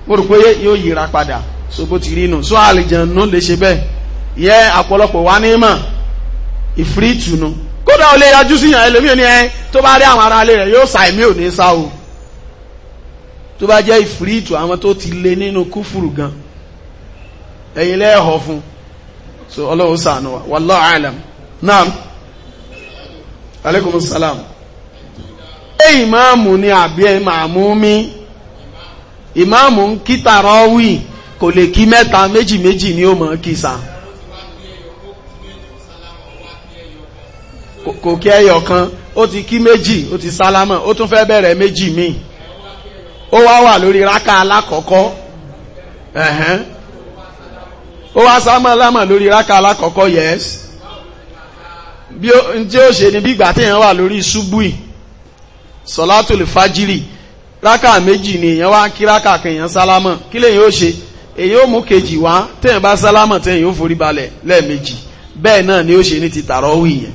mo rò pé yóò yíra padà so bó ti rí nù so àlìjẹ̀nú lè ṣe bẹ́ẹ̀ yẹ àpọ̀lọpọ̀ wá ní mọ̀ ìfírí ìtùnú kódà ó lè yọjú síyàn ẹlòmíì ní ẹ tó bá rí àwọn ará ilé rẹ̀ yóò sàìmí ò ní sá o tó bá jẹ́ ìfírí ìtù àwọn tó ti lé nínú kúfùrù gan ẹ̀yin lẹ́ẹ̀họ̀ fún so ọlọ́run ṣàánú wa wallahu alam naam aleykum salaam ṣé ìmáàmù ni àbí ìmáàmù mi ìmáàmù ń kí tàràwí kò lè kí mẹ́ta méjì méjì ni ó mọ̀ kí sa kò kí ẹyọ kan ó ti kí méjì ó ti sálámà ó tún fẹ́ bẹ̀rẹ̀ méjì míì ó wá wà lórí rákà alákọ̀ọ́kọ́ ó wá sálámà lórí rákà alákọ̀ọ́kọ́ yes bí ó ń tí ó ṣe ni bí ìgbà téèyàn wà lórí ṣubúì sọlátùlù fájírì rákà méjì ni èèyàn wá kí rákà kẹyàn sálámọ̀ kí lèyàn ó ṣe èyàn ó mú kejì wá téèyàn bá sálámọ̀ téèyàn ó forí balẹ̀ lẹ́ẹ̀mejì bẹ́ẹ̀ náà ni ó ṣe ní ti tàràwí yẹn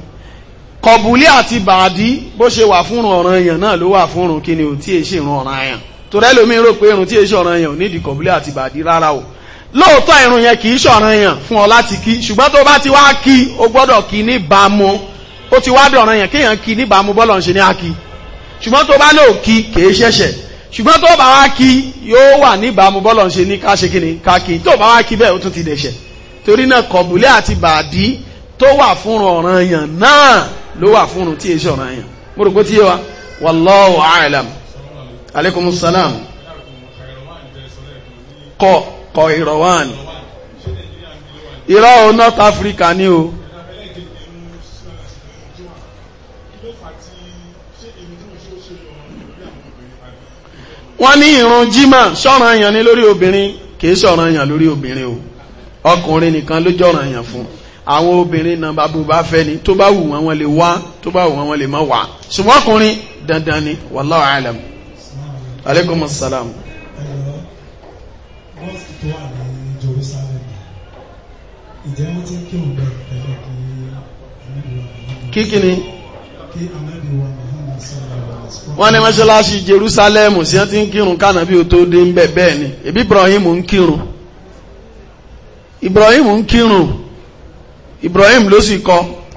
kọ̀bùlí àti bàdí bó ṣe wà fúnrun ọ̀ràn èèyàn náà ló wà fúnrun kí ni ò tí èṣe ìrun ọ̀ràn èèyàn torí ẹlòmíín rò pé irun tí èṣe ọ̀ràn èèyàn ò nídìí kọ̀bùlí àti bàdí rárá o lóòótọ́ irun yẹn kì í ṣọ̀ràn èèyàn fún ọ láti kí ṣùgbọ́n tó bá ti wá kí o gbọ́dọ̀ kí níbàámu ó ti wá dọ̀ràn èèyàn kéèyàn kí níbàámu bọ́lọ̀ ń ṣe ní ákí ṣùgbọ́n tó bá lò kí kìí ṣẹ̀ṣẹ̀ ṣùgbọ́n tó bá wá kí yóò wà níbàámu bọ́lọ̀ ń ṣe ní ká ṣe kí ni ká kí tó bá wá kí bẹ́ẹ̀ ó tún ti dẹ̀ṣẹ̀ torí náà kọ̀bùlẹ̀ àti bàdí tó wà fún ọ̀ràn yàn náà ló wà fún tí èṣe ọ̀ràn yàn mo rò pé tí wa wallahu a'lam aleykum salam kọ kọ ìrọ̀wán ìrọ̀ o North Africa ni o. wọ́n ní ìrun jímọ̀ sọ̀ranyàn ni lórí obìnrin kìí sọ̀ranyàn lórí obìnrin o ọkùnrin nìkan ló jọ̀ranyàn fún àwọn obìnrin náà bá bú bá fẹ́ ni tó bá wù wọ́n wọ́n lè wá tó bá wù wọ́n wọ́n lè má wá ṣùgbọ́n ọkùnrin dandan ni wallahu wọ́n ní mọ́ṣáláṣí Jerúsálẹ́mù sí ti ń kírun kánàbí ò tó dé ń bẹ̀ bẹ́ẹ̀ ni ebi Ibrahim ń kírun Ibrahim ń kírun Ibrahim ló sì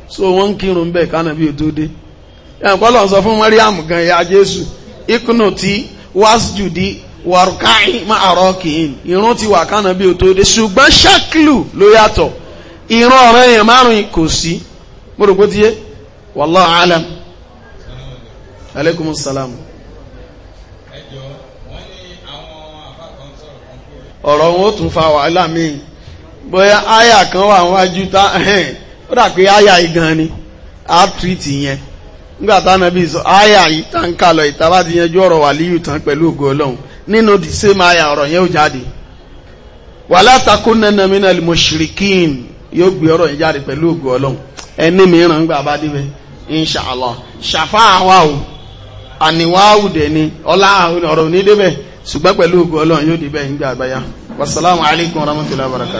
so wọ́n ń kírun bẹ́ẹ̀ kánàbí ò tó dé ẹ̀kọ́lọ̀ sọ fún Mariam gan ya Jésù ikunu ti wasjudi warukai ma àrọ́ kìín irun ti wà kánàbí ò tó dé ṣùgbọ́n ṣáklù ló yàtọ̀ ìran ọ̀rẹ́ yẹn márùn-ún kò sí mo rò pé tiye alam alaikum salam ọ̀rọ̀ wọn ó tún fa wàhálà míì bóyá kan wà wájú tá ó dà pé àyà igan ni a túìtì yẹn nígbà táwọn ẹbí sọ aya yìí ń kà ìta bá ti yanjú ọ̀rọ̀ wàlíyù tán pẹ̀lú ògo ọlọ́run nínú the same àyà ọ̀rọ̀ yẹn ó jáde wala takunanna minal mushrikin yóò gbé ọ̀rọ̀ yẹn jáde pẹ̀lú ògo ọlọ́run ẹni mìíràn gbà bá insha ṣàfáà wà o. àníwáwù dẹ̀ ni ọlá ọ̀rọ̀ ní débẹ̀ ṣùgbọ́n pẹ̀lú ògùn ọlọ́run yóò débẹ̀ nígbà àgbáyá